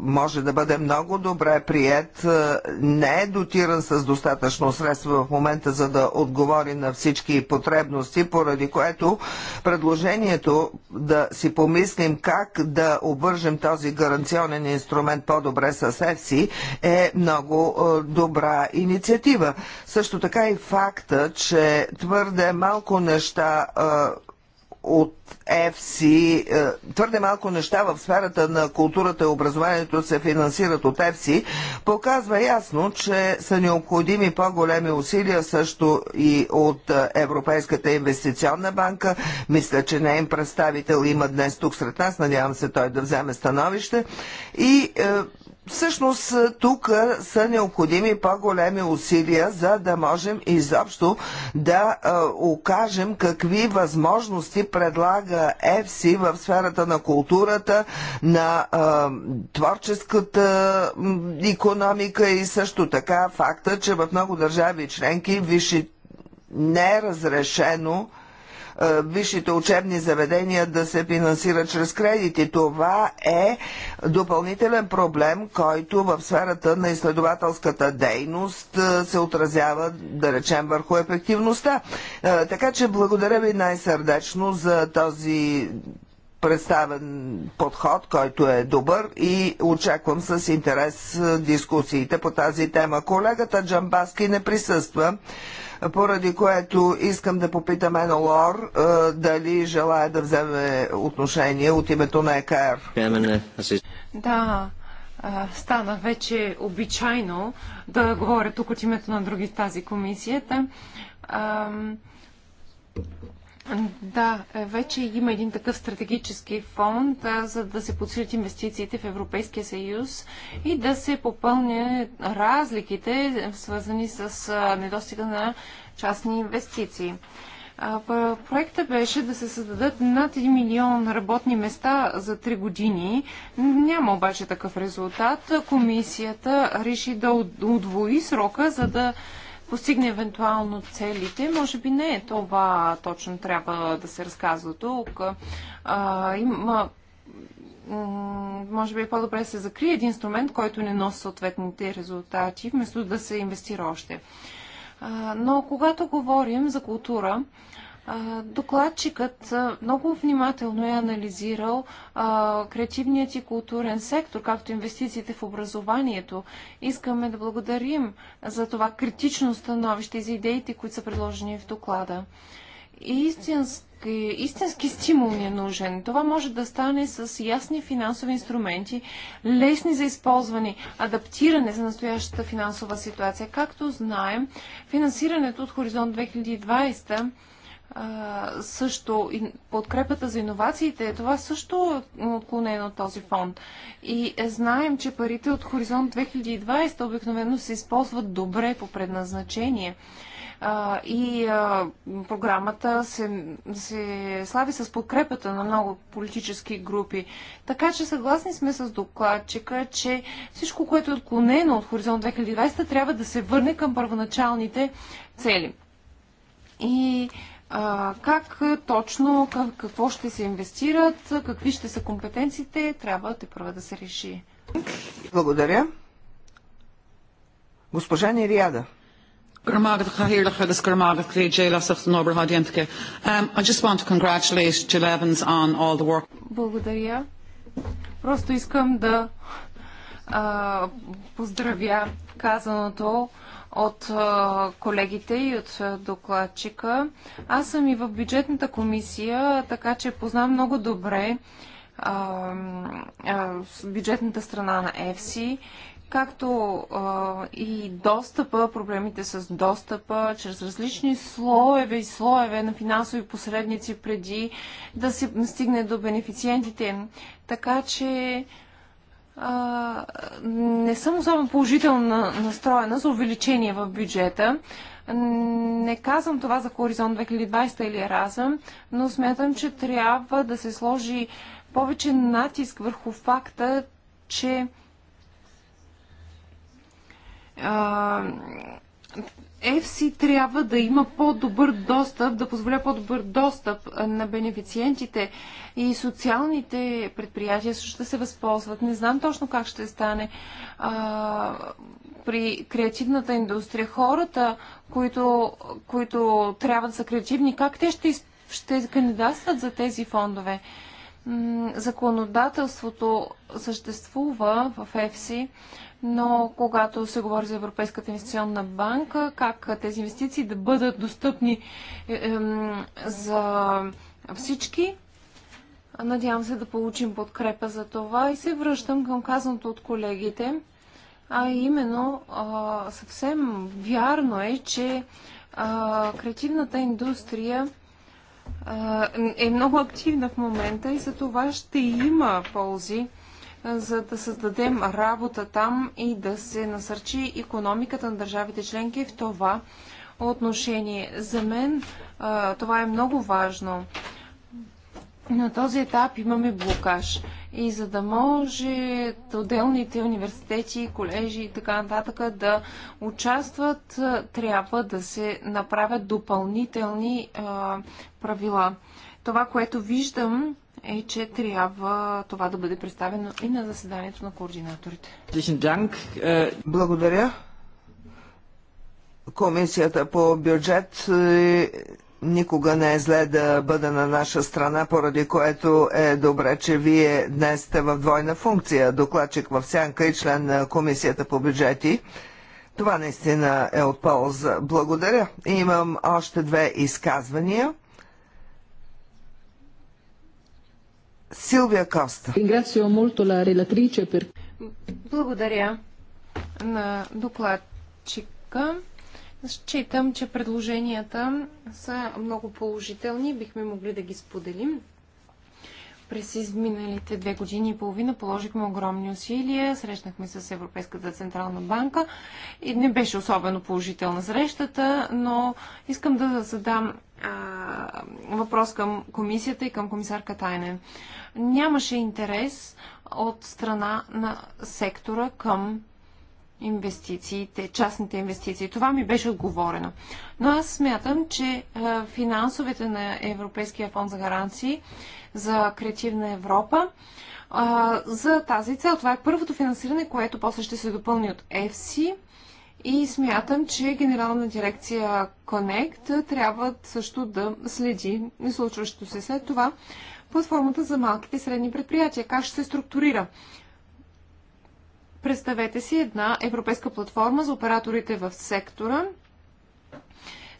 може да бъде много добре прият, е, не е дотиран с достатъчно средства в момента, за да отговори на всички потребности, поради което предложението да си помислим как да обвържем този гаранционен инструмент по-добре с ЕФСИ е много е, добра инициатива. Също така и факта, че твърде малко неща е, от ЕФСИ. Е, твърде малко неща в сферата на културата и образованието се финансират от ЕФСИ. Показва ясно, че са необходими по-големи усилия също и от Европейската инвестиционна банка. Мисля, че не им представител има днес тук сред нас. Надявам се той да вземе становище. И е, Всъщност е, тук е, са необходими по-големи усилия, за да можем изобщо да е, окажем какви възможности предлага ЕФСИ в сферата на културата, на е, творческата економика и също така факта, че в много държави членки виши не е разрешено е, висшите учебни заведения да се финансират чрез кредити. Това е допълнителен проблем, който в сферата на изследователската дейност е, се отразява, да речем, върху ефективността. Е, така че благодаря ви най-сърдечно за този представен подход, който е добър и очаквам с интерес дискусиите по тази тема. Колегата Джамбаски не присъства поради което искам да попитам Енолор е, дали желая да вземе отношение от името на ЕКР. Да, стана вече обичайно да говоря тук от името на други в тази комисията. Да, е, вече има един такъв стратегически фонд, за да се подсилят инвестициите в Европейския съюз и да се попълня разликите, свързани с недостига на частни инвестиции. Проектът проекта беше да се създадат над 1 милион работни места за 3 години. Няма обаче такъв резултат. Комисията реши да удвои срока, за да постигне евентуално целите. Може би не е това точно трябва да се разказва тук. А, има може би е по-добре да се закрие един инструмент, който не носи съответните резултати, вместо да се инвестира още. А, но когато говорим за култура, Докладчикът много внимателно е анализирал креативният и културен сектор, както инвестициите в образованието. Искаме да благодарим за това критично становище и за идеите, които са предложени в доклада. истински, истински стимул ни е нужен. Това може да стане с ясни финансови инструменти, лесни за използване, адаптиране за настоящата финансова ситуация. Както знаем, финансирането от Хоризонт 2020 също подкрепата за иновациите, това също е отклонено от този фонд. И е, знаем, че парите от Хоризонт 2020 обикновено се използват добре по предназначение. и програмата се, се слави с подкрепата на много политически групи. Така че съгласни сме с докладчика, че всичко, което е отклонено от Хоризонт 2020, трябва да се върне към първоначалните цели. И а, как точно, как, какво ще се инвестират, какви ще са компетенциите, трябва те да първа да се реши. Благодаря. Госпожа Нириада. Um, I just want to congratulate Jill Evans on all the work. Благодаря. Просто искам да а, поздравя казаното от колегите и от докладчика. Аз съм и в бюджетната комисия, така че познавам много добре а, а, бюджетната страна на ЕФСИ, както а, и достъпа, проблемите с достъпа, чрез различни слоеве и слоеве на финансови посредници преди да се стигне до бенефициентите. Така че а, не съм особено положително настроена за увеличение в бюджета. Не казвам това за Хоризонт 2020 или Еразъм, но смятам, че трябва да се сложи повече натиск върху факта, че а, ЕФСИ трябва да има по-добър достъп, да позволя по-добър достъп на бенефициентите и социалните предприятия също ще се възползват. Не знам точно как ще стане а, при креативната индустрия. Хората, които, които трябва да са креативни, как те ще, ще кандидатстват за тези фондове? М законодателството съществува в ЕФСИ, но когато се говори за Европейската инвестиционна банка, как тези инвестиции да бъдат достъпни е, е, за всички, надявам се да получим подкрепа за това и се връщам към казаното от колегите, а именно а, съвсем вярно е, че а, креативната индустрия а, е много активна в момента и за това ще има ползи за да създадем работа там и да се насърчи економиката на държавите членки в това отношение. За мен това е много важно. На този етап имаме блокаж. И за да може отделните университети, колежи и така нататък да участват, трябва да се направят допълнителни а, правила. Това, което виждам е, че трябва това да бъде представено и на заседанието на координаторите. Е, Благодаря. Комисията по бюджет е, никога не е зле да бъде на наша страна, поради което е добре, че вие днес сте в двойна функция, докладчик в сянка и член на Комисията по бюджети. Това наистина е от полза. Благодаря. Имам още две изказвания. Силвия Коста. Благодаря на докладчика. Считам, че предложенията са много положителни. Бихме могли да ги споделим. През изминалите две години и половина положихме огромни усилия. Срещнахме с Европейската централна банка и не беше особено положителна срещата, но искам да задам въпрос към комисията и към комисар Катайнен. Нямаше интерес от страна на сектора към инвестициите, частните инвестиции. Това ми беше отговорено. Но аз смятам, че финансовете на Европейския фонд за гаранции за креативна Европа за тази цел. Това е първото финансиране, което после ще се допълни от ЕФСИ и смятам, че Генерална дирекция Connect трябва също да следи случващото се след това платформата за малките и средни предприятия. Как ще се структурира? Представете си една европейска платформа за операторите в сектора –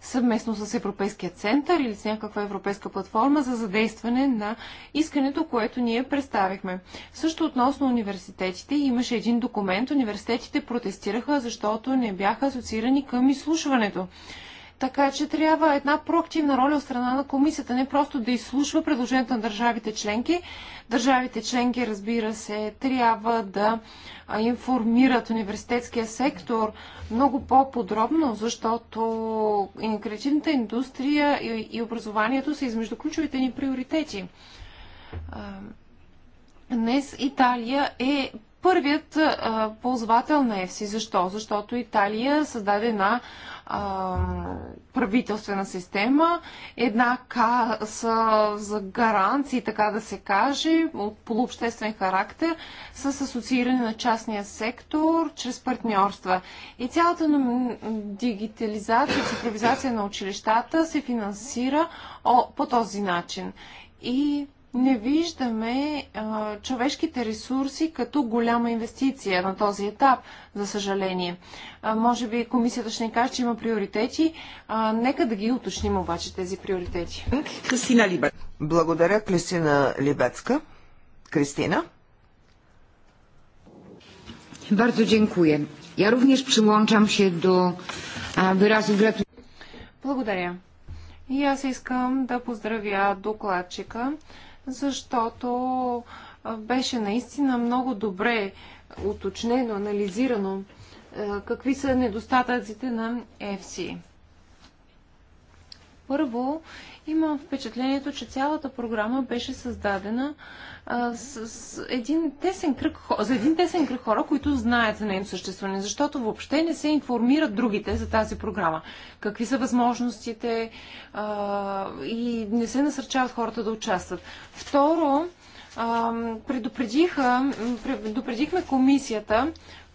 съвместно с Европейския център или с някаква европейска платформа за задействане на искането, което ние представихме. Също относно университетите имаше един документ. Университетите протестираха, защото не бяха асоциирани към изслушването. Така че трябва една проактивна роля от страна на комисията, не просто да изслушва предложението на държавите членки. Държавите членки, разбира се, трябва да информират университетския сектор много по-подробно, защото креативната индустрия и образованието са измежду ключовите ни приоритети. Днес Италия е първият ползвател на ЕФСИ. Защо? Защото Италия създаде една правителствена система, една каса за гаранции, така да се каже, от полуобществен характер, с асоцииране на частния сектор чрез партньорства. И цялата дигитализация, цифровизация на училищата се финансира по този начин. И не виждаме а, човешките ресурси като голяма инвестиция на този етап, за съжаление. А, може би комисията ще ни каже, че има приоритети. А, нека да ги уточним обаче тези приоритети. Кристина Либецка. Благодаря, Кристина Либецка. Кристина? Bardzo dziękuję. Я również przyłączam się do wyrazów gratulacji. Благодаря. И аз искам да поздравя докладчика защото беше наистина много добре уточнено, анализирано какви са недостатъците на FC. Първо, Имам впечатлението, че цялата програма беше създадена а, с, с един тесен кръг, за един тесен кръг хора, които знаят за нейното съществуване, защото въобще не се информират другите за тази програма. Какви са възможностите а, и не се насърчават хората да участват. Второ, предупредиха, предупредихме комисията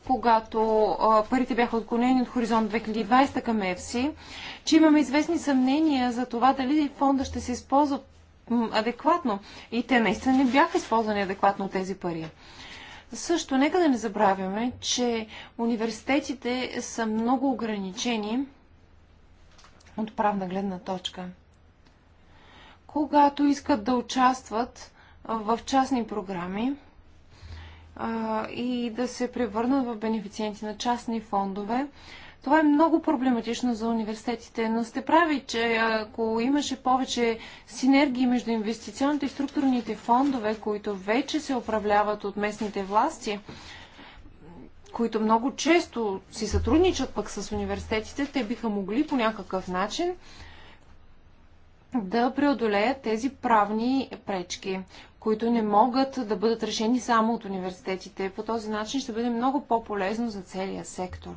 когато парите бяха отклонени от Хоризонт 2020 към ЕФСИ, че имаме известни съмнения за това дали фонда ще се използва адекватно. И те наистина не бяха използвани адекватно тези пари. Също, нека да не забравяме, че университетите са много ограничени от правна гледна точка. Когато искат да участват в частни програми, а, и да се превърнат в бенефициенти на частни фондове. Това е много проблематично за университетите, но сте прави, че ако имаше повече синергии между инвестиционните и структурните фондове, които вече се управляват от местните власти, които много често си сътрудничат пък с университетите, те биха могли по някакъв начин да преодолеят тези правни пречки които не могат да бъдат решени само от университетите. По този начин ще бъде много по-полезно за целия сектор.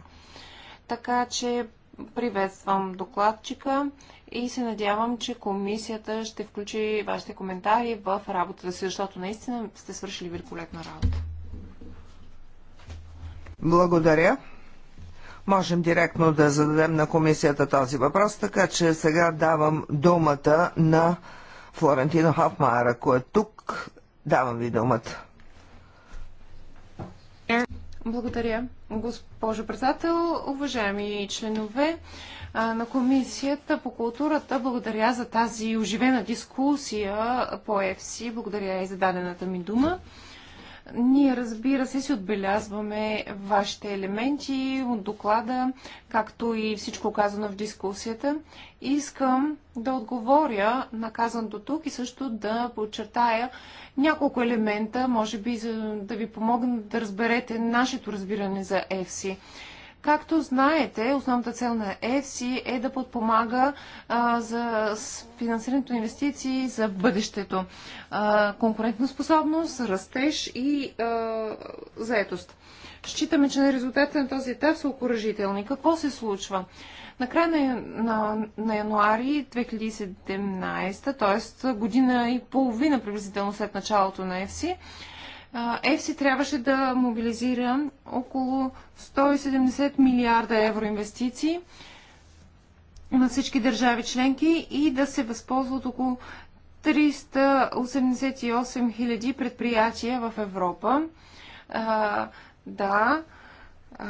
Така че приветствам докладчика и се надявам, че комисията ще включи вашите коментари в работата си, защото наистина сте свършили великолепна работа. Благодаря. Можем директно да зададем на комисията този въпрос, така че сега давам думата на Флорентина Хофмайер, ако е тук. Тук Давам ви думата. Благодаря, госпожо председател. Уважаеми членове на Комисията по културата, благодаря за тази оживена дискусия по ЕФСИ. Благодаря и за дадената ми дума. Ние, разбира се, си отбелязваме вашите елементи от доклада, както и всичко казано в дискусията. Искам да отговоря на казаното тук и също да подчертая няколко елемента, може би за да ви помогна да разберете нашето разбиране за ЕФСИ. Както знаете, основната цел на ЕФСИ е да подпомага а, за финансирането на инвестиции за бъдещето. А, способност, растеж и а, заетост. Считаме, че на резултатите на този етап са окоръжителни. Какво се случва? На края на, на, на януари 2017, т.е. година и половина приблизително след началото на ЕФСИ, ЕФСИ трябваше да мобилизира около 170 милиарда евро инвестиции на всички държави членки и да се възползват около 388 хиляди предприятия в Европа. А, да, а,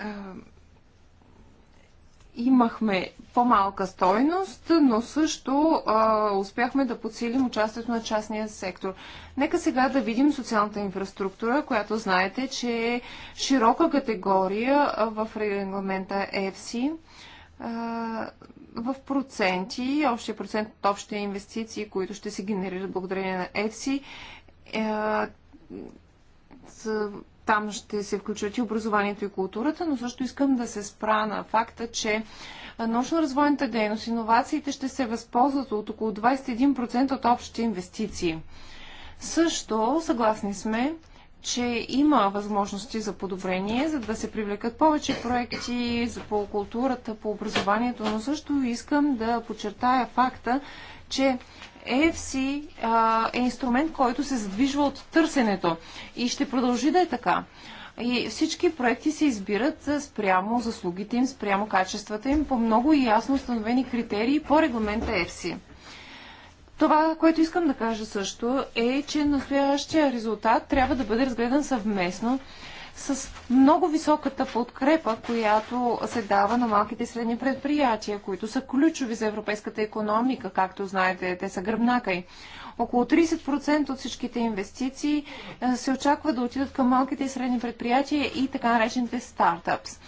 а, имахме по-малка стойност, но също а, успяхме да подсилим участието на частния сектор. Нека сега да видим социалната инфраструктура, която знаете, че е широка категория в регламента EFSI. В проценти, общия процент от общите инвестиции, които ще се генерират благодарение на EFSI, е, там ще се включват и образованието и културата, но също искам да се спра на факта, че научно-развойната дейност, иновациите ще се възползват от около 21% от общите инвестиции. Също съгласни сме, че има възможности за подобрение, за да се привлекат повече проекти по културата, по образованието, но също искам да подчертая факта, че EFC а, е инструмент, който се задвижва от търсенето и ще продължи да е така. И всички проекти се избират спрямо заслугите им, спрямо качествата им, по много и ясно установени критерии по регламента EFC. Това, което искам да кажа също е, че настоящия резултат трябва да бъде разгледан съвместно с много високата подкрепа, която се дава на малките и средни предприятия, които са ключови за европейската економика, както знаете, те са гръбнака и около 30% от всичките инвестиции е, се очаква да отидат към малките и средни предприятия и така наречените стартъпс.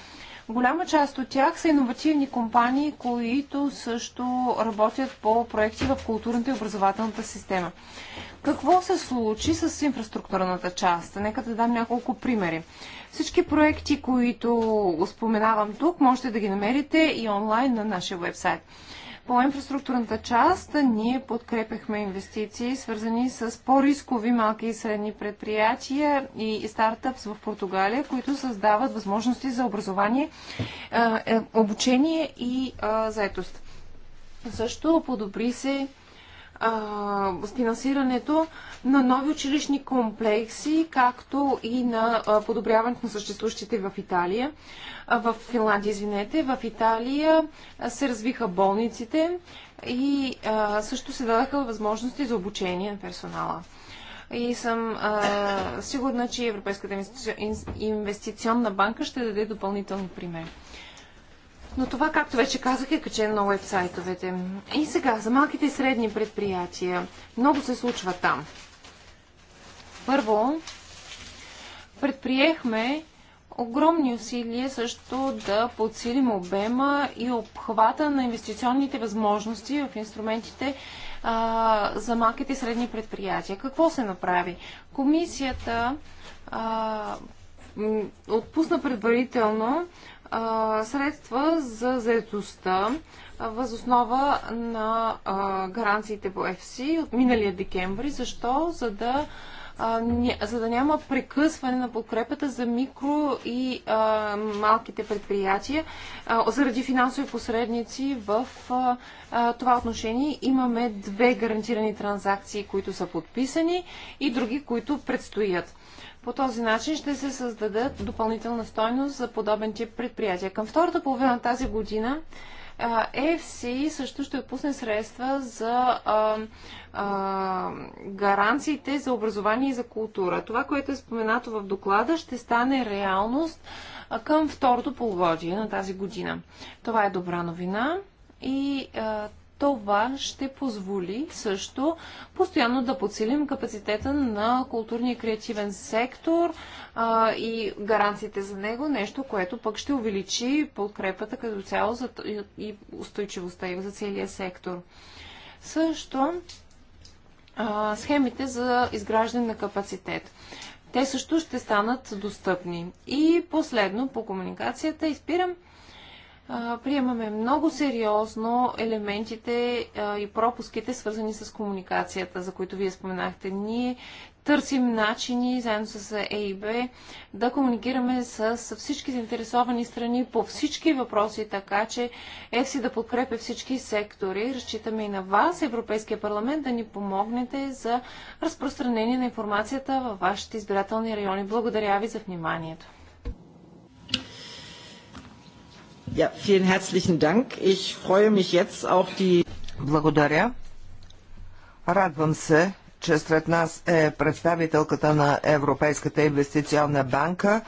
Голяма част от тях са иновативни компании, които също работят по проекти в културната и образователната система. Какво се случи с инфраструктурната част? Нека да дам няколко примери. Всички проекти, които споменавам тук, можете да ги намерите и онлайн на нашия вебсайт. По инфраструктурната част ние подкрепяхме инвестиции, свързани с по-рискови малки и средни предприятия и стартъпс в Португалия, които създават възможности за образование, е, обучение и заетост. Също подобри се а, финансирането на нови училищни комплекси, както и на а, подобряването на съществуващите в Италия. А, в Финландия, извинете, в Италия се развиха болниците и а, също се дадаха възможности за обучение на персонала и съм а, сигурна, че Европейската инвестиционна банка ще даде допълнителни примери. Но това, както вече казах, е качено на уебсайтовете. И сега, за малките и средни предприятия. Много се случва там. Първо, предприехме огромни усилия също да подсилим обема и обхвата на инвестиционните възможности в инструментите а, за малките и средни предприятия. Какво се направи? Комисията а, отпусна предварително средства за заедостта възоснова на гаранциите по FC от миналия декември. Защо? За да, за да няма прекъсване на подкрепата за микро и малките предприятия. заради финансови посредници в това отношение имаме две гарантирани транзакции, които са подписани и други, които предстоят. По този начин ще се създадат допълнителна стойност за подобен тип предприятия. Към втората половина на тази година EFC също ще отпусне средства за а, а, гаранциите за образование и за култура. Това, което е споменато в доклада, ще стане реалност към второто полугодие на тази година. Това е добра новина и а, това ще позволи също постоянно да подсилим капацитета на културния и креативен сектор а, и гаранциите за него, нещо, което пък ще увеличи подкрепата като цяло за, и устойчивостта им за целия сектор. Също а, схемите за изграждане на капацитет те също ще станат достъпни. И последно по комуникацията изпирам приемаме много сериозно елементите и пропуските, свързани с комуникацията, за които вие споменахте. Ние търсим начини, заедно с ЕИБ, да комуникираме с всички заинтересовани страни по всички въпроси, така че ЕФСИ да подкрепя всички сектори. Разчитаме и на вас, Европейския парламент, да ни помогнете за разпространение на информацията във вашите избирателни райони. Благодаря ви за вниманието. Ja, vielen herzlichen Dank. Ich freue mich jetzt die... Благодаря. Радвам се, че сред нас е представителката на Европейската инвестиционна банка.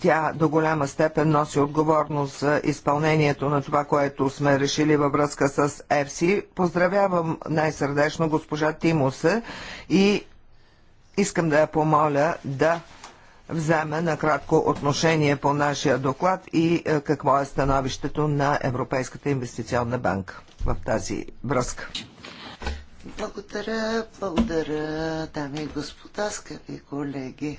Тя до голяма степен носи отговорност за изпълнението на това, което сме решили във връзка с ЕФСИ. Поздравявам най-сърдечно госпожа Тимусе и искам да я помоля да вземе кратко отношение по нашия доклад и е, какво е становището на Европейската инвестиционна банка в тази връзка. Благодаря, благодаря, дами и господа, скъпи колеги.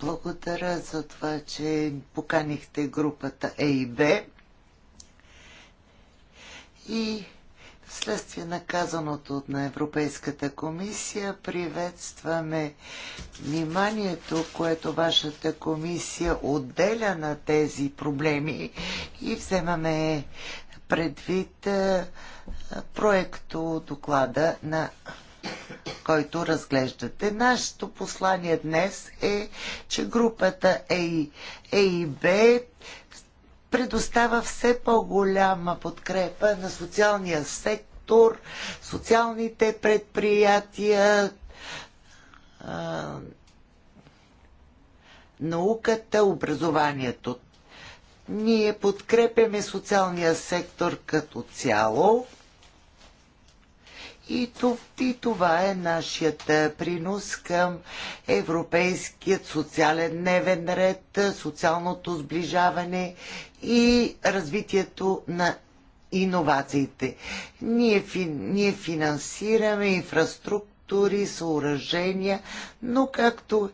Благодаря за това, че поканихте групата А и Б. И Следствие на казаното от на Европейската комисия приветстваме вниманието, което вашата комисия отделя на тези проблеми и вземаме предвид проекто доклада на който разглеждате. Нашето послание днес е, че групата ЕИБ предостава все по-голяма подкрепа на социалния сектор, социалните предприятия, науката, образованието. Ние подкрепяме социалния сектор като цяло и това е нашият е, принос към европейският социален дневен ред, е, социалното сближаване и развитието на иновациите. Ние, ние финансираме инфраструктури, съоръжения, но както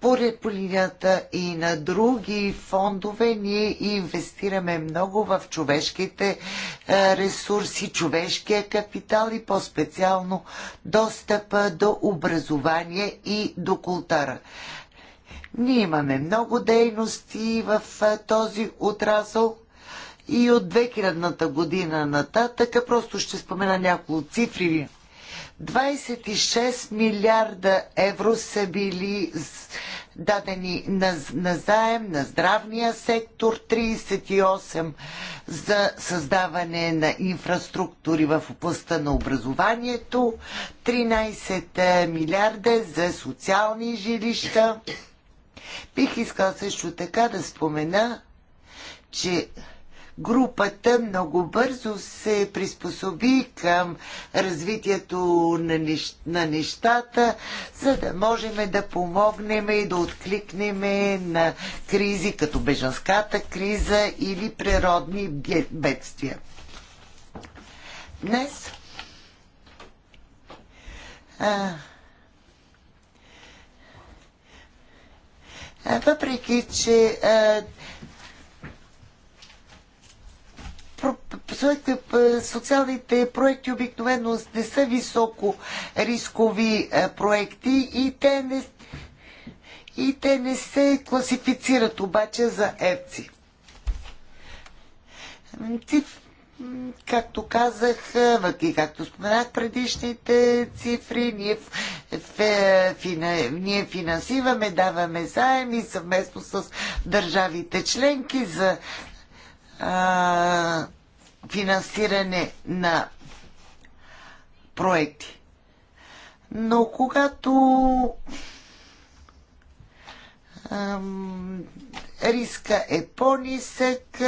по линията и на други фондове ние инвестираме много в човешките е, ресурси, човешкия капитал и по-специално достъпа до образование и до култура. Ние имаме много дейности в е, този отрасъл и от 2000-та година нататък просто ще спомена няколко цифри 26 милиарда евро са били дадени на, на заем на здравния сектор, 38 за създаване на инфраструктури в областта на образованието, 13 е, милиарда за социални жилища. Бих искал също така да спомена, че групата много бързо се приспособи към развитието на, нещ, на нещата, за да можем да помогнем и да откликнем на кризи, като бежанската криза или природни бедствия. Днес а, въпреки, че а, социалните проекти обикновено не са високо рискови е, проекти и те не, и те не се класифицират обаче за ЕРЦИ. както казах, е, и както споменах предишните цифри, ние, е, фина, ние финансираме, даваме заеми съвместно с държавите членки за а, финансиране на проекти. Но когато а, риска е по-нисък,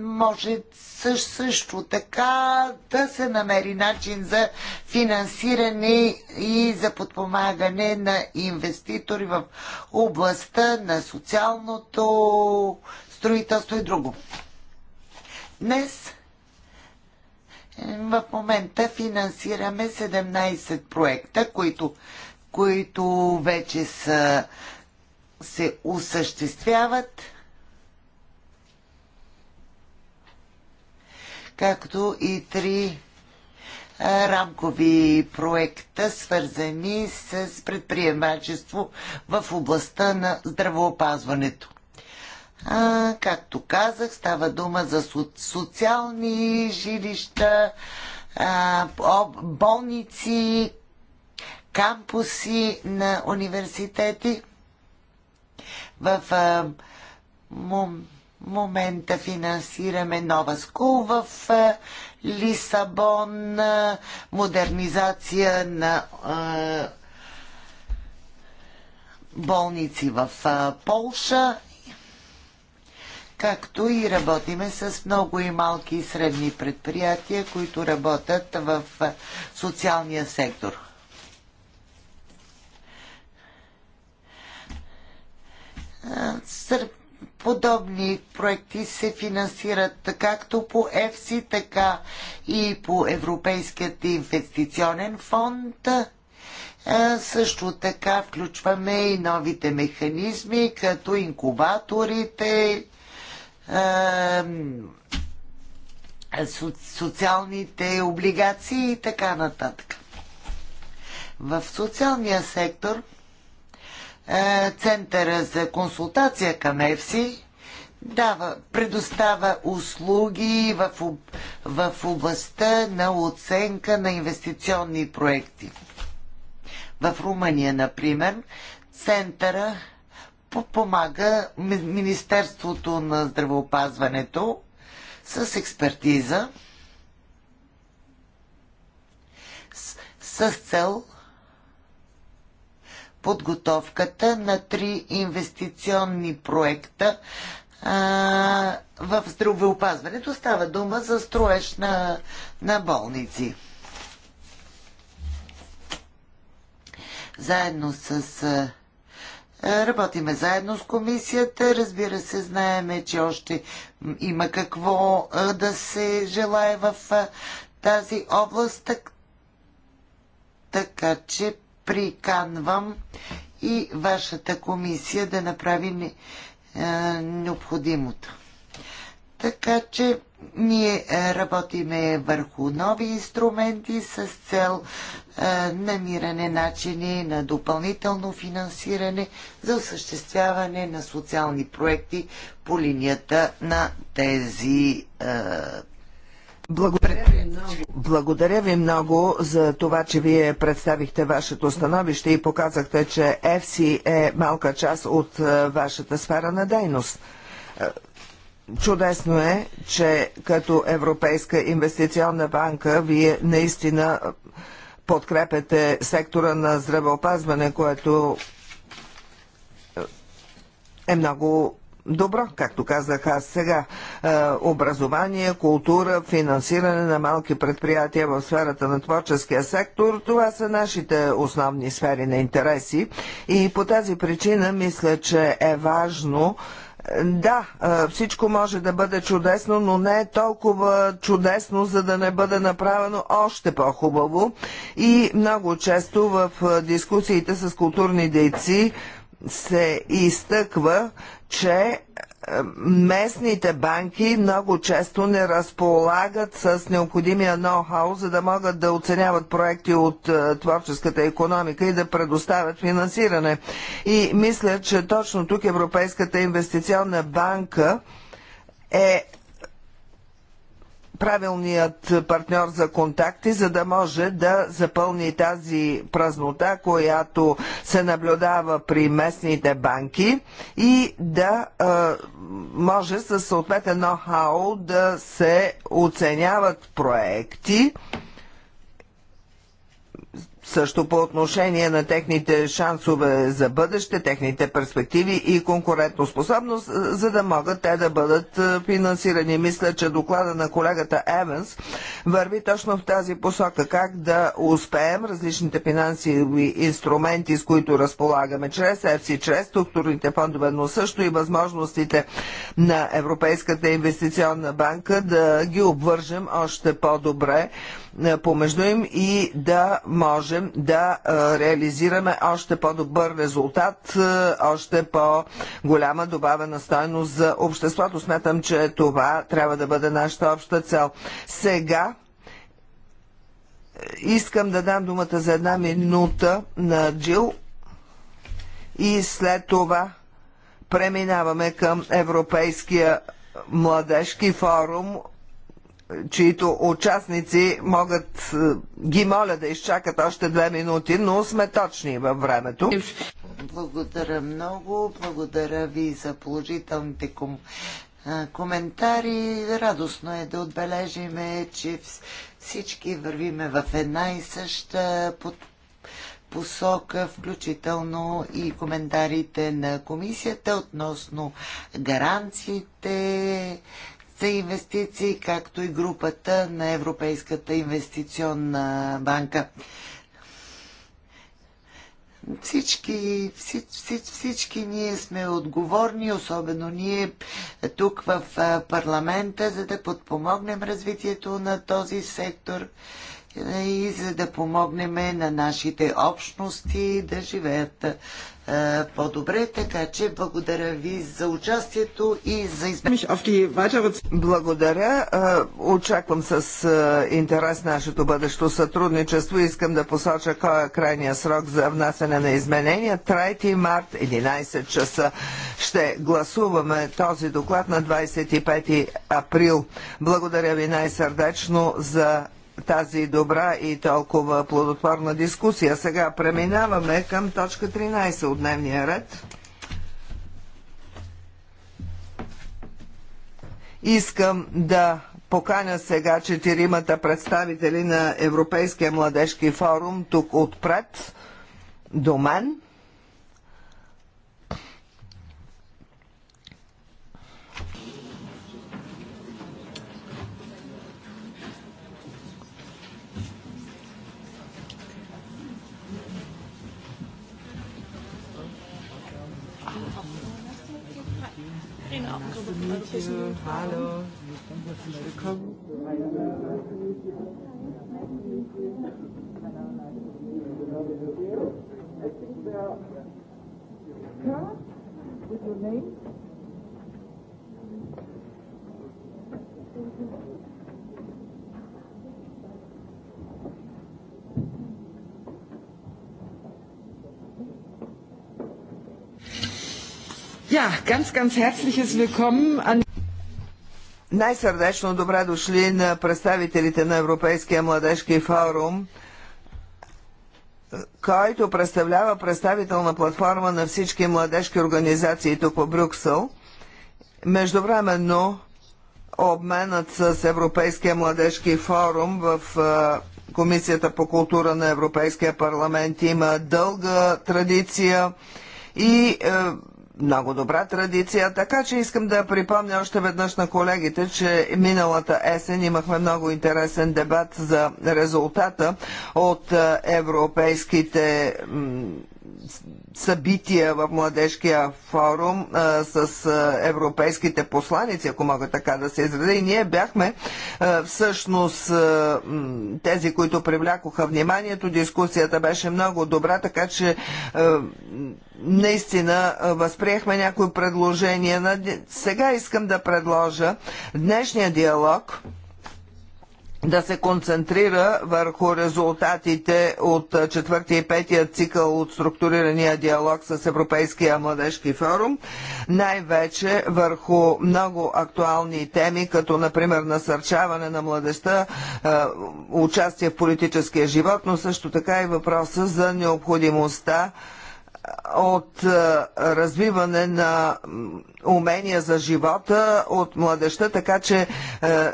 може също, също така да се намери начин за финансиране и за подпомагане на инвеститори в областта на социалното строителство и друго. Днес в момента финансираме 17 проекта, които, които вече са, се осъществяват. както и три рамкови проекта, свързани с предприемачество в областта на здравоопазването. А, както казах, става дума за социални жилища, а, болници, кампуси на университети. В а, мом момента финансираме нова скул в е, Лисабон, е, модернизация на е, болници в Полша, както и работиме с много и малки и средни предприятия, които работят в социалния сектор. Сърп подобни проекти се финансират както по ЕФСИ, така и по Европейският инвестиционен фонд. Също така включваме и новите механизми, като инкубаторите, социалните облигации и така нататък. В социалния сектор – е, центъра за консултация към ЕФСИ дава, предостава услуги в, в областта на оценка на инвестиционни проекти. В Румъния, например, Центъра помага Министерството на здравеопазването с експертиза с, с цел подготовката на три инвестиционни проекта а, в здравеопазването. Става дума за строеж на, на болници. Заедно с. А, Работиме заедно с комисията. Разбира се, знаеме, че още има какво да се желае в тази област. Така че приканвам и вашата комисия да направи е, необходимото. Така че ние е, работиме върху нови инструменти с цел е, намиране начини на допълнително финансиране за осъществяване на социални проекти по линията на тези благодаря ви, много. Благодаря ви много за това, че вие представихте вашето становище и показахте, че ЕФСИ е малка част от е, вашата сфера на дейност. Е, чудесно е, че като Европейска инвестиционна банка вие наистина подкрепяте сектора на здравеопазване, което е, е много добро, както казах аз сега. Е, образование, култура, финансиране на малки предприятия в сферата на творческия сектор, това са нашите основни сфери на интереси и по тази причина мисля, че е важно да, е, всичко може да бъде чудесно, но не е толкова чудесно, за да не бъде направено още по-хубаво. И много често в е, дискусиите с културни дейци се изтъква, че е, местните банки много често не разполагат с необходимия ноу-хау, за да могат да оценяват проекти от е, творческата економика и да предоставят финансиране. И мисля, че точно тук Европейската инвестиционна банка е правилният партньор за контакти, за да може да запълни тази празнота, която се наблюдава при местните банки и да е, може със съответен ноу-хау да се оценяват проекти също по отношение на техните шансове за бъдеще, техните перспективи и конкурентоспособност, е, за да могат те да бъдат е, финансирани. Мисля, че доклада на колегата Еванс върви точно в тази посока, как да успеем различните финансови инструменти, с които разполагаме, чрез ЕФСИ, чрез структурните фондове, но също и възможностите на Европейската инвестиционна банка да ги обвържем още по-добре е, помежду им и да можем да е, реализираме още по-добър резултат, е, още по-голяма добавена стойност за обществото. Смятам, че това трябва да бъде нашата обща цел. Сега искам да дам думата за една минута на Джил и след това преминаваме към Европейския младежки форум чието участници могат, е, ги моля да изчакат още две минути, но сме точни във времето. Благодаря много, благодаря ви за положителните ком... коментари. Радостно е да отбележиме, че всички вървиме в една и съща под посока, включително и коментарите на комисията относно гаранциите, за инвестиции, както и групата на Европейската инвестиционна банка. Всички, всич, всички ние сме отговорни, особено ние тук в парламента, за да подпомогнем развитието на този сектор е, и за да помогнем на нашите общности да живеят е, по-добре, така че благодаря ви за участието и за избирането. Благодаря. Е, очаквам с е, интерес нашето бъдещо сътрудничество. Искам да посоча кой е крайния срок за внасяне на изменения. 3 март, 11 часа. Ще гласуваме този доклад на 25 април. Благодаря ви най-сърдечно за тази добра и толкова плодотворна дискусия. Сега преминаваме към точка 13 от дневния ред. Искам да поканя сега четиримата представители на Европейския младежки форум тук отпред до мен. Kaninchen. Hallo. Willkommen. With your name? Ja, ganz, ganz herzliches Willkommen an най-сърдечно добре дошли на представителите на Европейския младежки форум, който представлява представителна платформа на всички младежки организации тук в Брюксел. Междувременно обменът с Европейския младежки форум в Комисията по култура на Европейския парламент има дълга традиция и много добра традиция, така че искам да припомня още веднъж на колегите, че миналата есен имахме много интересен дебат за резултата от е, европейските събития в Младежкия форум а, с европейските посланици, ако мога така да се изразя. И ние бяхме а, всъщност а, тези, които привлякоха вниманието. Дискусията беше много добра, така че а, наистина възприехме някои предложения. Сега искам да предложа днешния диалог да се концентрира върху резултатите от четвъртия и петия цикъл от структурирания диалог с Европейския младежки форум, най-вече върху много актуални теми, като например насърчаване на младеща, участие в политическия живот, но също така и въпроса за необходимостта от развиване на умения за живота от младеща, така че е,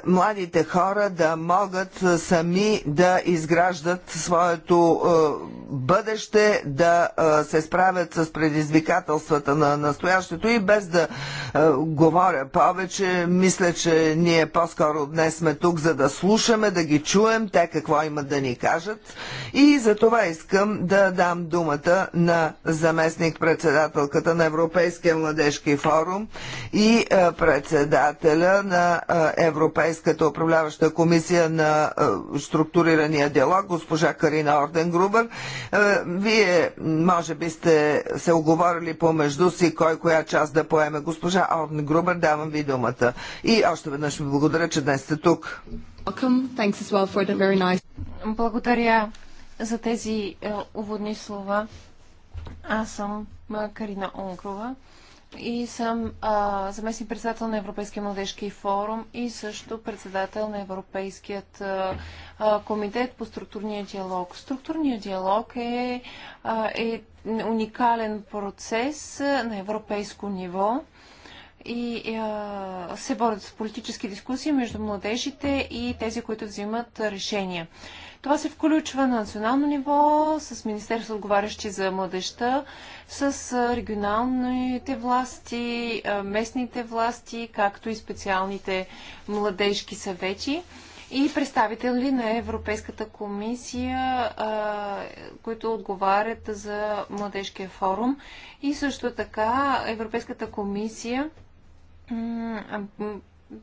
младите хора да могат е, сами да изграждат своето е, бъдеще, да е, се справят с предизвикателствата на настоящето и без да е, говоря повече, мисля, че ние по-скоро днес сме тук, за да слушаме, да ги чуем, те какво имат да ни кажат и за това искам да дам думата на заместник председателката на Европейския младежки форум форум и е, председателя на е, Европейската управляваща комисия на е, структурирания диалог, госпожа Карина Орденгрубър. Вие, може би, сте се оговорили помежду си кой коя част да поеме. Госпожа Орденгрубър, давам ви думата. И още веднъж ви благодаря, че днес сте тук. Благодаря за тези уводни слова. Аз съм Карина Онкрова и съм а, заместник председател на Европейския младежки форум и също председател на Европейският а, комитет по структурния диалог. Структурният диалог е, а, е уникален процес на европейско ниво и а, се борят с политически дискусии между младежите и тези, които взимат решения. Това се включва на национално ниво, с Министерство отговарящи за младеща, с регионалните власти, местните власти, както и специалните младежки съвети и представители на Европейската комисия, които отговарят за младежкия форум. И също така Европейската комисия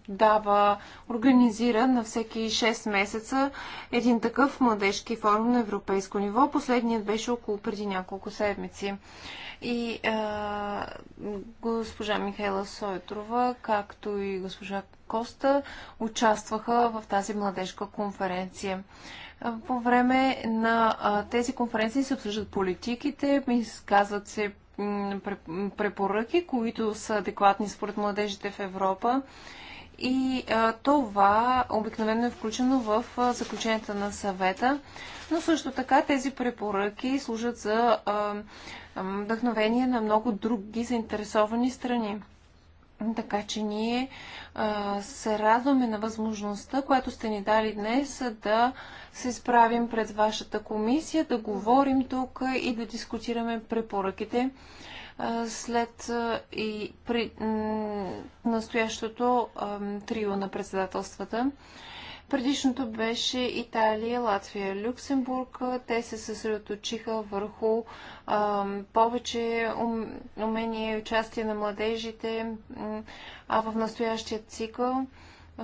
дава, организира на всеки 6 месеца един такъв младежки форум на европейско ниво. Последният беше около преди няколко седмици. И а, госпожа Михайла Сойтрова, както и госпожа Коста, участваха в тази младежка конференция. По време на а, тези конференции се обсъждат политиките, изказват се препоръки, които са адекватни според младежите в Европа и а, това обикновено е включено в а, заключенията на съвета, но също така тези препоръки служат за а, вдъхновение на много други заинтересовани страни. Така че ние а, се радваме на възможността, която сте ни дали днес, да се справим пред вашата комисия, да говорим тук и да дискутираме препоръките след и при настоящото трио на председателствата. Предишното беше Италия, Латвия, Люксембург. Те се съсредоточиха върху повече умения и участие на младежите, а в настоящия цикъл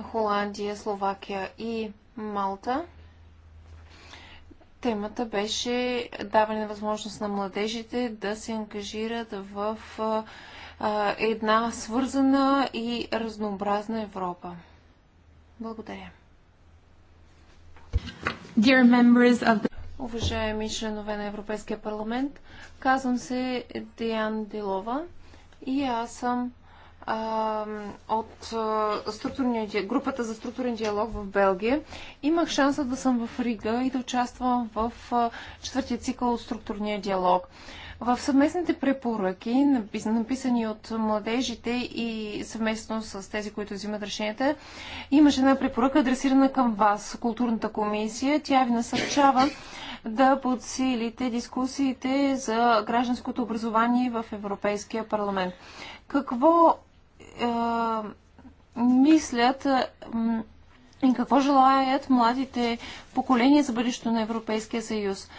Холандия, Словакия и Малта Темата беше даване на възможност на младежите да се ангажират в една свързана и разнообразна Европа. Благодаря. The... Уважаеми членове на Европейския парламент, казвам се Диан Делова и аз съм от групата за структурен диалог в Белгия. Имах шанса да съм в Рига и да участвам в четвъртия цикъл от структурния диалог. В съвместните препоръки, написани от младежите и съвместно с тези, които взимат решенията, имаше една препоръка, адресирана към вас, културната комисия. Тя ви насърчава да подсилите дискусиите за гражданското образование в Европейския парламент. Какво а, мислят а, и какво желаят младите поколения за бъдещето на Европейския съюз.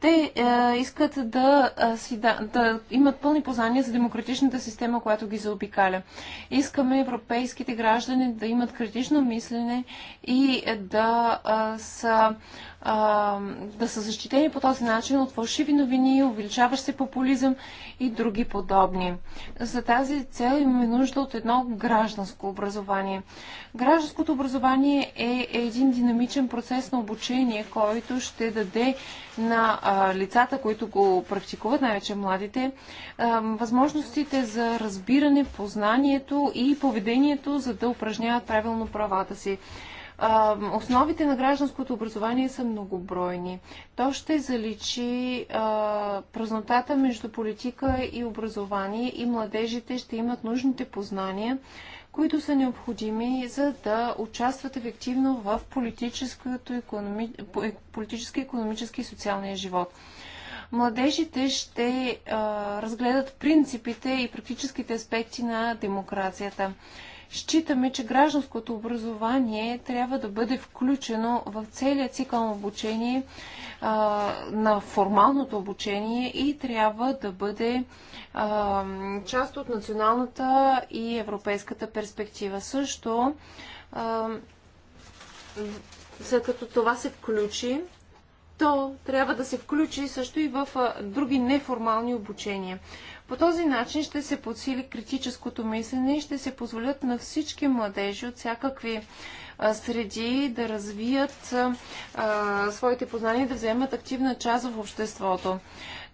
Те а, искат да, а, си, да, да имат пълни познания за демократичната система, която ги заобикаля. Искаме европейските граждани да имат критично мислене и да а, са а, да са защитени по този начин от фалшиви новини, увеличаващ се популизъм и други подобни. За тази цел имаме нужда от едно гражданско образование. Гражданското образование е един динамичен процес на обучение, който ще даде на а, лицата, които го практикуват, най-вече младите, а, възможностите за разбиране, познанието и поведението, за да упражняват правилно правата си основите на гражданското образование са многобройни. То ще заличи празнотата между политика и образование и младежите ще имат нужните познания, които са необходими за да участват ефективно в е, политически, економически и социалния живот младежите ще а, разгледат принципите и практическите аспекти на демокрацията. Считаме, че гражданското образование трябва да бъде включено в целия цикъл на обучение, на формалното обучение и трябва да бъде част от националната и европейската перспектива. Също, след като това се включи, то трябва да се включи също и в други неформални обучения. По този начин ще се подсили критическото мислене и ще се позволят на всички младежи от всякакви среди да развият а, своите познания и да вземат активна част в обществото.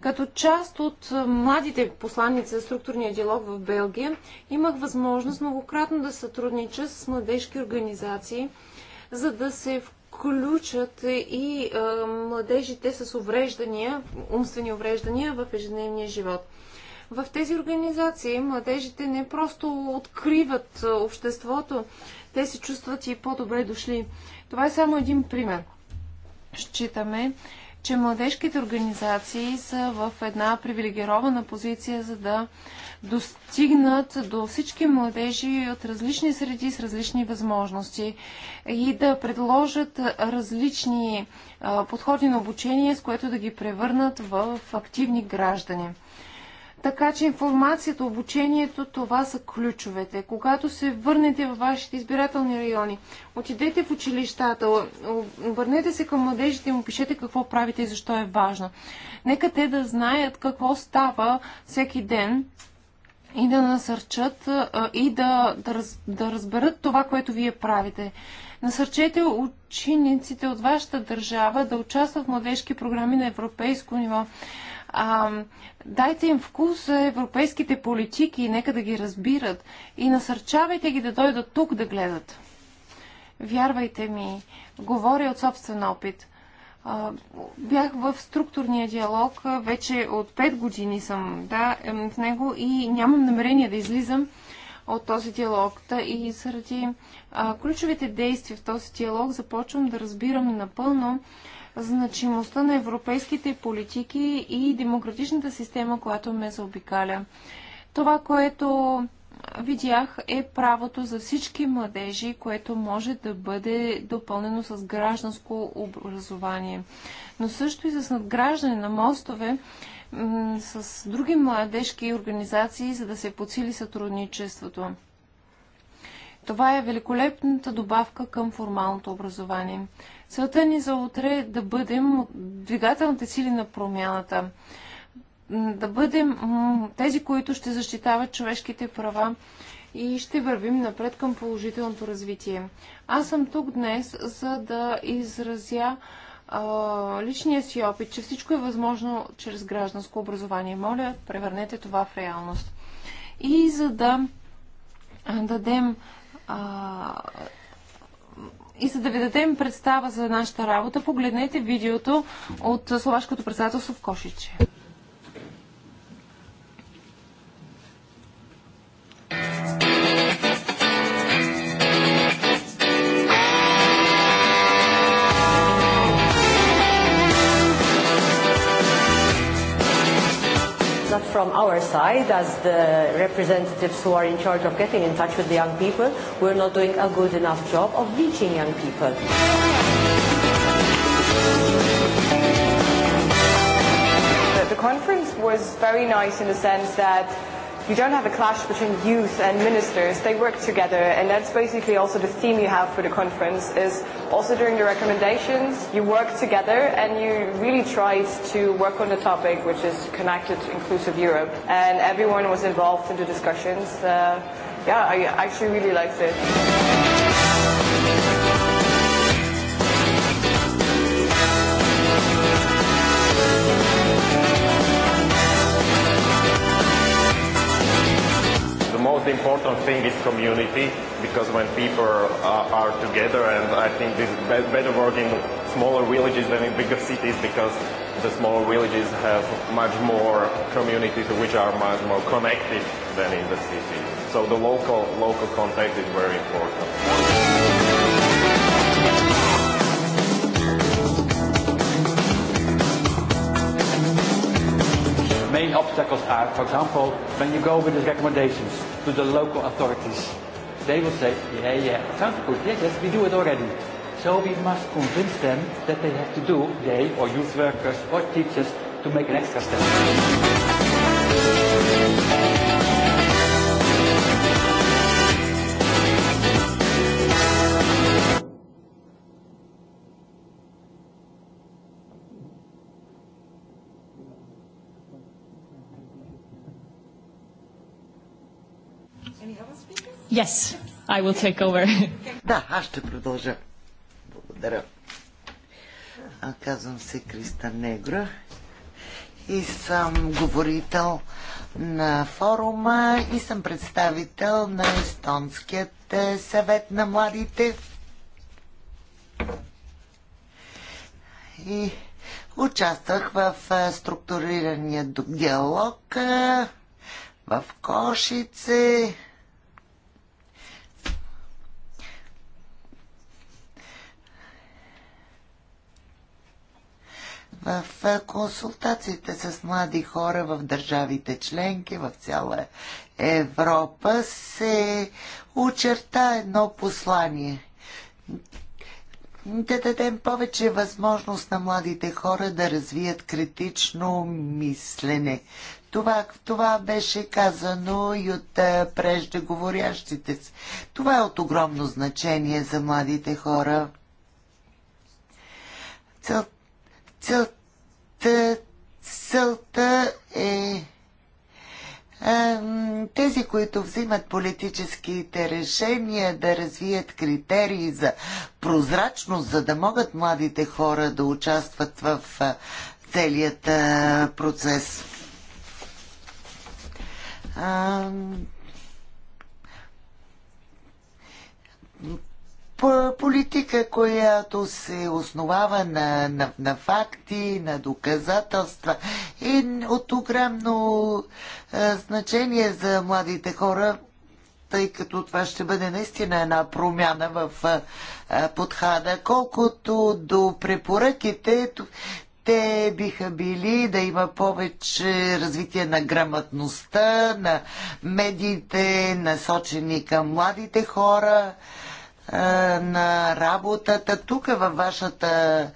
Като част от младите посланици за структурния диалог в Белгия, имах възможност многократно да сътруднича с младежки организации, за да се включат и а, младежите с увреждания, умствени увреждания в ежедневния живот. В тези организации младежите не просто откриват обществото, те се чувстват и по-добре дошли. Това е само един пример. Считаме, че младежките организации са в една привилегирована позиция, за да достигнат до всички младежи от различни среди с различни възможности и да предложат различни подходи на обучение, с което да ги превърнат в активни граждани. Така че информацията, обучението, това са ключовете. Когато се върнете във вашите избирателни райони, отидете в училищата, обърнете се към младежите и му пишете какво правите и защо е важно. Нека те да знаят какво става всеки ден и да насърчат и да, да, раз, да разберат това, което вие правите. Насърчете учениците от вашата държава да участват в младежки програми на европейско ниво а, дайте им вкус за европейските политики, нека да ги разбират и насърчавайте ги да дойдат тук да гледат. Вярвайте ми, говоря от собствен опит. А, бях в структурния диалог, вече от 5 години съм да, в него и нямам намерение да излизам от този диалог. Та и заради а, ключовите действия в този диалог започвам да разбирам напълно значимостта на европейските политики и демократичната система, която ме заобикаля. Това, което видях е правото за всички младежи, което може да бъде допълнено с гражданско образование. Но също и с надграждане на мостове с други младежки организации, за да се подсили сътрудничеството. Това е великолепната добавка към формалното образование. Целта ни за утре е да бъдем двигателните сили на промяната, да бъдем тези, които ще защитават човешките права и ще вървим напред към положителното развитие. Аз съм тук днес, за да изразя личния си опит, че всичко е възможно чрез гражданско образование. Моля, превърнете това в реалност. И за да дадем и за да ви дадем представа за нашата работа, погледнете видеото от Словашкото председателство в Кошиче. Thank you. from our side, as the representatives who are in charge of getting in touch with the young people, we're not doing a good enough job of reaching young people. The conference was very nice in the sense that you don't have a clash between youth and ministers. They work together, and that's basically also the theme you have for the conference. Is also during the recommendations, you work together and you really tried to work on the topic, which is connected, inclusive Europe. And everyone was involved in the discussions. Uh, yeah, I actually really liked it. most important thing is community because when people are, are together and I think this is better work in smaller villages than in bigger cities because the smaller villages have much more communities which are much more connected than in the city. So the local, local contact is very important. obstacles are. For example, when you go with the recommendations to the local authorities, they will say, yeah, yeah, sounds good, yes, yes, we do it already. So we must convince them that they have to do, they or youth workers or teachers, to make an extra step. Yes, I will take over. Да, аз ще продължа. Благодаря. А, казвам се Криста Негра и съм говорител на форума и съм представител на Естонският е, съвет на младите. И участвах в е, структурирания диалог е, в Кошице, в консултациите с млади хора в държавите членки, в цяла Европа, се очерта едно послание. Да дадем повече възможност на младите хора да развият критично мислене. Това, това беше казано и от преждеговорящите. Това е от огромно значение за младите хора. Целта Целта, целта е, е тези, които взимат политическите решения да развият критерии за прозрачност, за да могат младите хора да участват в е, целият е, процес. политика, която се основава на, на, на факти, на доказателства е от огромно е, значение за младите хора, тъй като това ще бъде наистина една промяна в е, е подхода. Колкото до препоръките, те биха били да има повече развитие на грамотността, на медиите, насочени към младите хора на работата тук във вашата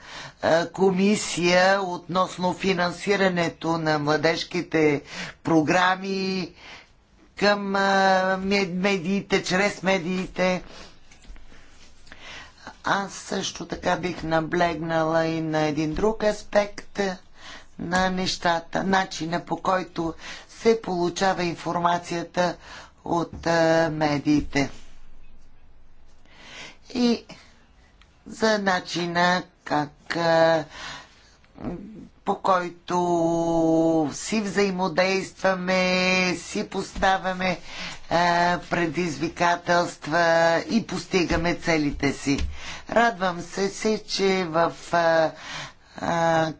комисия относно финансирането на младежките програми към медиите, чрез медиите. Аз също така бих наблегнала и на един друг аспект на нещата, начина по който се получава информацията от медиите и за начина как по който си взаимодействаме, си поставяме предизвикателства и постигаме целите си. Радвам се, се че в, а, а,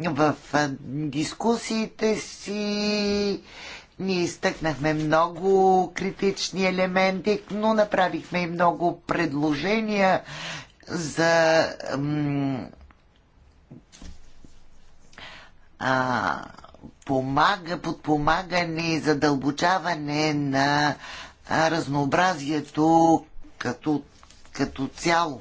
в а, дискусиите си ние изтъкнахме много критични елементи, но направихме и много предложения за а, помага, подпомагане и задълбочаване на разнообразието като, като цяло.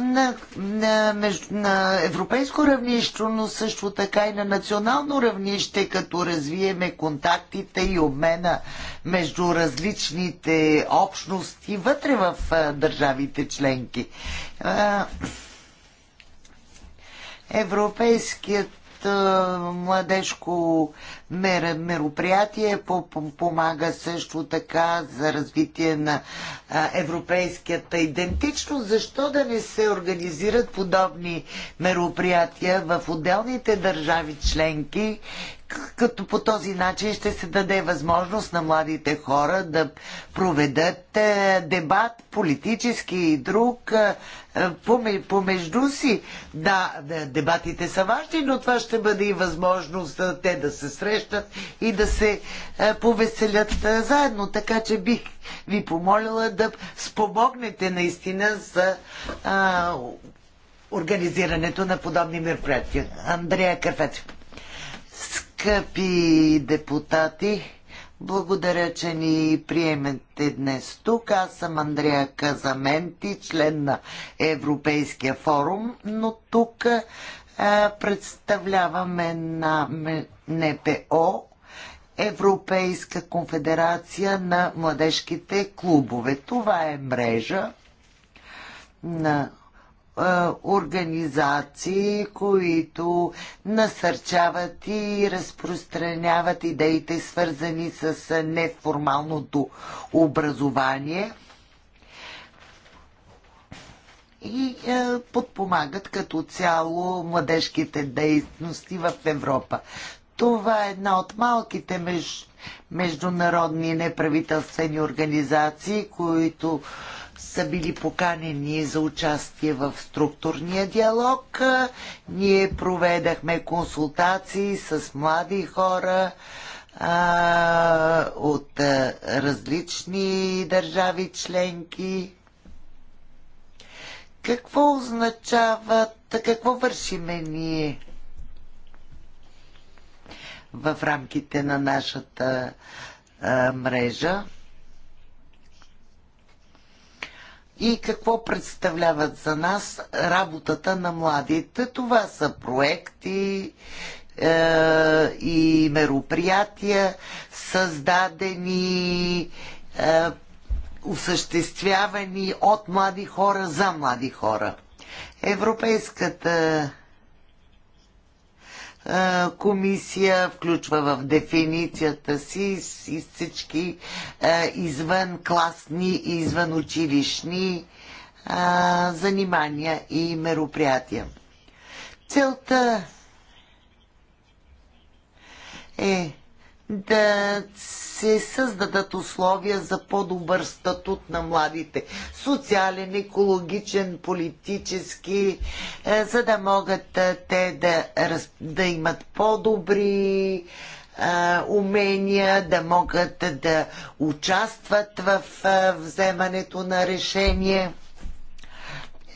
на, на, на европейско равнище, но също така и на национално равнище, като развиеме контактите и обмена между различните общности вътре в а, държавите членки. А, европейският младежко мероприятие. Помага също така за развитие на европейската идентичност. Защо да не се организират подобни мероприятия в отделните държави членки, като по този начин ще се даде възможност на младите хора да проведат е, дебат политически и друг е, е, помежду си. Да, дебатите са важни, но това ще бъде и възможност те да се срещат и да се повеселят заедно. Така че бих ви помолила да спомогнете наистина за организирането на подобни мероприятия. Андрея Карфецов. Скъпи депутати, благодаря, че ни приемете днес тук. Аз съм Андрея Казаменти, член на Европейския форум, но тук а, е, представляваме на НПО Европейска конфедерация на младежките клубове. Това е мрежа на организации, които насърчават и разпространяват идеите, свързани с неформалното образование и подпомагат като цяло младежките дейности в Европа. Това е една от малките международни неправителствени организации, които са били поканени за участие в структурния диалог. Ние проведахме консултации с млади хора а, от а, различни държави членки. Какво означават, какво вършиме ние в рамките на нашата а, мрежа? и какво представляват за нас работата на младите. Това са проекти е, и мероприятия, създадени, е, осъществявани от млади хора за млади хора. Европейската комисия включва в дефиницията си и всички извън класни и извън училищни занимания и мероприятия. Целта е да се създадат условия за по-добър статут на младите. Социален, екологичен, политически, е, за да могат е, те да, да имат по-добри е, умения, да могат да участват в вземането на решение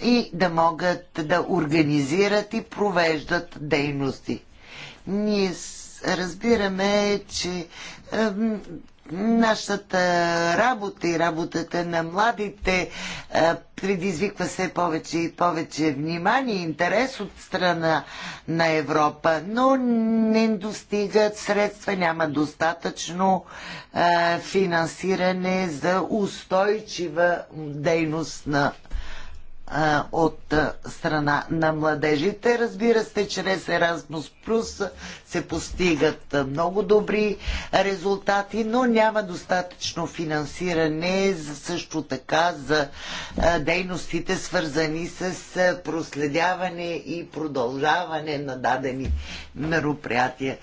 и да могат да организират и провеждат дейности. Ние разбираме, че нашата работа и работата на младите предизвиква все повече и повече внимание и интерес от страна на Европа, но не достигат средства, няма достатъчно финансиране за устойчива дейност на от страна на младежите. Разбира се, чрез Erasmus Plus се постигат много добри резултати, но няма достатъчно финансиране също така за дейностите свързани с проследяване и продължаване на дадени мероприятия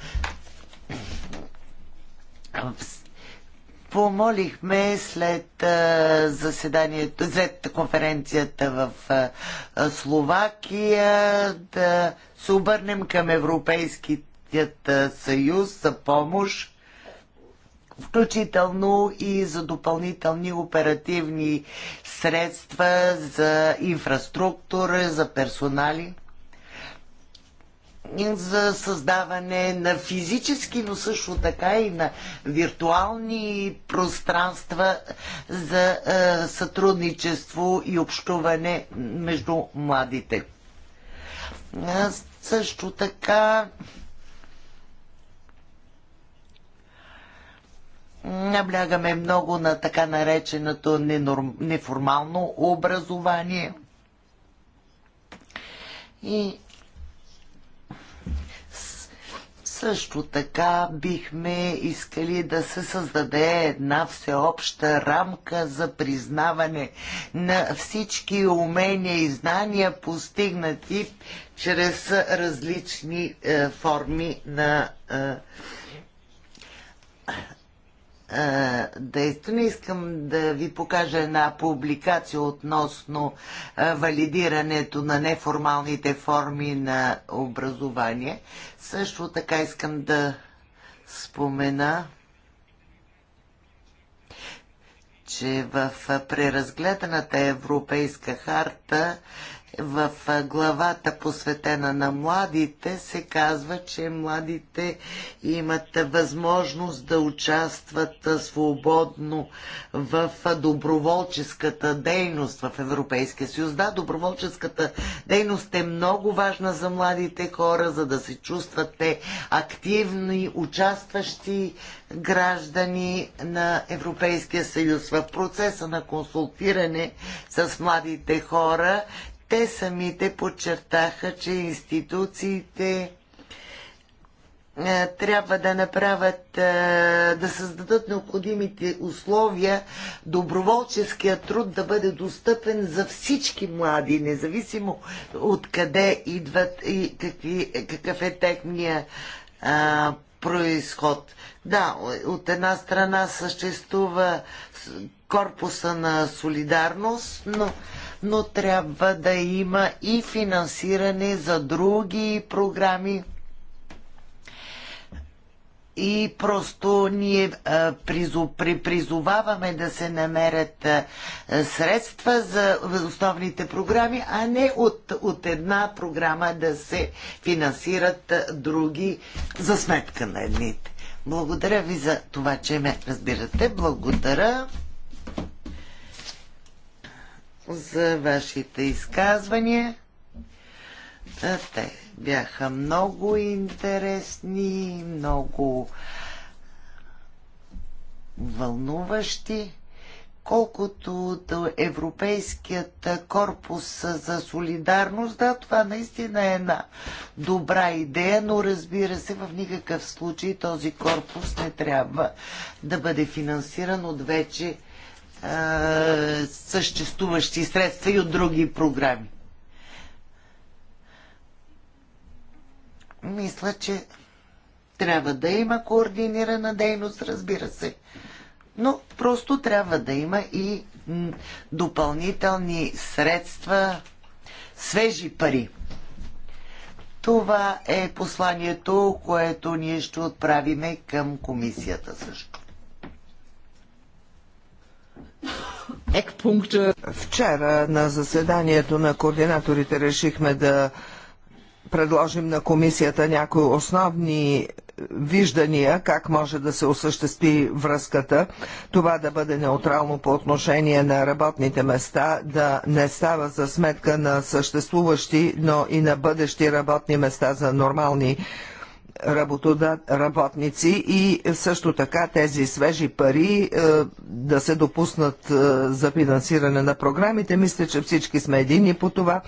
помолихме след заседанието, след конференцията в Словакия да се обърнем към Европейският съюз за помощ, включително и за допълнителни оперативни средства за инфраструктура, за персонали за създаване на физически, но също така и на виртуални пространства за е, сътрудничество и общуване между младите. А, също така наблягаме много на така нареченото неформално образование. И Също така бихме искали да се създаде една всеобща рамка за признаване на всички умения и знания, постигнати чрез различни е, форми на е, е, действане. Искам да ви покажа една публикация относно е, валидирането на неформалните форми на образование. Също така искам да спомена, че в преразгледаната европейска харта в главата посветена на младите се казва, че младите имат възможност да участват свободно в доброволческата дейност в Европейския съюз. Да, доброволческата дейност е много важна за младите хора, за да се чувстват те активни, участващи граждани на Европейския съюз. В процеса на консултиране с младите хора те самите подчертаха, че институциите е, трябва да направят, е, да създадат необходимите условия доброволческият труд да бъде достъпен за всички млади, независимо от къде идват и какви, какъв е техния а, е, происход. Да, от една страна съществува корпуса на солидарност, но но трябва да има и финансиране за други програми. И просто ние е, призоваваме да се намерят е, средства за основните програми, а не от, от една програма да се финансират е, други за сметка на едните. Благодаря ви за това, че ме разбирате. Благодаря за вашите изказвания. Те бяха много интересни, много вълнуващи. Колкото до Европейският корпус за солидарност, да, това наистина е една добра идея, но разбира се, в никакъв случай този корпус не трябва да бъде финансиран от вече съществуващи средства и от други програми. Мисля, че трябва да има координирана дейност, разбира се. Но просто трябва да има и допълнителни средства, свежи пари. Това е посланието, което ние ще отправиме към комисията също. Вчера на заседанието на координаторите решихме да предложим на комисията някои основни виждания как може да се осъществи връзката, това да бъде неутрално по отношение на работните места, да не става за сметка на съществуващи, но и на бъдещи работни места за нормални работници и също така тези свежи пари е, да се допуснат е, за финансиране на програмите. Мисля, че всички сме едини по това.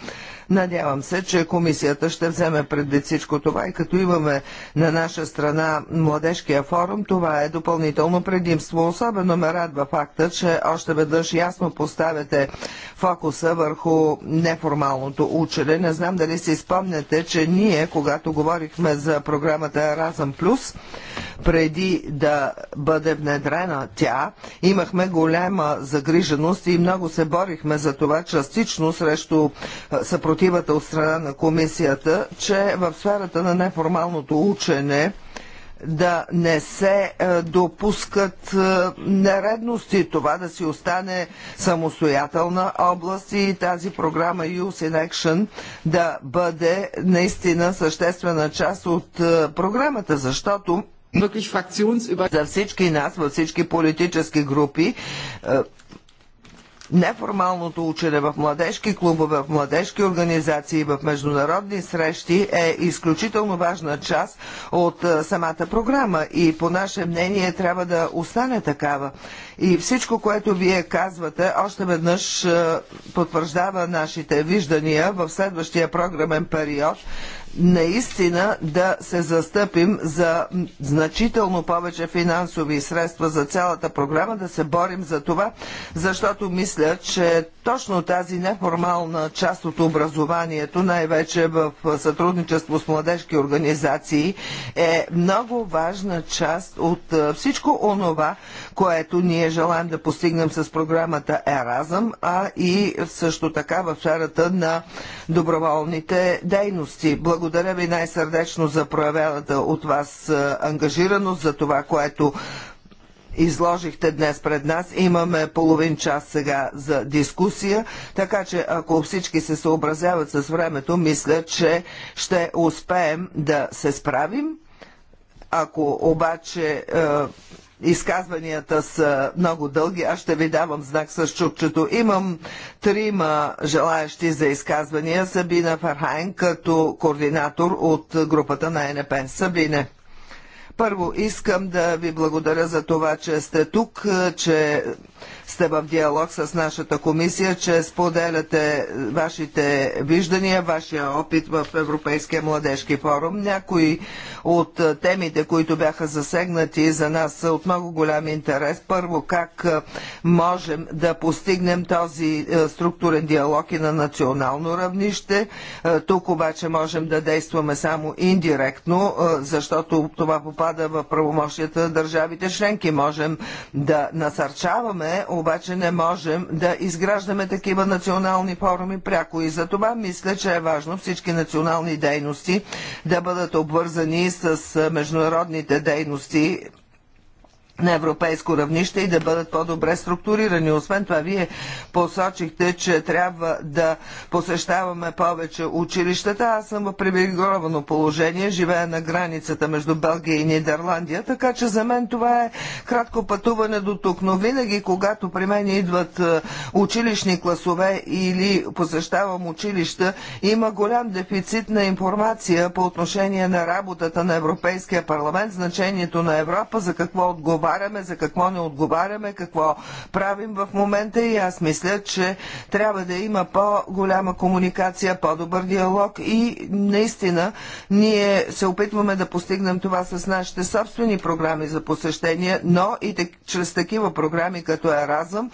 Надявам се, че комисията ще вземе предвид всичко това и като имаме на наша страна младежкия форум, това е допълнително предимство. Особено ме радва факта, че още веднъж ясно поставяте фокуса върху неформалното учене. Не знам дали си спомняте, че ние, когато говорихме за програма програмата Еразъм Плюс, преди да бъде внедрена тя, имахме голяма загриженост и много се борихме за това частично срещу съпротивата от страна на комисията, че в сферата на неформалното учене да не се е, допускат е, нередности, това да си остане самостоятелна област и тази програма Youth in Action да бъде наистина съществена част от е, програмата, защото за всички нас, във всички политически групи, Неформалното учене в младежки клубове, в младежки организации, в международни срещи е изключително важна част от самата програма и по наше мнение трябва да остане такава. И всичко, което вие казвате, още веднъж потвърждава нашите виждания в следващия програмен период наистина да се застъпим за значително повече финансови средства за цялата програма, да се борим за това, защото мисля, че точно тази неформална част от образованието, най-вече в сътрудничество с младежки организации, е много важна част от всичко онова, което ние желаем да постигнем с програмата Еразъм, а и също така в сферата на доброволните дейности. Благодаря ви най-сърдечно за проявената от вас е, ангажираност, за това, което изложихте днес пред нас. Имаме половин час сега за дискусия, така че ако всички се съобразяват с времето, мисля, че ще успеем да се справим. Ако обаче е, изказванията са много дълги. Аз ще ви давам знак с чукчето. Имам трима желаящи за изказвания. Сабина Фархайн като координатор от групата на НП. Сабине. Първо искам да ви благодаря за това, че сте тук, че сте в диалог с нашата комисия, че споделяте вашите виждания, вашия опит в Европейския младежки форум. Някои от темите, които бяха засегнати за нас са от много голям интерес. Първо, как можем да постигнем този е, структурен диалог и на национално равнище. Е, тук обаче можем да действаме само индиректно, е, защото това попада в правомощията на държавите членки. Можем да насърчаваме обаче не можем да изграждаме такива национални форуми пряко и за това мисля, че е важно всички национални дейности да бъдат обвързани с международните дейности на европейско равнище и да бъдат по-добре структурирани. Освен това, вие посочихте, че трябва да посещаваме повече училищата. Аз съм в привилегировано положение, живея на границата между Белгия и Нидерландия, така че за мен това е кратко пътуване до тук. Но винаги, когато при мен идват е, училищни класове или посещавам училища, има голям дефицит на информация по отношение на работата на Европейския парламент, значението на Европа, за какво отговаря отговаряме, за какво не отговаряме, какво правим в момента и аз мисля, че трябва да има по-голяма комуникация, по-добър диалог и наистина ние се опитваме да постигнем това с нашите собствени програми за посещение, но и так, чрез такива програми като Еразъм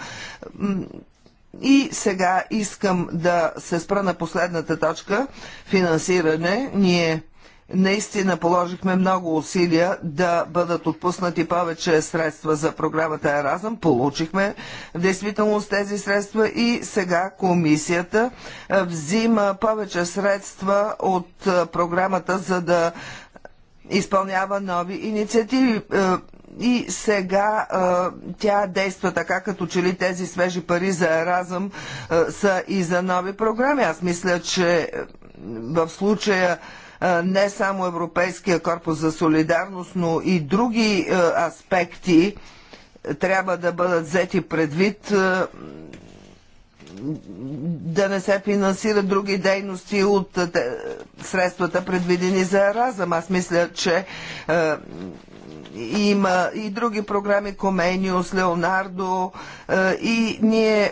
и сега искам да се спра на последната точка финансиране. Ние наистина положихме много усилия да бъдат отпуснати повече средства за програмата Еразъм. Получихме в действителност тези средства и сега комисията взима повече средства от програмата, за да изпълнява нови инициативи. И сега тя действа така, като че ли тези свежи пари за Еразъм са и за нови програми. Аз мисля, че в случая не само Европейския корпус за солидарност, но и други аспекти трябва да бъдат взети предвид да не се финансират други дейности от средствата предвидени за разъм. Аз мисля, че има и други програми, Комениус, Леонардо и ние е,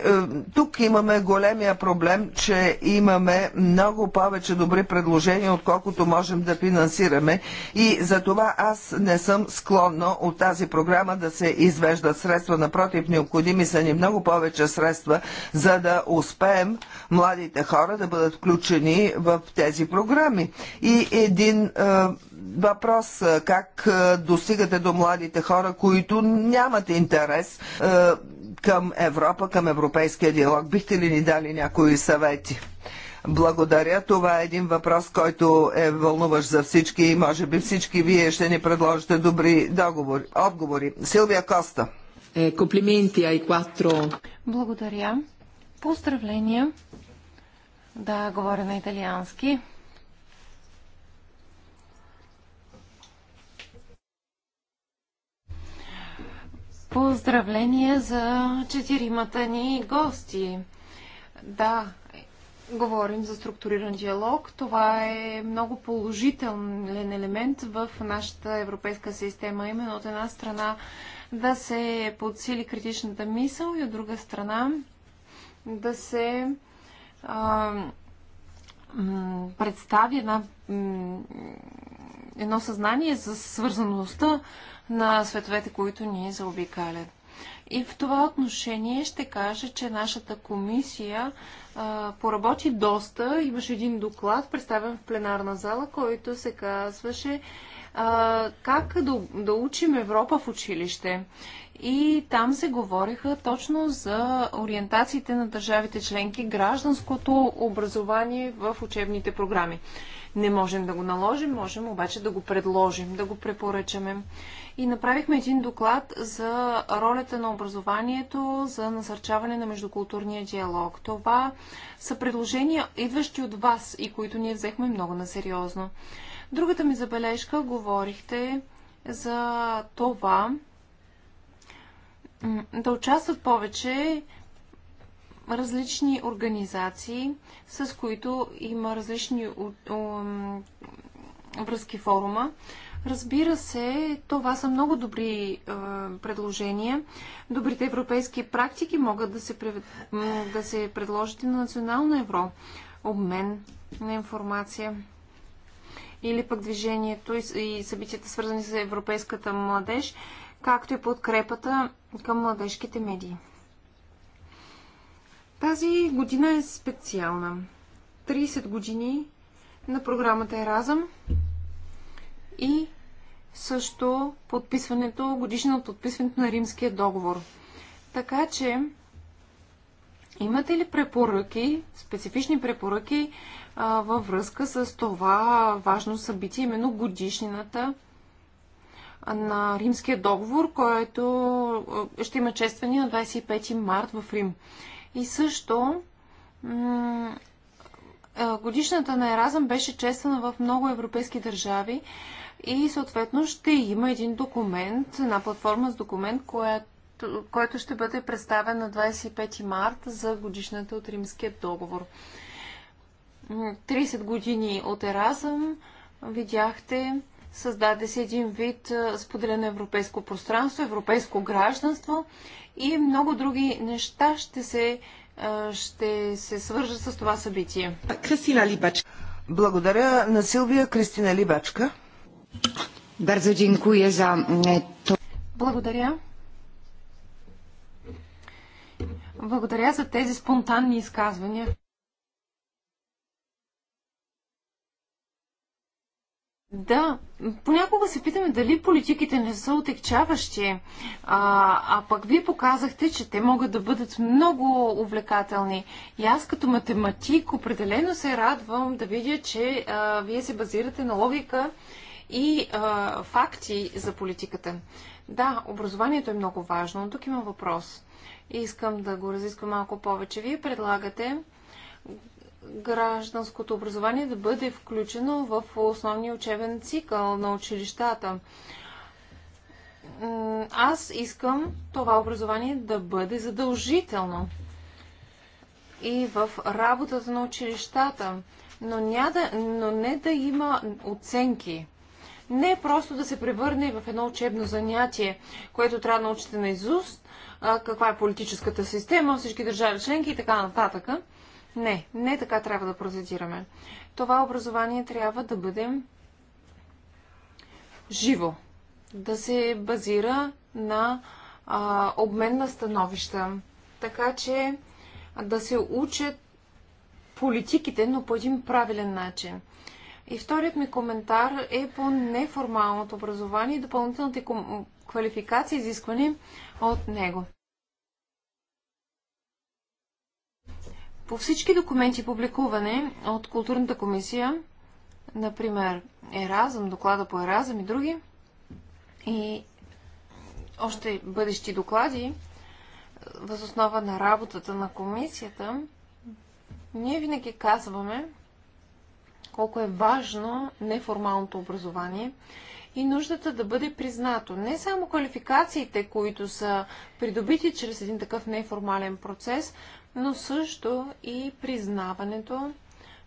тук имаме големия проблем, че имаме много повече добри предложения, отколкото можем да финансираме и за това аз не съм склонна от тази програма да се извеждат средства. Напротив, необходими са ни много повече средства, за да успеем младите хора да бъдат включени в тези програми. И един е, въпрос как достигате до младите хора, които нямат интерес към Европа, към европейския диалог. Бихте ли ни дали някои съвети? Благодаря. Това е един въпрос, който е вълнуващ за всички и може би всички вие ще ни предложите добри договори, отговори. Силвия Коста. Е, комплименти ай кватро. Благодаря. Поздравления. Да, говоря на италиански. Поздравления за четиримата ни гости. Да, говорим за структуриран диалог. Това е много положителен елемент в нашата европейска система. Именно от една страна да се подсили критичната мисъл и от друга страна да се а, представи една, едно съзнание за свързаността на световете, които ни заобикалят. И в това отношение ще кажа, че нашата комисия а, поработи доста. Имаше един доклад, представен в пленарна зала, който се казваше а, как да, да учим Европа в училище. И там се говориха точно за ориентациите на държавите членки, гражданското образование в учебните програми. Не можем да го наложим, можем обаче да го предложим, да го препоръчаме и направихме един доклад за ролята на образованието, за насърчаване на междукултурния диалог. Това са предложения, идващи от вас и които ние взехме много на сериозно. Другата ми забележка говорихте за това да участват повече различни организации, с които има различни връзки форума. Разбира се, това са много добри е, предложения. Добрите европейски практики могат да се, да се предложат и на национално евро. Обмен на информация или пък движението и събитията свързани с европейската младеж, както и подкрепата към младежките медии. Тази година е специална. 30 години на програмата Еразъм и също подписването, годишното подписването на Римския договор. Така че, имате ли препоръки, специфични препоръки а, във връзка с това важно събитие, именно годишнината на Римския договор, който ще има честване на 25 март в Рим. И също годишната на Еразъм беше чествана в много европейски държави и съответно ще има един документ, една платформа с документ, която, който ще бъде представен на 25 март за годишната от Римския договор. 30 години от Еразъм видяхте създаде се един вид споделено европейско пространство, европейско гражданство и много други неща ще се, ще се свържат с това събитие. Кристина Либачка. Благодаря на Силвия Кристина Либачка. E, Благодаря. Благодаря за тези спонтанни изказвания. Да, понякога се питаме дали политиките не са отекчаващи, а, а пък вие показахте, че те могат да бъдат много увлекателни. И аз като математик определено се радвам да видя, че а, вие се базирате на логика и а, факти за политиката. Да, образованието е много важно, но тук има въпрос. Искам да го разисквам малко повече. Вие предлагате гражданското образование да бъде включено в основния учебен цикъл на училищата. Аз искам това образование да бъде задължително и в работата на училищата, но, не да, но не да има оценки не просто да се превърне в едно учебно занятие, което трябва да научите на изуст, каква е политическата система, всички държави членки и така нататък. Не, не така трябва да процедираме. Това образование трябва да бъде живо, да се базира на а, обмен на становища, така че да се учат политиките, но по един правилен начин. И вторият ми коментар е по неформалното образование и допълнителните квалификации, изисквани от него. По всички документи, публикуване от Културната комисия, например Еразъм, доклада по Еразъм и други, и още бъдещи доклади, възоснова на работата на комисията, ние винаги казваме, колко е важно неформалното образование и нуждата да бъде признато. Не само квалификациите, които са придобити чрез един такъв неформален процес, но също и признаването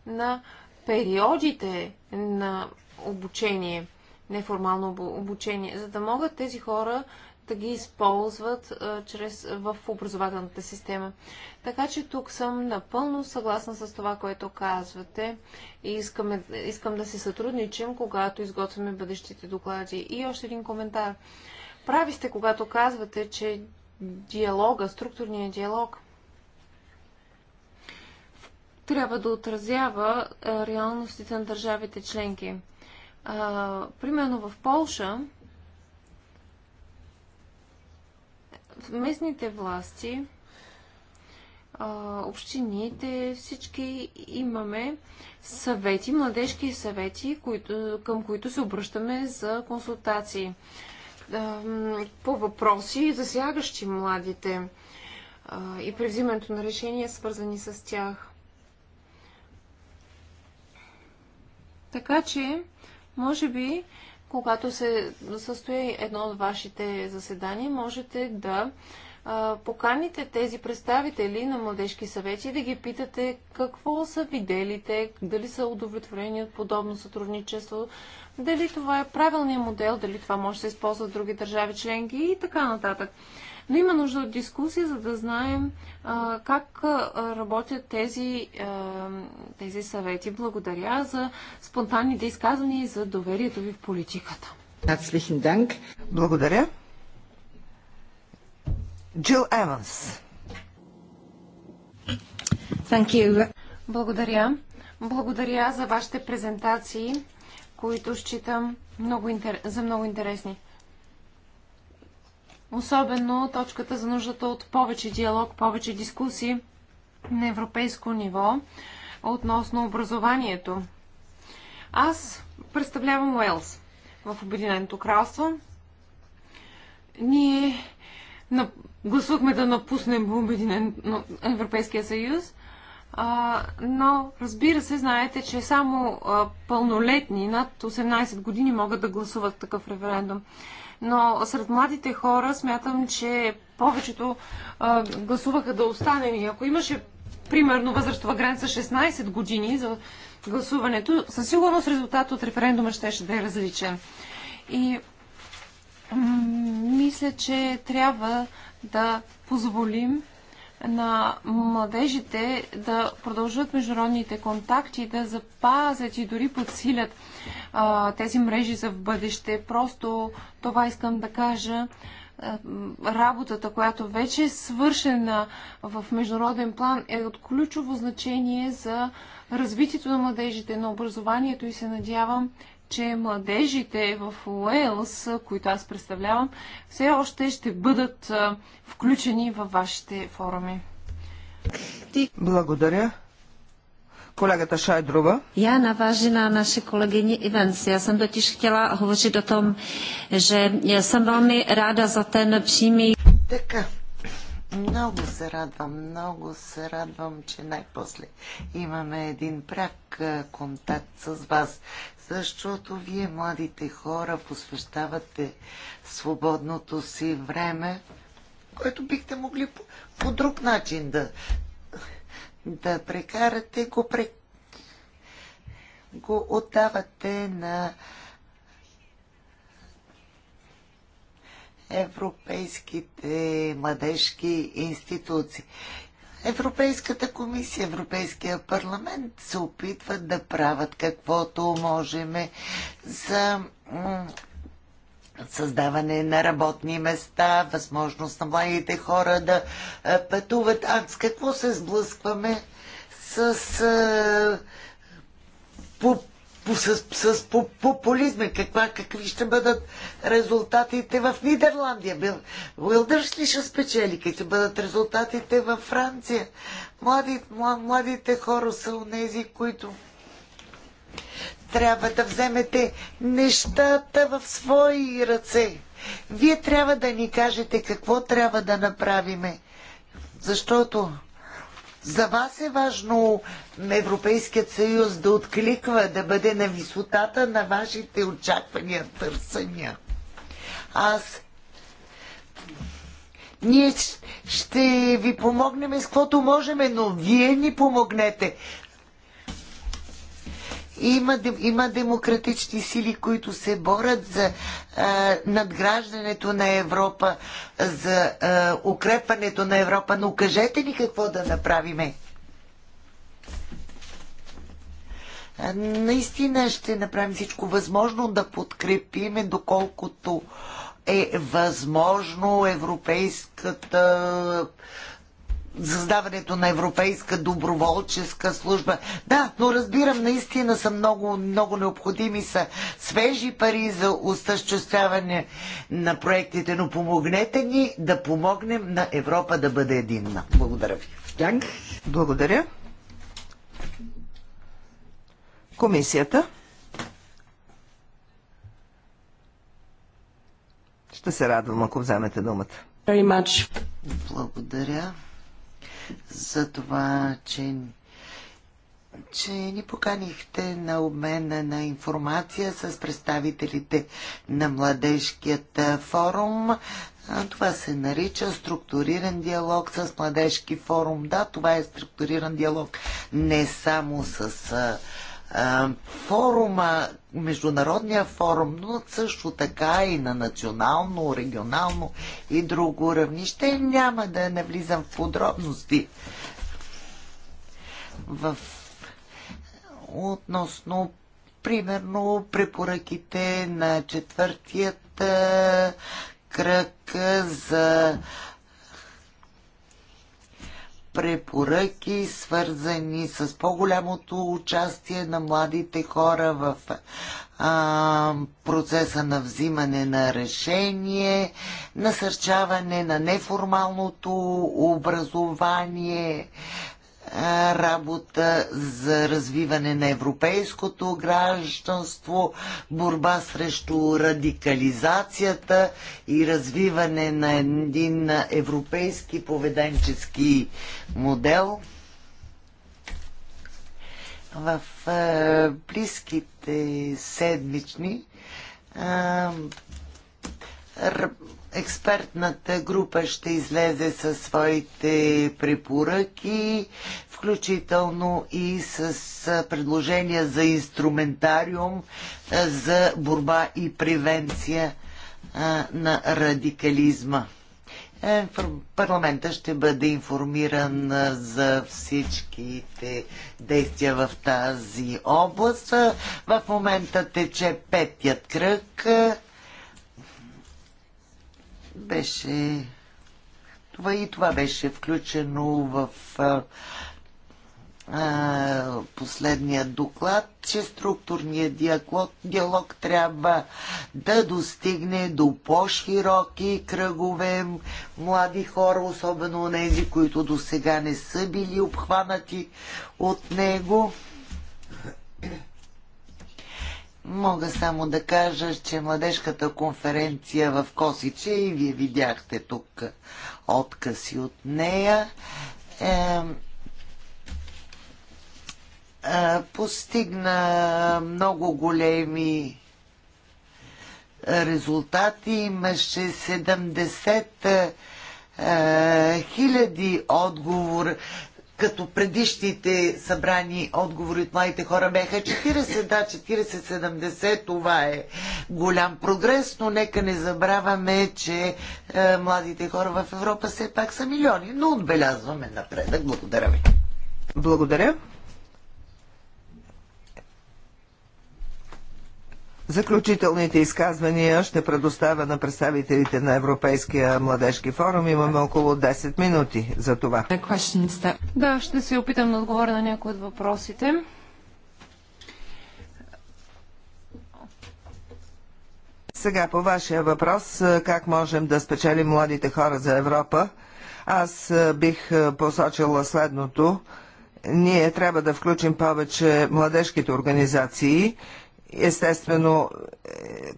на периодите на обучение, неформално обучение, за да могат тези хора да ги използват а, чрез, в образователната система. Така че тук съм напълно съгласна с това, което казвате и искаме, искам да се сътрудничим, когато изготвяме бъдещите доклади. И още един коментар. Прави сте, когато казвате, че диалога, структурният диалог трябва да отразява реалностите на държавите членки. А, примерно в Полша местните власти, общините, всички имаме съвети, младежки съвети, които, към които се обръщаме за консултации по въпроси, засягащи младите и при взимането на решения, свързани с тях. Така че, може би, когато се състои едно от вашите заседания, можете да поканите тези представители на младежки съвети и да ги питате какво са виделите, дали са удовлетворени от подобно сътрудничество, дали това е правилният модел, дали това може да се използва в други държави членки и така нататък. Но има нужда от дискусия, за да знаем а, как работят тези, а, тези съвети. Благодаря за спонтанните изказвания и за доверието ви в политиката. Благодаря. Джил Еванс. Благодаря. Благодаря за вашите презентации, които считам много интер... за много интересни. Особено точката за нуждата от повече диалог, повече дискусии на европейско ниво относно образованието. Аз представлявам Уелс в Обединеното кралство. Ние гласувахме да напуснем Обединен... Европейския съюз, но разбира се, знаете, че само пълнолетни над 18 години могат да гласуват такъв референдум но сред младите хора смятам, че повечето а, гласуваха да останем. И ако имаше примерно възрастова граница 16 години за гласуването, със сигурност резултат от референдума щеше да е различен. И мисля, че трябва да позволим на младежите да продължат международните контакти, да запазят и дори подсилят а, тези мрежи за в бъдеще. Просто това искам да кажа. работата, която вече е свършена в международен план, е от ключово значение за развитието на младежите, на образованието и се надявам, че младежите в Уелс, които аз представлявам, все още ще бъдат включени във вашите форуми. Благодаря. Колегата Шайдрова. Я наважи на наши kolegyni Ivens. Já jsem totiž chtěla hovořit o tom, že jsem velmi ráda za ten přímý... Така, много се радвам, много се радвам, че най-после имаме един пряк контакт с вас защото вие, младите хора, посвещавате свободното си време, което бихте могли по, по друг начин да, да прекарате, го, пре, го отдавате на европейските младежки институции. Европейската комисия, Европейския парламент се опитват да правят каквото можеме за създаване на работни места, възможност на младите хора да пътуват. А с какво се сблъскваме? С, по, по, с, с по, популизма. Каква, какви ще бъдат резултатите в Нидерландия? Уилдърс ли ще спечели? като ще бъдат резултатите във Франция? Млади, младите хора са у нези, които трябва да вземете нещата в свои ръце. Вие трябва да ни кажете какво трябва да направиме. Защото за вас е важно Европейският съюз да откликва, да бъде на висотата на вашите очаквания, търсения. Аз ние ще ви помогнем с каквото можем, но вие ни помогнете. Има, има демократични сили, които се борят за а, надграждането на Европа, за а, укрепването на Европа, но кажете ни какво да направиме. А, наистина ще направим всичко възможно да подкрепиме, доколкото а, е възможно европейската създаването на Европейска доброволческа служба. Да, но разбирам, наистина са много, много необходими са свежи пари за осъществяване на проектите, но помогнете ни да помогнем на Европа да бъде единна. Благодаря ви. Благодаря. Комисията. Ще се радвам, ако вземете думата. Благодаря за това, че че ни поканихте на обмена на информация с представителите на Младежкият форум. Това се нарича структуриран диалог с Младежки форум. Да, това е структуриран диалог не само с форума, международния форум, но също така и на национално, регионално и друго равнище. Няма да навлизам в подробности в... относно примерно препоръките на четвъртият кръг за препоръки, свързани с по-голямото участие на младите хора в а, процеса на взимане на решение, насърчаване на неформалното образование, работа за развиване на европейското гражданство, борба срещу радикализацията и развиване на един европейски поведенчески модел. В близките седмични експертната група ще излезе със своите препоръки включително и с предложения за инструментариум за борба и превенция на радикализма. Е, парламента ще бъде информиран за всичките действия в тази област. В момента тече петият кръг. Беше. Това и това беше включено в последния доклад, че структурният диалог, диалог трябва да достигне до по-широки кръгове млади хора, особено тези, които до сега не са били обхванати от него. Мога само да кажа, че младежката конференция в Косиче и вие видяхте тук откази от нея. Е, постигна много големи резултати. Имаше 70 хиляди отговор, като предишните събрани отговори от младите хора бяха 40, да, 40-70, това е голям прогрес, но нека не забравяме, че е, младите хора в Европа все пак са милиони, но отбелязваме напредък. Благодаря ви. Благодаря. Заключителните изказвания ще предоставя на представителите на Европейския младежки форум. Имаме около 10 минути за това. Да, ще се опитам да отговоря на някои от въпросите. Сега по вашия въпрос, как можем да спечелим младите хора за Европа, аз бих посочила следното. Ние трябва да включим повече младежките организации, Естествено, е,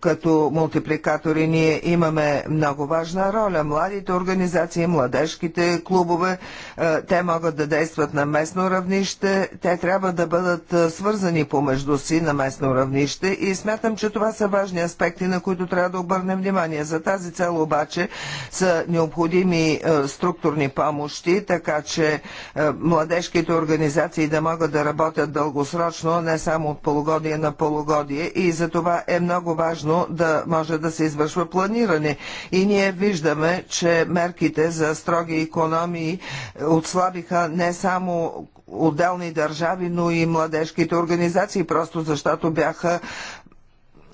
като мултипликатори ние имаме много важна роля. Младите организации, младежките клубове, е, те могат да действат на местно равнище, те трябва да бъдат е, свързани помежду си на местно равнище и смятам, че това са важни аспекти, на които трябва да обърнем внимание. За тази цел обаче са необходими структурни помощи, така че младежките организации да могат да работят дългосрочно, не само от полугодие на полугодие правосъдие и за това е много важно да може да се извършва планиране. И ние виждаме, че мерките за строги економии отслабиха не само отделни държави, но и младежките организации, просто защото бяха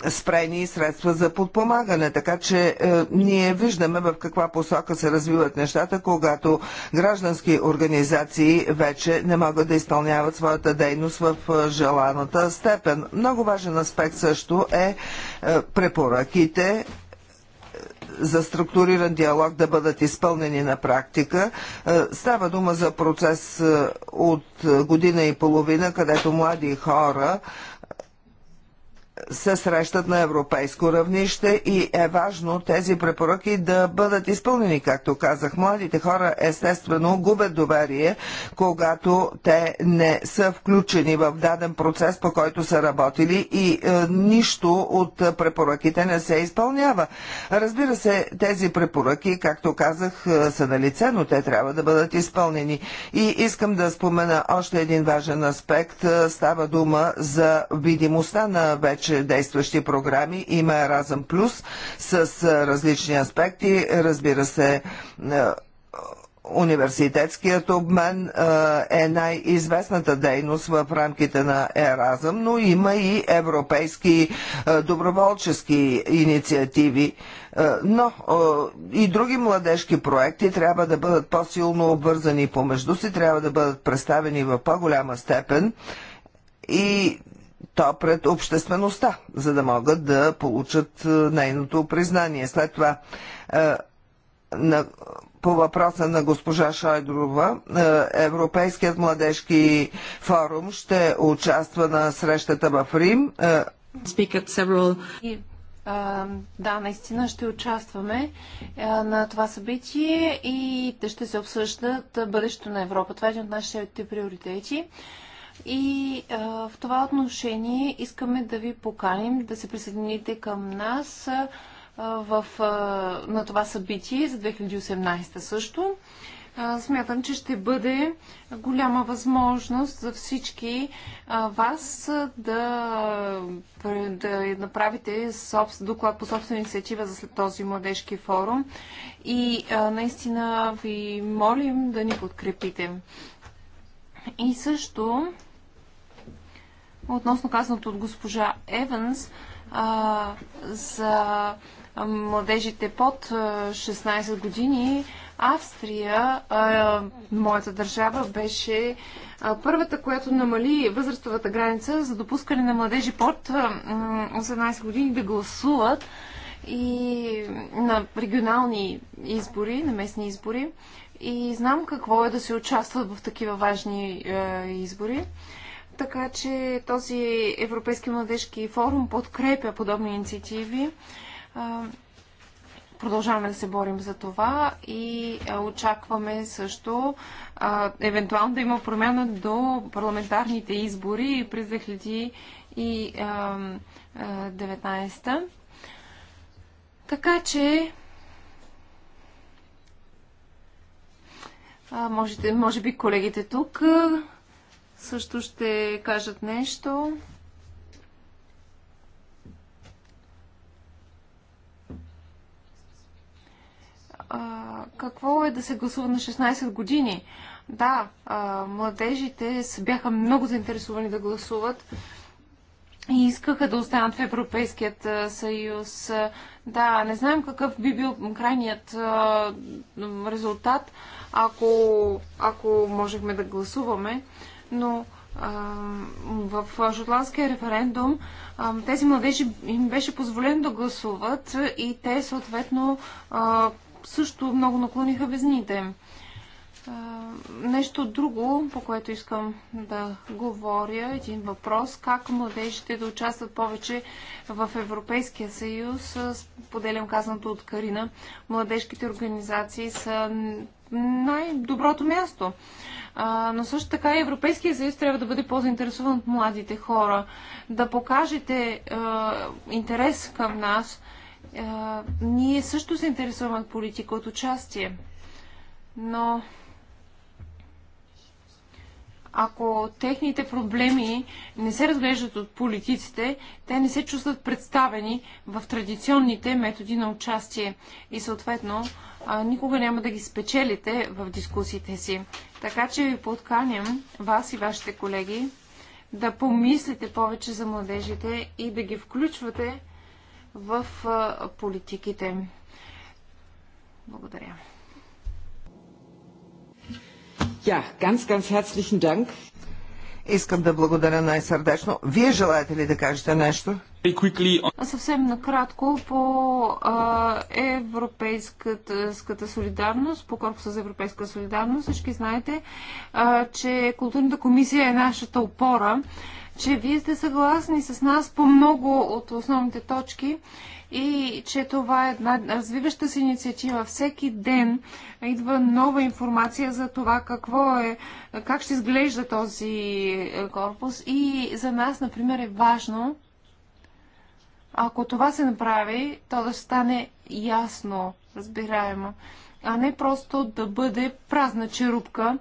спрени средства за подпомагане. Така че е, ние виждаме в каква посока се развиват нещата, когато граждански организации вече не могат да изпълняват своята дейност в е, желаната степен. Много важен аспект също е, е препоръките е, за структуриран диалог да бъдат изпълнени на практика. Е, става дума за процес от година и половина, където млади хора се срещат на европейско равнище и е важно тези препоръки да бъдат изпълнени. Както казах, младите хора естествено губят доверие, когато те не са включени в даден процес, по който са работили и е, нищо от препоръките не се изпълнява. Разбира се, тези препоръки, както казах, е, са на лице, но те трябва да бъдат изпълнени. И искам да спомена още един важен аспект. Е, става дума за видимостта на вече вече действащи програми. Има Еразъм Плюс с различни аспекти. Разбира се, Университетският обмен е най-известната дейност в рамките на Еразъм, но има и европейски доброволчески инициативи. Но и други младежки проекти трябва да бъдат по-силно обвързани помежду си, трябва да бъдат представени в по-голяма степен. И то пред обществеността, за да могат да получат е, нейното признание. След това е, на, по въпроса на госпожа Шойдрова, е, Европейският младежки форум ще участва на срещата в Рим. И, а, да, наистина ще участваме на това събитие и ще се обсъждат бъдещето на Европа. Това е един от нашите приоритети. И а, в това отношение искаме да ви поканим да се присъедините към нас а, в, а, на това събитие за 2018 също. А, смятам, че ще бъде голяма възможност за всички а, вас да, да направите собствен, доклад по собствена инициатива за след този младежки форум. И а, наистина ви молим да ни подкрепите. И също относно казаното от госпожа Еванс а, за младежите под 16 години, Австрия, а, моята държава, беше а, първата, която намали възрастовата граница за допускане на младежи под 18 години да гласуват и на регионални избори, на местни избори. И знам какво е да се участват в такива важни е, избори. Така че този Европейски младежки форум подкрепя подобни инициативи. Продължаваме да се борим за това и очакваме също а, евентуално да има промяна до парламентарните избори през 2019. Така че а, може би колегите тук също ще кажат нещо. А, какво е да се гласува на 16 години? Да, а, младежите бяха много заинтересовани да гласуват и искаха да останат в Европейският съюз. Да, не знаем какъв би бил крайният а, резултат, ако, ако можехме да гласуваме, но в шотландския референдум тези младежи им беше позволено да гласуват и те съответно също много наклониха везните. Нещо друго, по което искам да говоря, един въпрос, как младежите да участват повече в Европейския съюз. Поделям казаното от Карина. Младежките организации са най-доброто място. А, но също така и Европейския съюз трябва да бъде по-заинтересован от младите хора, да покажете а, интерес към нас. А, ние също се интересуваме от политика, от участие. Но ако техните проблеми не се разглеждат от политиците, те не се чувстват представени в традиционните методи на участие и съответно а, никога няма да ги спечелите в дискусиите си. Така че ви подканям, вас и вашите колеги, да помислите повече за младежите и да ги включвате в политиките. Благодаря. Ja, ganz, ganz herzlichen Dank. Искам да благодаря най-сърдечно. Вие желаете ли да кажете нещо? Съвсем накратко по а, европейската солидарност, по корпуса за европейска солидарност. Всички знаете, а, че културната комисия е нашата опора, че вие сте съгласни с нас по много от основните точки и че това е една развиваща се инициатива. Всеки ден идва нова информация за това какво е, как ще изглежда този е, корпус и за нас, например, е важно ако това се направи, то да стане ясно, разбираемо, а не просто да бъде празна черупка,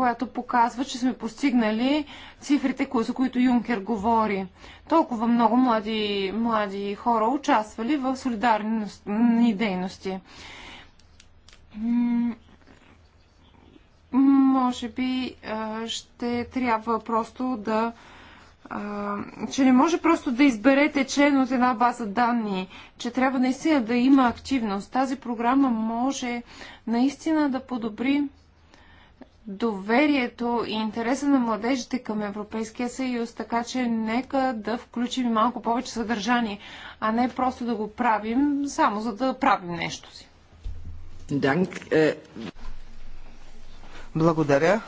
която показва, че сме постигнали цифрите, за които Юнкер говори. Толкова много млади, млади хора участвали в солидарни дейности. Може би ще трябва просто да че не може просто да изберете член от една база данни, че трябва наистина да има активност. Тази програма може наистина да подобри доверието и интереса на младежите към Европейския съюз, така че нека да включим малко повече съдържание, а не просто да го правим, само за да правим нещо си. Е, Благодаря.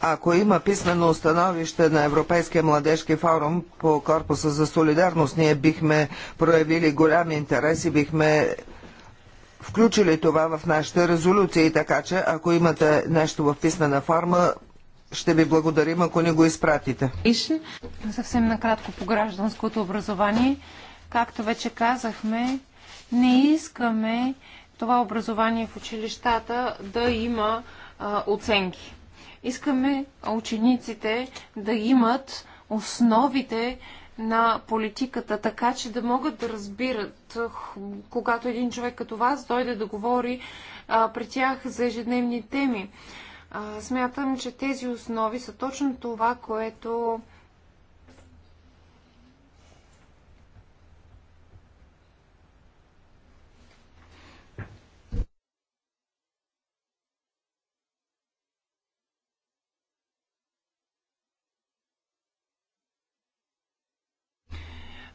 Ако има писмено установище на Европейския младежки форум по Корпуса за солидарност, ние бихме проявили голям интерес и бихме включили това в нашата резолюция, така че ако имате нещо в писмена форма, ще ви благодарим, ако ни го изпратите. Съвсем накратко по гражданското образование. Както вече казахме, не искаме това образование в училищата да има а, оценки. Искаме учениците да имат основите на политиката, така че да могат да разбират, когато един човек като вас дойде да говори а, при тях за ежедневни теми. А, смятам, че тези основи са точно това, което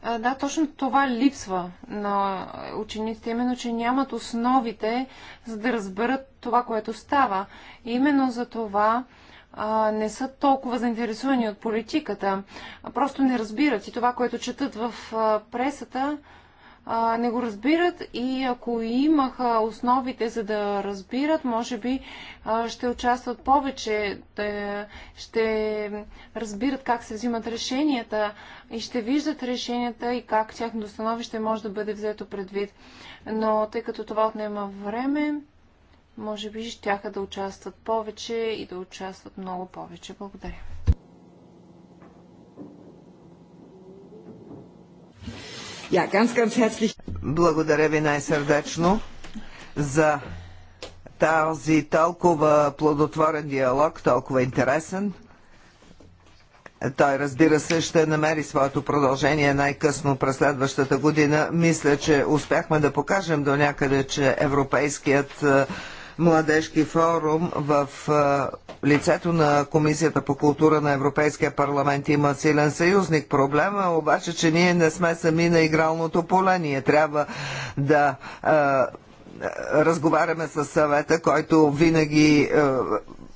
Да, точно това липсва на учениците, именно, че нямат основите, за да разберат това, което става. И именно за това а, не са толкова заинтересувани от политиката. Просто не разбират и това, което четат в а, пресата, а, не го разбират и ако имаха основите за да разбират, може би а, ще участват повече, да, ще разбират как се взимат решенията и ще виждат решенията и как тяхното становище може да бъде взето предвид. Но тъй като това отнема време, може би ще да участват повече и да участват много повече. Благодаря. Ja, ganz, ganz herzlich. Благодаря ви най-сърдечно за този толкова плодотворен диалог, толкова интересен. Той, разбира се, ще намери своето продължение най-късно през следващата година. Мисля, че успяхме да покажем до някъде, че Европейският младежки форум в лицето на Комисията по култура на Европейския парламент има силен съюзник. Проблема е обаче, че ние не сме сами на игралното поле. Ние трябва да разговаряме с съвета, който винаги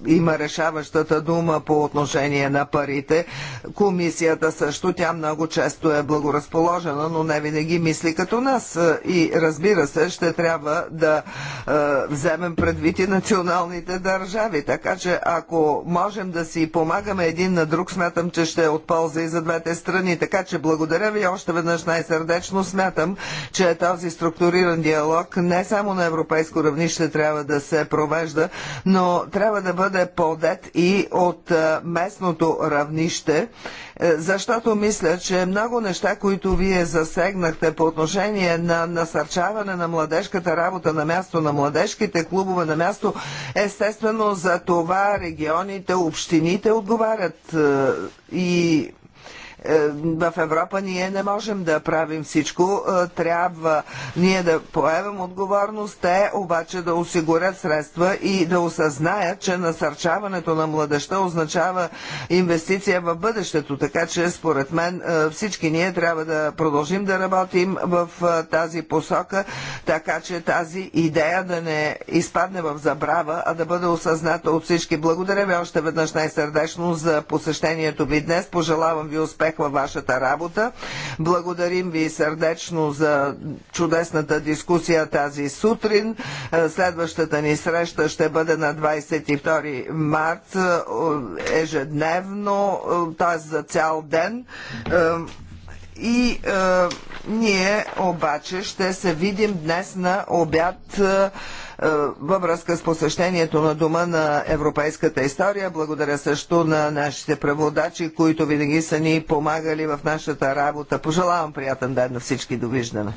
има решаващата дума по отношение на парите. Комисията също, тя много често е благоразположена, но не винаги мисли като нас. И разбира се, ще трябва да е, вземем предвид и националните държави. Така че ако можем да си помагаме един на друг, смятам, че ще е от полза и за двете страни. Така че благодаря ви още веднъж най-сърдечно. Смятам, че този структуриран диалог не само на европейско равнище трябва да се провежда, но трябва да бъде бъде подет и от местното равнище, е, защото мисля, че много неща, които вие засегнахте по отношение на насърчаване на младежката работа на място, на младежките клубове на място, естествено за това регионите, общините отговарят е, и е, в Европа ние не можем да правим всичко. Е, трябва ние да поемем отговорност, те обаче да осигурят средства и да осъзнаят, че насърчаването на младеща означава инвестиция в бъдещето. Така че, според мен, е, всички ние трябва да продължим да работим в тази посока, така че тази идея да не изпадне в забрава, а да бъде осъзната от всички. Благодаря ви още веднъж най-сърдечно за посещението ви днес. Пожелавам ви успех успех във вашата работа. Благодарим ви сърдечно за чудесната дискусия тази сутрин. Е, следващата ни среща ще бъде на 22 март е, ежедневно, е, т.е. за цял ден. И е, ние обаче ще се видим днес на обяд. Е, е, във връзка с посещението на Дома на европейската история. Благодаря също на нашите преводачи, които винаги са ни помагали в нашата работа. Пожелавам приятен ден на всички. Довиждане!